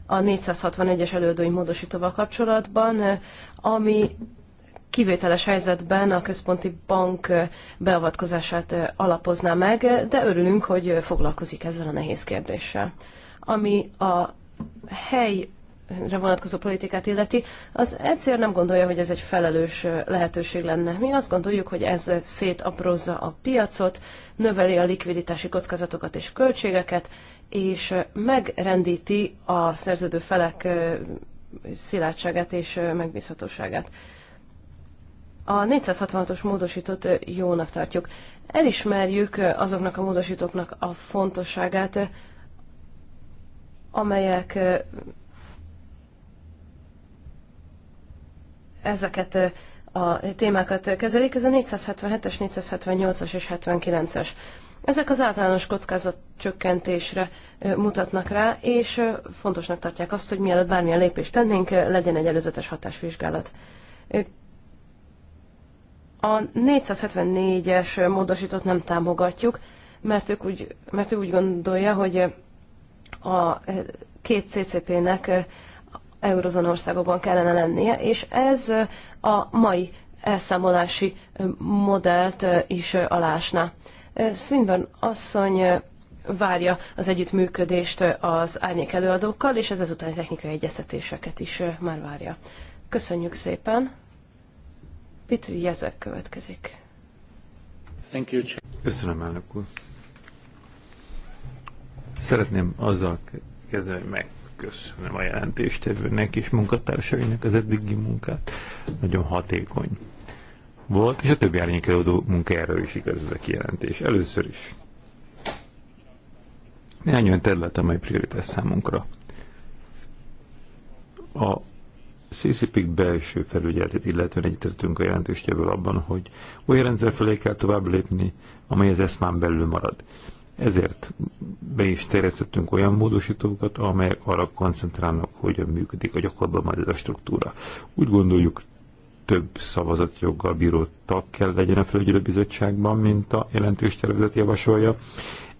a 461-es elődői módosítóval kapcsolatban, ami kivételes helyzetben a központi bank beavatkozását alapozná meg, de örülünk, hogy foglalkozik ezzel a nehéz kérdéssel. Ami a hely re vonatkozó politikát illeti, az egyszer nem gondolja, hogy ez egy felelős lehetőség lenne. Mi azt gondoljuk, hogy ez szétaprozza a piacot, növeli a likviditási kockázatokat és költségeket, és megrendíti a szerződő felek szilárdságát és megbízhatóságát. A 466-os módosítót jónak tartjuk. Elismerjük azoknak a módosítóknak a fontosságát, amelyek ezeket a témákat kezelik, ez a 477-es, 478-as és 79-es. Ezek az általános kockázatcsökkentésre mutatnak rá, és fontosnak tartják azt, hogy mielőtt bármilyen lépést tennénk, legyen egy előzetes hatásvizsgálat. A 474-es módosított nem támogatjuk, mert, ők úgy, mert ő úgy gondolja, hogy a két CCP-nek eurozon országokban kellene lennie, és ez a mai elszámolási modellt is alásná. Swinburne asszony várja az együttműködést az árnyék előadókkal, és ez ezután technikai egyeztetéseket is már várja. Köszönjük szépen! Pitri Jezek következik. Thank you. Köszönöm, elnök úr. Szeretném azzal kezdeni, hogy meg Köszönöm a jelentéstevőnek és munkatársainak az eddigi munkát. Nagyon hatékony volt, és a többi árnyékelődő munkájáról is igaz ez a kijelentés. Először is. Néhány olyan terület, amely prioritás számunkra. A ccp belső felügyeletét illetően egyetértünk a jelentéstevő abban, hogy olyan rendszer felé kell tovább lépni, amely az eszmán belül marad. Ezért be is terjesztettünk olyan módosítókat, amelyek arra koncentrálnak, hogyan működik a gyakorlatban majd ez a struktúra. Úgy gondoljuk, több szavazatjoggal bíró tag kell legyen a Bizottságban, mint a jelentős tervezet javasolja.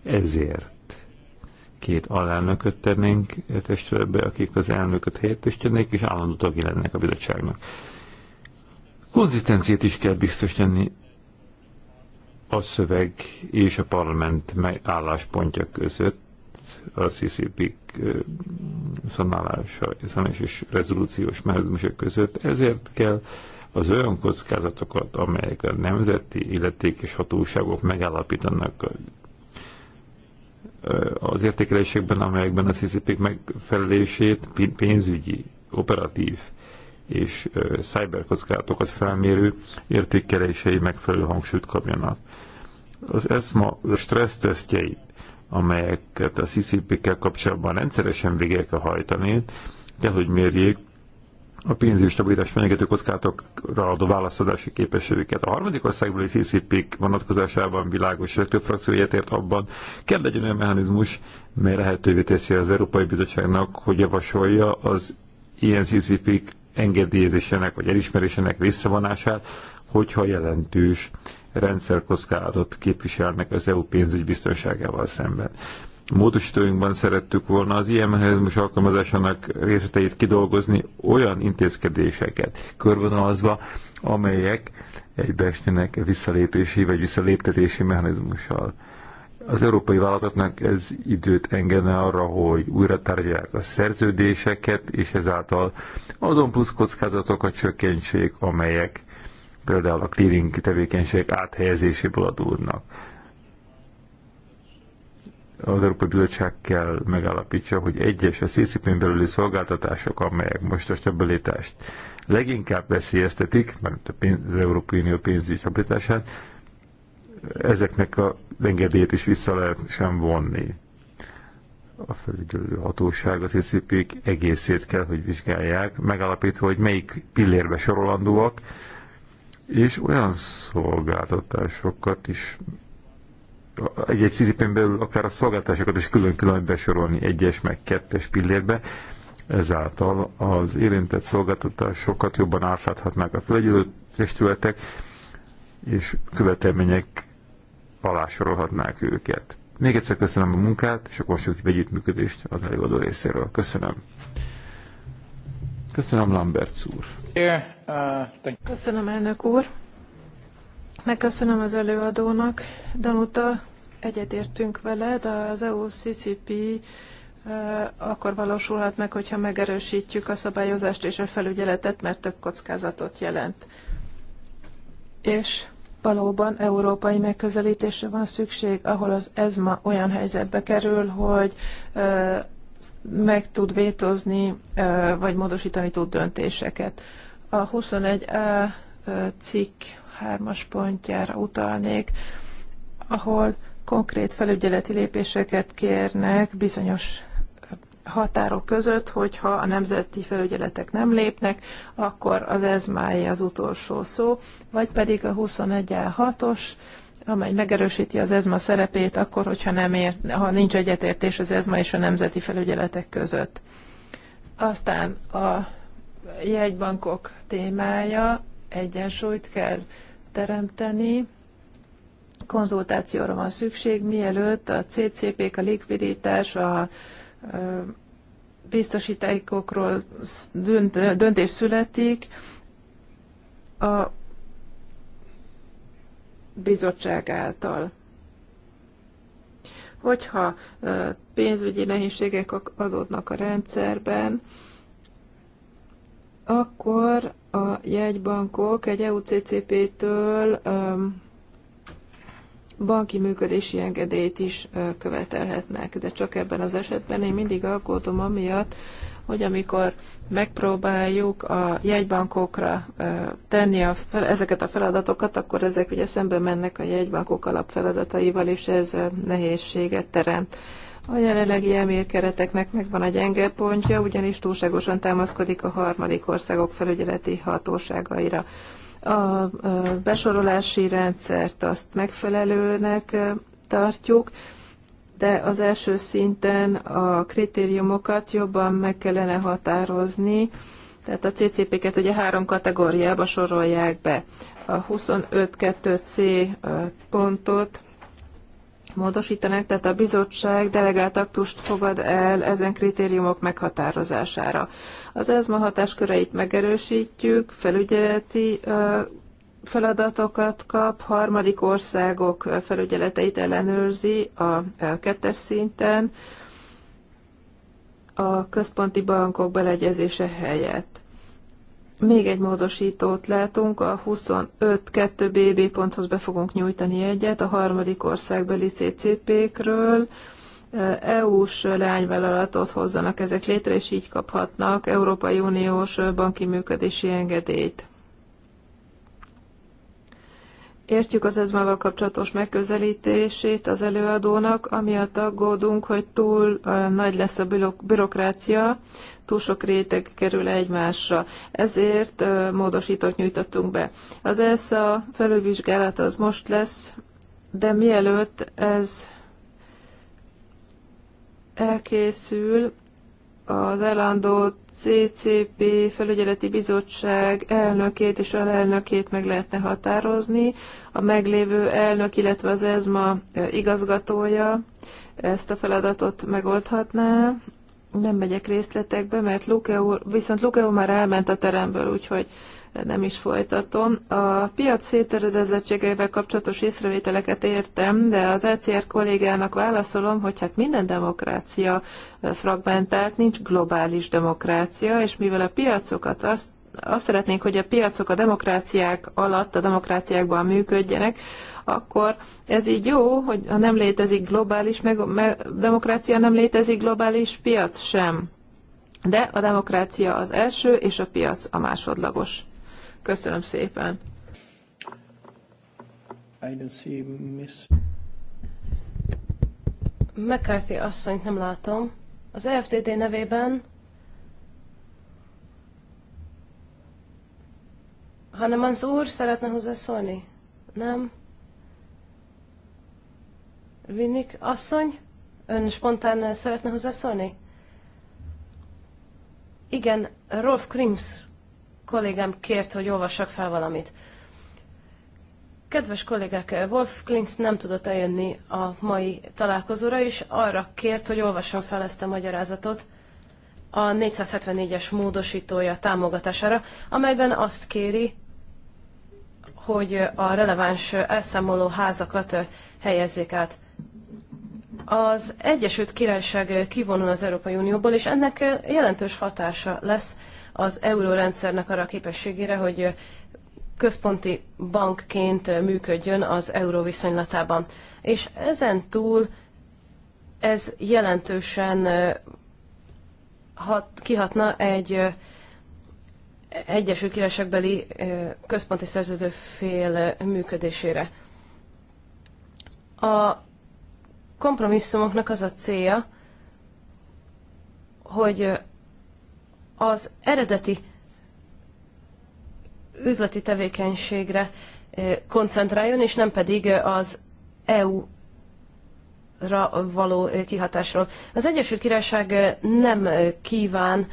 Ezért két alelnököt tennénk e testületbe, akik az elnököt helyettesítenék, és állandó tagja lennek a bizottságnak. Konzisztenciát is kell biztos tenni a szöveg és a parlament álláspontja között a CCP szanálása, szanálás és rezolúciós mechanizmusok között. Ezért kell az olyan kockázatokat, amelyek a nemzeti illetékes hatóságok megállapítanak az értékelésekben, amelyekben a CCP megfelelését pénzügyi, operatív és cyberkockátokat felmérő értékelései megfelelő hangsúlyt kapjanak. Az ESMA stressztesztjeit, amelyeket a CCP-kkel kapcsolatban rendszeresen végre kell hajtani, kell, hogy mérjék a pénzügyi stabilitás fenyegető kockátokra adó válaszolási képességüket. A harmadik országbeli ccp vonatkozásában világos, hogy több frakció egyetért abban kell legyen olyan mechanizmus, mely lehetővé teszi az Európai Bizottságnak, hogy javasolja az ilyen ccp engedélyezésének vagy elismerésének visszavonását, hogyha jelentős rendszerkockázatot képviselnek az EU pénzügy biztonságával szemben. Módosítóinkban szerettük volna az ilyen mechanizmus alkalmazásának részleteit kidolgozni olyan intézkedéseket körvonalazva, amelyek egy egybeesnének visszalépési vagy visszaléptetési mechanizmussal az európai vállalatoknak ez időt engedne arra, hogy újra tárgyalják a szerződéseket, és ezáltal azon plusz kockázatokat csökkentsék, amelyek például a clearing tevékenységek áthelyezéséből adódnak. Az Európai Bizottság kell megállapítsa, hogy egyes a ccp belüli szolgáltatások, amelyek most a stabilitást leginkább veszélyeztetik, mert az Európai Unió pénzügyi stabilitását, ezeknek a engedélyét is vissza lehet sem vonni. A felügyelő hatóság az icp egészét kell, hogy vizsgálják, megállapítva, hogy melyik pillérbe sorolandóak, és olyan szolgáltatásokat is egy-egy CCP-n belül akár a szolgáltatásokat is külön-külön besorolni egyes meg kettes pillérbe, ezáltal az érintett szolgáltatásokat jobban átláthatnák a felügyelő testületek, és követelmények alásorolhatnák őket. Még egyszer köszönöm a munkát és a konstruktív együttműködést az előadó részéről. Köszönöm. Köszönöm, Lambert úr. Köszönöm, elnök úr. Megköszönöm az előadónak. Danuta, egyetértünk veled, az EU-CCP eh, akkor valósulhat meg, hogyha megerősítjük a szabályozást és a felügyeletet, mert több kockázatot jelent. És Valóban európai megközelítésre van szükség, ahol az ESMA olyan helyzetbe kerül, hogy meg tud vétózni, vagy módosítani tud döntéseket. A 21A cikk 3-as pontjára utalnék, ahol konkrét felügyeleti lépéseket kérnek bizonyos határok között, hogyha a nemzeti felügyeletek nem lépnek, akkor az ezmáé az utolsó szó, vagy pedig a 21 6-os, amely megerősíti az ezma szerepét akkor, hogyha nem ér, ha nincs egyetértés az ezma és a nemzeti felügyeletek között. Aztán a jegybankok témája egyensúlyt kell teremteni, konzultációra van szükség, mielőtt a CCP-k, a likviditás, a biztosítékokról dönt, döntés születik, a bizottság által. Hogyha pénzügyi nehézségek adódnak a rendszerben, akkor a jegybankok egy EUCCP-től um, banki működési engedélyt is követelhetnek, de csak ebben az esetben én mindig aggódom amiatt, hogy amikor megpróbáljuk a jegybankokra tenni a fel, ezeket a feladatokat, akkor ezek ugye szembe mennek a jegybankok alapfeladataival, és ez nehézséget teremt. A jelenlegi kereteknek megvan a gyenge pontja, ugyanis túlságosan támaszkodik a harmadik országok felügyeleti hatóságaira. A besorolási rendszert azt megfelelőnek tartjuk, de az első szinten a kritériumokat jobban meg kellene határozni, tehát a CCP-ket ugye három kategóriába sorolják be. A 25.2c pontot módosítanak, tehát a bizottság delegált aktust fogad el ezen kritériumok meghatározására. Az ezma hatásköreit megerősítjük, felügyeleti feladatokat kap, harmadik országok felügyeleteit ellenőrzi a kettes szinten, a központi bankok beleegyezése helyett. Még egy módosítót látunk, a 25.2 BB ponthoz be fogunk nyújtani egyet a harmadik országbeli CCP-kről, EU-s e leányvállalatot hozzanak ezek létre, és így kaphatnak Európai Uniós banki működési engedélyt. Értjük az ezmával kapcsolatos megközelítését az előadónak, amiatt aggódunk, hogy túl nagy lesz a bürokrácia, túl sok réteg kerül egymásra. Ezért módosítót nyújtottunk be. Az ESZA felülvizsgálat az most lesz, de mielőtt ez elkészül az elandó CCP felügyeleti bizottság elnökét és alelnökét meg lehetne határozni. A meglévő elnök, illetve az ESMA igazgatója ezt a feladatot megoldhatná. Nem megyek részletekbe, mert Luke úr, viszont Luke úr már elment a teremből, úgyhogy nem is folytatom. A piac széteredezettségeivel kapcsolatos észrevételeket értem, de az ECR kollégának válaszolom, hogy hát minden demokrácia fragmentált, nincs globális demokrácia, és mivel a piacokat azt azt szeretnénk, hogy a piacok a demokráciák alatt, a demokráciákban működjenek, akkor ez így jó, hogy ha nem létezik globális meg, meg, demokrácia, nem létezik globális piac sem. De a demokrácia az első, és a piac a másodlagos. Köszönöm szépen. I don't see miss... McCarthy asszonyt nem látom. Az FDD nevében, hanem az úr szeretne hozzászólni? Nem? Vinnik asszony, ön spontán szeretne hozzászólni? Igen, Rolf Krims kollégám kért, hogy olvassak fel valamit. Kedves kollégák, Wolf Klintz nem tudott eljönni a mai találkozóra, és arra kért, hogy olvassam fel ezt a magyarázatot a 474-es módosítója támogatására, amelyben azt kéri, hogy a releváns elszámoló házakat helyezzék át. Az Egyesült Királyság kivonul az Európai Unióból, és ennek jelentős hatása lesz az eurórendszernek arra a képességére, hogy központi bankként működjön az euró viszonylatában. És ezen túl ez jelentősen hat, kihatna egy Egyesült Királyságbeli központi szerződő fél működésére. A kompromisszumoknak az a célja, hogy az eredeti üzleti tevékenységre koncentráljon, és nem pedig az EU ra való kihatásról. Az Egyesült Királyság nem kíván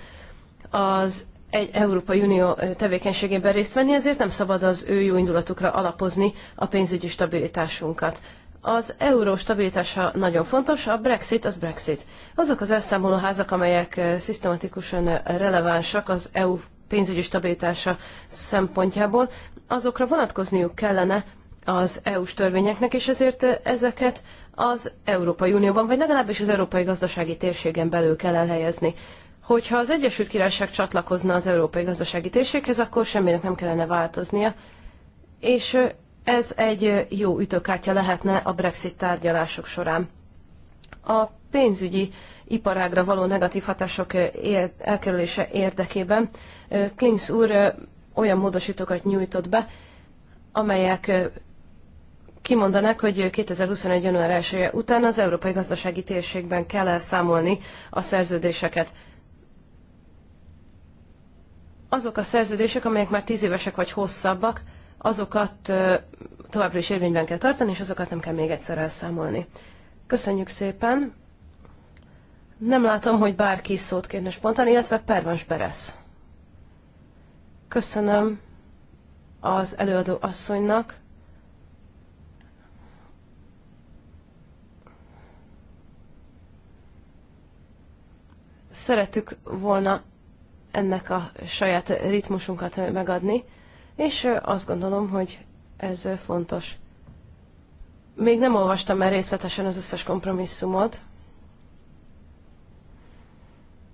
az egy Európai Unió tevékenységében részt venni, ezért nem szabad az ő jó indulatukra alapozni a pénzügyi stabilitásunkat az euró stabilitása nagyon fontos, a Brexit az Brexit. Azok az elszámolóházak, amelyek szisztematikusan relevánsak az EU pénzügyi stabilitása szempontjából, azokra vonatkozniuk kellene az EU-s törvényeknek, és ezért ezeket az Európai Unióban, vagy legalábbis az Európai Gazdasági Térségen belül kell elhelyezni. Hogyha az Egyesült Királyság csatlakozna az Európai Gazdasági Térséghez, akkor semminek nem kellene változnia, és ez egy jó ütőkártya lehetne a Brexit tárgyalások során. A pénzügyi iparágra való negatív hatások ér- elkerülése érdekében Klinz úr olyan módosítókat nyújtott be, amelyek kimondanak, hogy 2021. január 1 -e után az európai gazdasági térségben kell elszámolni a szerződéseket. Azok a szerződések, amelyek már 10 évesek vagy hosszabbak, azokat továbbra is érvényben kell tartani, és azokat nem kell még egyszer elszámolni. Köszönjük szépen! Nem látom, hogy bárki szót kérne spontán, illetve Pervans Beresz. Köszönöm az előadó asszonynak. Szerettük volna ennek a saját ritmusunkat megadni és azt gondolom, hogy ez fontos. Még nem olvastam el részletesen az összes kompromisszumot,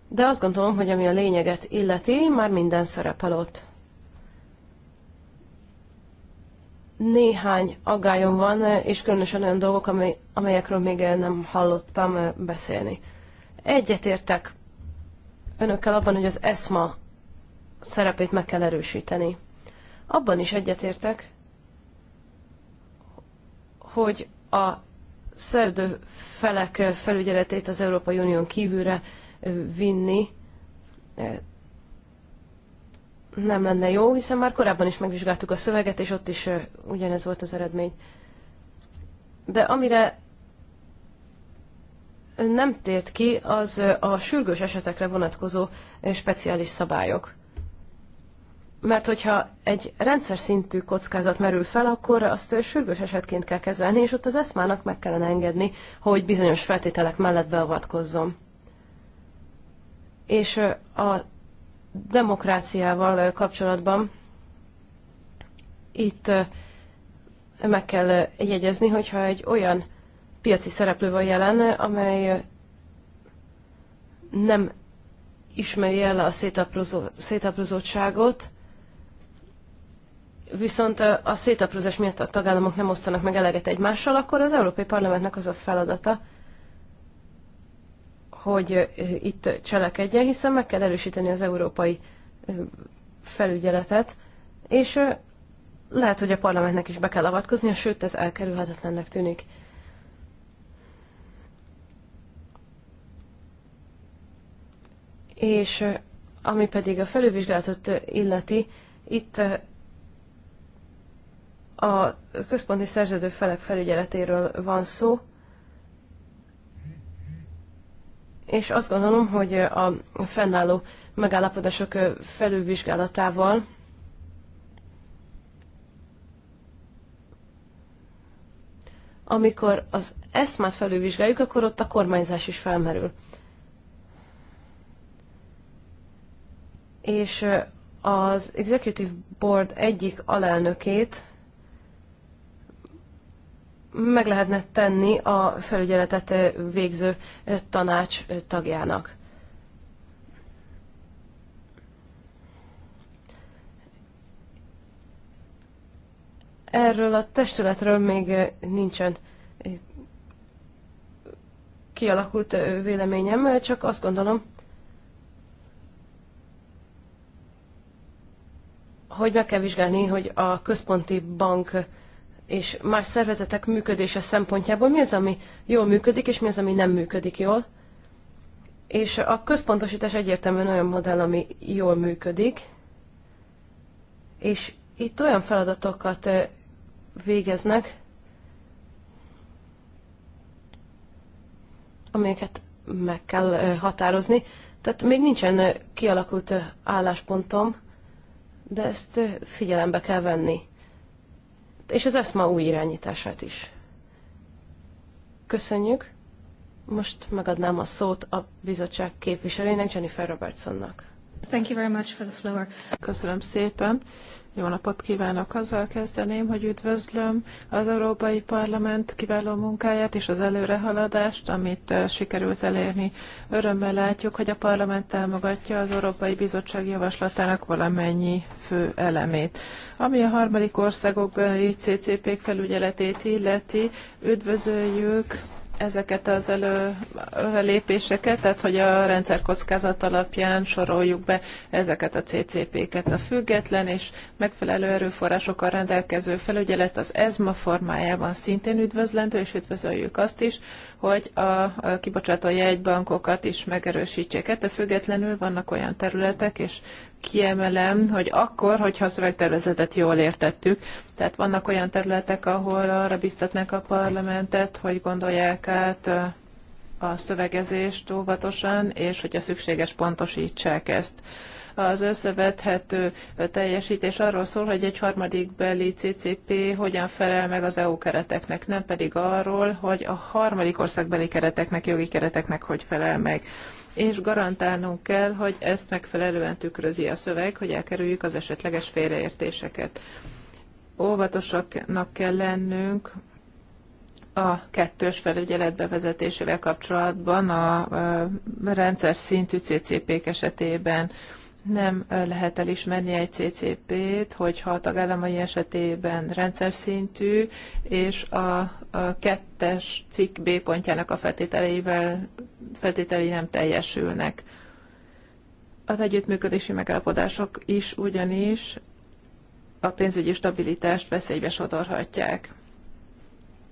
de azt gondolom, hogy ami a lényeget illeti, már minden szerepel ott. Néhány aggályom van, és különösen olyan dolgok, amely, amelyekről még nem hallottam beszélni. Egyetértek önökkel abban, hogy az ESMA szerepét meg kell erősíteni. Abban is egyetértek, hogy a szerdő felek felügyeletét az Európai Unión kívülre vinni nem lenne jó, hiszen már korábban is megvizsgáltuk a szöveget, és ott is ugyanez volt az eredmény. De amire nem tért ki, az a sürgős esetekre vonatkozó speciális szabályok. Mert hogyha egy rendszer szintű kockázat merül fel, akkor azt sürgős esetként kell kezelni, és ott az eszmának meg kellene engedni, hogy bizonyos feltételek mellett beavatkozzon. És a demokráciával kapcsolatban itt meg kell jegyezni, hogyha egy olyan piaci szereplő van jelen, amely nem ismeri el a szétaprózottságot, viszont a szétaprózás miatt a tagállamok nem osztanak meg eleget egymással, akkor az Európai Parlamentnek az a feladata, hogy itt cselekedjen, hiszen meg kell erősíteni az európai felügyeletet, és lehet, hogy a parlamentnek is be kell avatkozni, sőt, ez elkerülhetetlennek tűnik. És ami pedig a felülvizsgálatot illeti, itt a központi szerződő felek felügyeletéről van szó, és azt gondolom, hogy a fennálló megállapodások felülvizsgálatával amikor az eszmát felülvizsgáljuk, akkor ott a kormányzás is felmerül. És az Executive Board egyik alelnökét meg lehetne tenni a felügyeletet végző tanács tagjának. Erről a testületről még nincsen kialakult véleményem, csak azt gondolom, hogy meg kell vizsgálni, hogy a központi bank és más szervezetek működése szempontjából mi az, ami jól működik, és mi az, ami nem működik jól. És a központosítás egyértelműen olyan modell, ami jól működik, és itt olyan feladatokat végeznek, amelyeket meg kell határozni. Tehát még nincsen kialakult álláspontom, de ezt figyelembe kell venni és az eszma új irányítását is. Köszönjük. Most megadnám a szót a bizottság képviselőjének, Jennifer Robertsonnak. Thank you very much for the floor. Köszönöm szépen. Jó napot kívánok! Azzal kezdeném, hogy üdvözlöm az Európai Parlament kiváló munkáját és az előrehaladást, amit eh, sikerült elérni. Örömmel látjuk, hogy a parlament támogatja az Európai Bizottság javaslatának valamennyi fő elemét. Ami a harmadik országokban így CCP-k felügyeletét illeti, üdvözöljük ezeket az lépéseket, tehát hogy a rendszerkockázat alapján soroljuk be ezeket a CCP-ket. A független és megfelelő erőforrásokkal rendelkező felügyelet az ESMA formájában szintén üdvözlendő, és üdvözöljük azt is, hogy a kibocsátó jegybankokat is megerősítsék. Ettől függetlenül vannak olyan területek és kiemelem, hogy akkor, hogyha a szövegtervezetet jól értettük, tehát vannak olyan területek, ahol arra biztatnak a parlamentet, hogy gondolják át a szövegezést óvatosan, és hogyha szükséges, pontosítsák ezt. Az összevethető teljesítés arról szól, hogy egy harmadik beli CCP hogyan felel meg az EU kereteknek, nem pedig arról, hogy a harmadik országbeli kereteknek, jogi kereteknek hogy felel meg és garantálnunk kell, hogy ezt megfelelően tükrözi a szöveg, hogy elkerüljük az esetleges félreértéseket. Óvatosaknak kell lennünk a kettős felügyelet bevezetésével kapcsolatban a rendszer szintű CCP-k esetében nem lehet elismerni egy CCP-t, hogyha a tagállamai esetében rendszer szintű, és a, a kettes cikk B pontjának a feltételeivel, feltételei nem teljesülnek. Az együttműködési megállapodások is ugyanis a pénzügyi stabilitást veszélybe sodorhatják.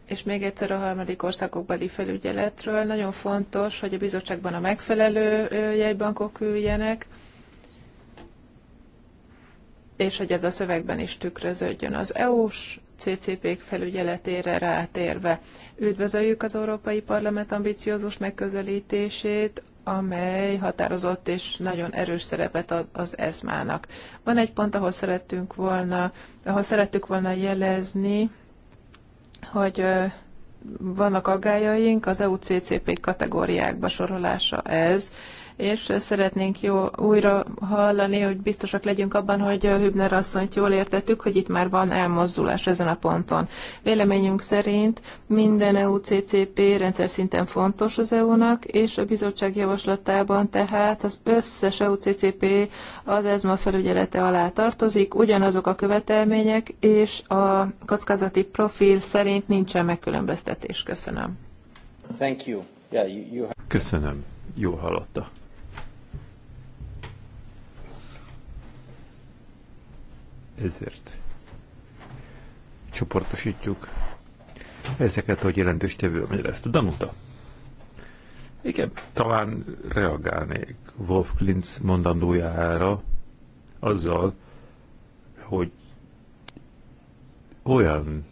És még egyszer a harmadik országokbeli felügyeletről. Nagyon fontos, hogy a bizottságban a megfelelő jegybankok üljenek, és hogy ez a szövegben is tükröződjön. Az EU-s CCP-k felügyeletére rátérve üdvözöljük az Európai Parlament ambiciózus megközelítését, amely határozott és nagyon erős szerepet ad az ESMA-nak. Van egy pont, ahol szerettünk volna, ahol szerettük volna jelezni, hogy vannak aggájaink, az EU CCP kategóriákba sorolása ez, és szeretnénk jó újra hallani, hogy biztosak legyünk abban, hogy Hübner asszonyt jól értettük, hogy itt már van elmozdulás ezen a ponton. Véleményünk szerint minden EU-CCP rendszer szinten fontos az EU-nak, és a bizottság javaslatában tehát az összes EU-CCP az ESMA felügyelete alá tartozik, ugyanazok a követelmények, és a kockázati profil szerint nincsen megkülönböztetés. Köszönöm. Thank you. Yeah, you, you... Köszönöm. Jó hallotta. ezért csoportosítjuk ezeket, hogy jelentős tevő ezt a Danuta. Igen, talán reagálnék Wolf Klintz mondandójára azzal, hogy olyan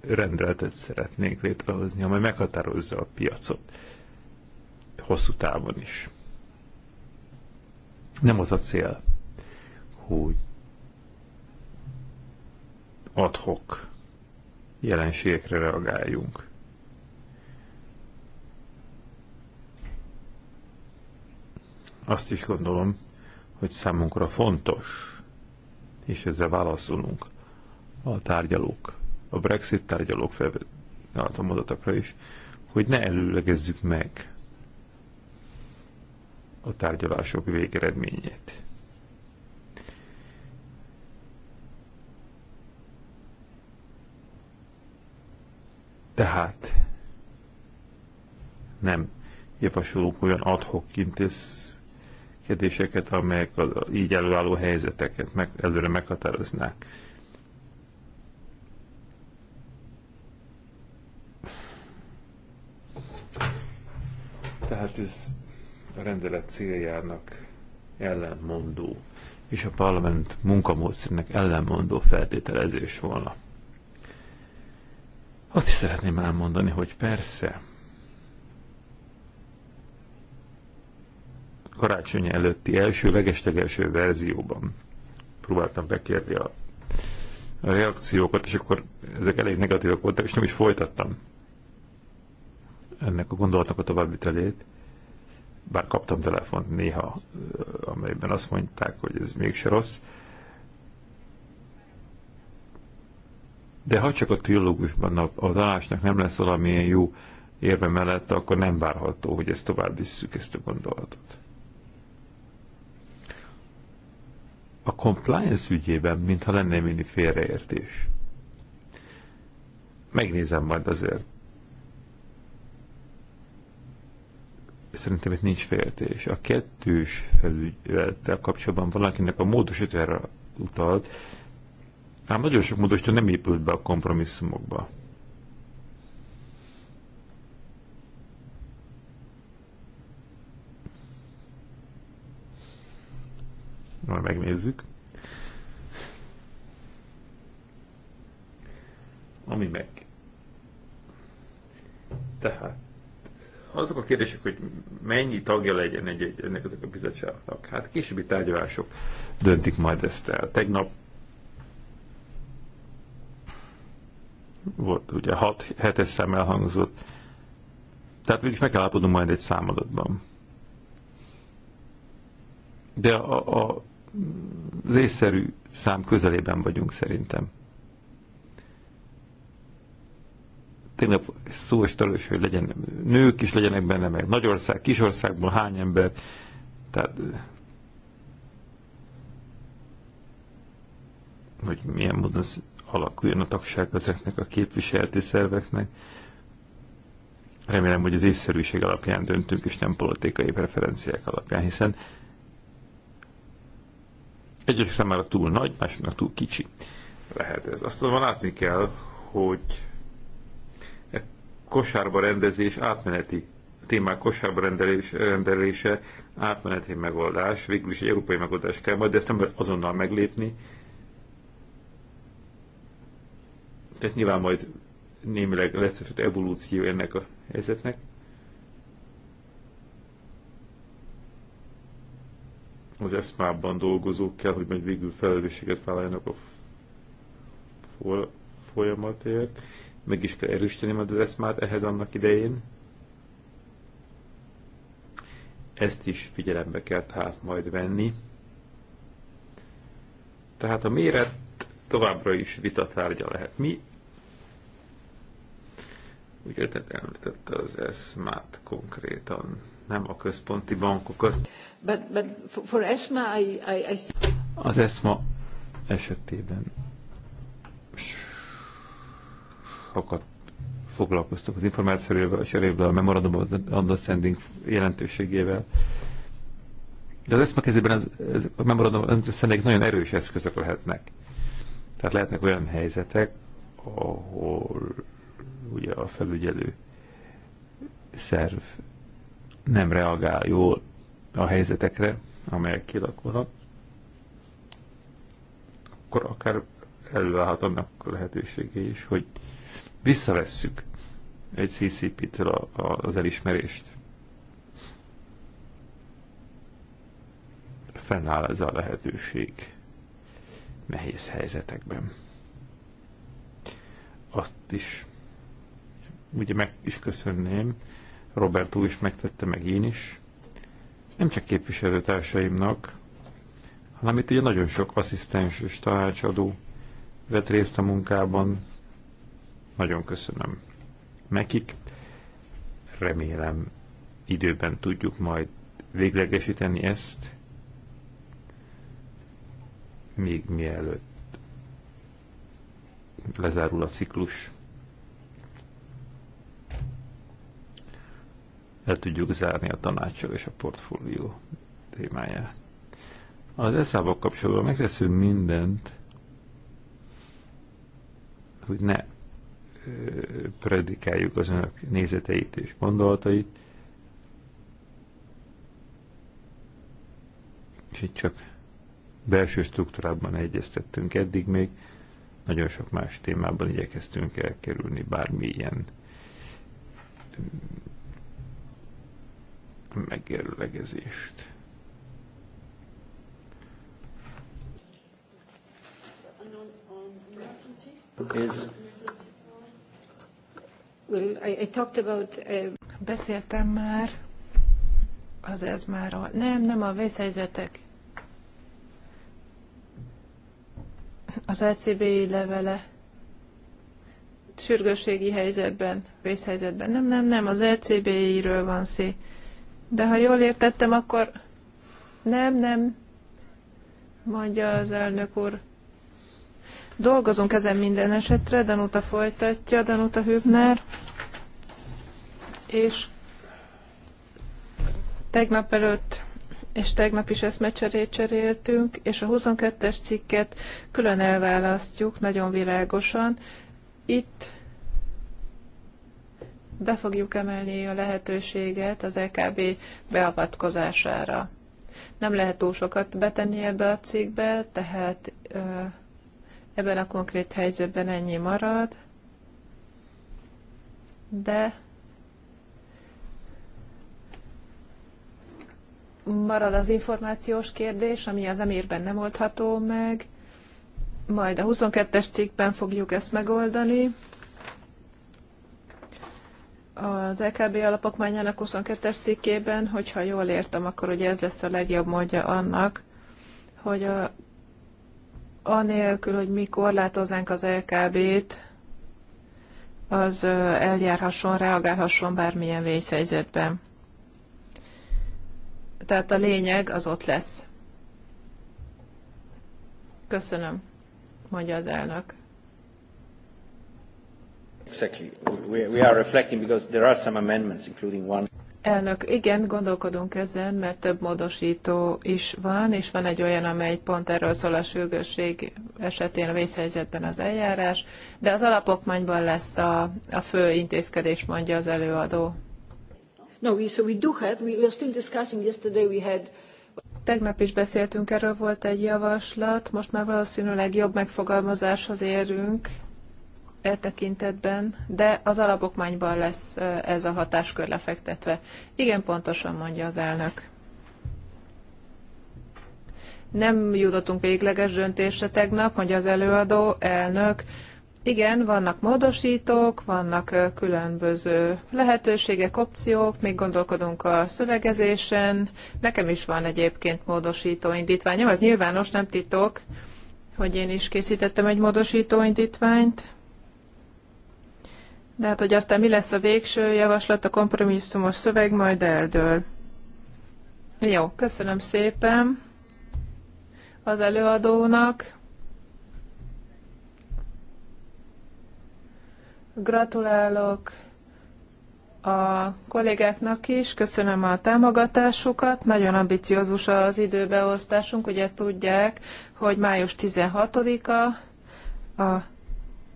rendeletet szeretnénk létrehozni, amely meghatározza a piacot hosszú távon is. Nem az a cél, hogy adhok jelenségekre reagáljunk. Azt is gondolom, hogy számunkra fontos, és ezzel válaszolunk a tárgyalók, a Brexit tárgyalók felvetett adatokra is, hogy ne előlegezzük meg a tárgyalások végeredményét. Tehát nem javasolunk olyan adhok intézkedéseket, amelyek az így előálló helyzeteket meg, előre meghatároznák. Tehát ez a rendelet céljának ellenmondó és a parlament munkamódszernek ellenmondó feltételezés volna. Azt is szeretném elmondani, hogy persze, karácsony előtti első, legeslegelső verzióban próbáltam bekérni a, a reakciókat, és akkor ezek elég negatívak voltak, és nem is folytattam ennek a gondolatnak a további telét, Bár kaptam telefont néha, amelyben azt mondták, hogy ez mégse rossz, De ha csak a trilógusban a dalásnak nem lesz valamilyen jó érve mellett, akkor nem várható, hogy ezt tovább visszük, ezt a gondolatot. A compliance ügyében, mintha lenne mini félreértés. Megnézem majd azért. Szerintem itt nincs féltés. A kettős felügyelettel kapcsolatban valakinek a módosítvára utalt, Ám nagyon sok módosító nem épült be a kompromisszumokba. Majd megnézzük. Ami meg. Tehát azok a kérdések, hogy mennyi tagja legyen egy, egy ennek a bizottságnak, hát későbbi tárgyalások döntik majd ezt el. Tegnap volt, ugye 6-7-es szám elhangzott. Tehát végig meg kell állapodnunk majd egy számadatban. De a, a az észszerű szám közelében vagyunk szerintem. Tényleg szó és törős, hogy legyen nők is legyenek benne, meg nagyország, kisországból hány ember, tehát hogy milyen módon alakuljon a tagság ezeknek a képviselti szerveknek. Remélem, hogy az észszerűség alapján döntünk, és nem politikai preferenciák alapján, hiszen egyesek számára túl nagy, másoknak túl kicsi lehet ez. Azt mondom, látni kell, hogy e kosárba rendezés átmeneti témák kosárba rendelés, rendelése átmeneti megoldás, végül is egy európai megoldás kell majd, de ezt nem azonnal meglépni, Tehát nyilván majd némileg lesz evolúció ennek a helyzetnek. Az eszmában dolgozók kell, hogy majd végül felelősséget vállaljanak a folyamatért. Meg is kell erősíteni majd az eszmát ehhez annak idején. Ezt is figyelembe kell tehát majd venni. Tehát a méret továbbra is vitatárgya lehet. Mi úgy értett említette az ESMA-t konkrétan, nem a központi bankokat. But, but for ESMA, I, I, I... Az ESMA esetében sokat foglalkoztak az információval, és a Memorandum of Understanding jelentőségével. De az ESMA kezében az, ez, a Memorandum of Understanding nagyon erős eszközök lehetnek. Tehát lehetnek olyan helyzetek, ahol ugye a felügyelő szerv nem reagál jól a helyzetekre, amelyek kilakulnak, akkor akár előállhat annak a lehetősége is, hogy visszavesszük egy CCP-től az elismerést. Fennáll ez a lehetőség nehéz helyzetekben. Azt is ugye meg is köszönném, Robert úr is megtette, meg én is, nem csak képviselőtársaimnak, hanem itt ugye nagyon sok asszisztens és tanácsadó vett részt a munkában. Nagyon köszönöm nekik. Remélem időben tudjuk majd véglegesíteni ezt, még mielőtt lezárul a ciklus. El tudjuk zárni a tanácsal és a portfólió témáját. Az eszával kapcsolatban megteszünk mindent, hogy ne predikáljuk az önök nézeteit és gondolatait, és itt csak belső struktúrában egyeztettünk eddig még, nagyon sok más témában igyekeztünk elkerülni bármilyen mm, megérlegezést. Is. Well, I, I talked about, uh... Beszéltem már az Nem, nem a vészhelyzetek Az LCBI e levele sürgőségi helyzetben, vészhelyzetben. Nem, nem, nem, az LCBI-ről e van szé. De ha jól értettem, akkor nem, nem, mondja az elnök úr. Dolgozunk ezen minden esetre, Danuta folytatja, Danuta Hübner, és tegnap előtt és tegnap is eszmecserét cseréltünk, és a 22-es cikket külön elválasztjuk nagyon világosan. Itt be fogjuk emelni a lehetőséget az EKB beavatkozására. Nem lehet túl sokat betenni ebbe a cikkbe, tehát ebben a konkrét helyzetben ennyi marad, de marad az információs kérdés, ami az emírben nem oldható meg, majd a 22-es cikkben fogjuk ezt megoldani. Az LKB e alapokmányának 22-es cikkében, hogyha jól értem, akkor ugye ez lesz a legjobb módja annak, hogy a, anélkül, hogy mi korlátoznánk az LKB-t, e az eljárhasson, reagálhasson bármilyen vészhelyzetben. Tehát a lényeg az ott lesz. Köszönöm, mondja az elnök. Exactly. We, we are reflecting because there are some amendments, including one. Elnök, igen, gondolkodunk ezen, mert több módosító is van, és van egy olyan, amely pont erről szól a sürgősség esetén a vészhelyzetben az eljárás, de az alapokmányban lesz a, a fő intézkedés, mondja az előadó. No, we, so we do have, we were still discussing yesterday we had Tegnap is beszéltünk, erről volt egy javaslat, most már valószínűleg jobb megfogalmazáshoz érünk e tekintetben, de az alapokmányban lesz ez a hatáskör lefektetve. Igen, pontosan mondja az elnök. Nem jutottunk végleges döntésre tegnap, hogy az előadó elnök igen, vannak módosítók, vannak különböző lehetőségek, opciók, még gondolkodunk a szövegezésen. Nekem is van egyébként módosító indítványom, az nyilvános, nem titok, hogy én is készítettem egy módosító indítványt. De hát, hogy aztán mi lesz a végső javaslat, a kompromisszumos szöveg majd eldől. Jó, köszönöm szépen az előadónak Gratulálok a kollégáknak is, köszönöm a támogatásukat, nagyon ambiciózus az időbeosztásunk, ugye tudják, hogy május 16-a a,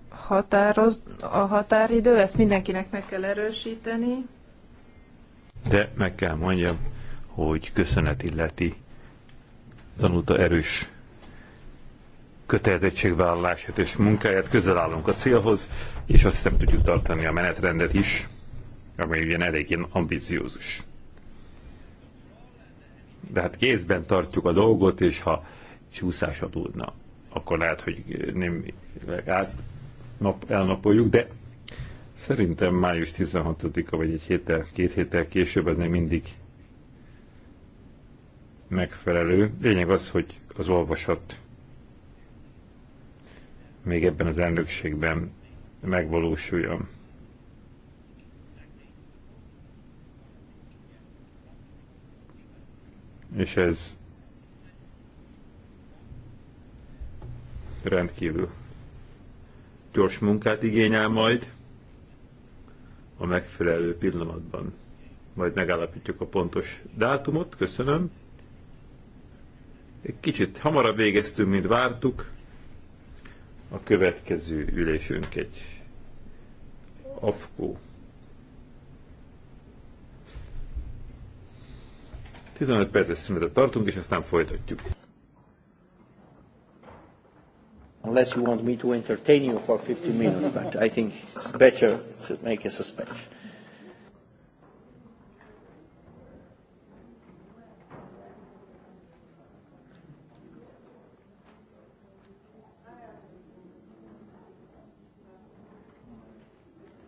határoz, a határidő, ezt mindenkinek meg kell erősíteni. De meg kell mondjam, hogy köszönet illeti tanulta erős kötelezettségvállalását és munkáját, közel állunk a célhoz, és azt hiszem tudjuk tartani a menetrendet is, amely ugyan eléggé ambiciózus. De hát kézben tartjuk a dolgot, és ha csúszás adódna, akkor lehet, hogy nem át nap, elnapoljuk, de szerintem május 16-a, vagy egy héttel, két héttel később, ez még mindig megfelelő. Lényeg az, hogy az olvasat még ebben az elnökségben megvalósuljon. És ez rendkívül gyors munkát igényel majd a megfelelő pillanatban. Majd megállapítjuk a pontos dátumot. Köszönöm. Egy kicsit hamarabb végeztünk, mint vártuk a következő ülésünk egy afkó. 15 perces szünetet tartunk, és aztán folytatjuk. Unless you want me to entertain you for 15 minutes, but I think it's better to make a suspension.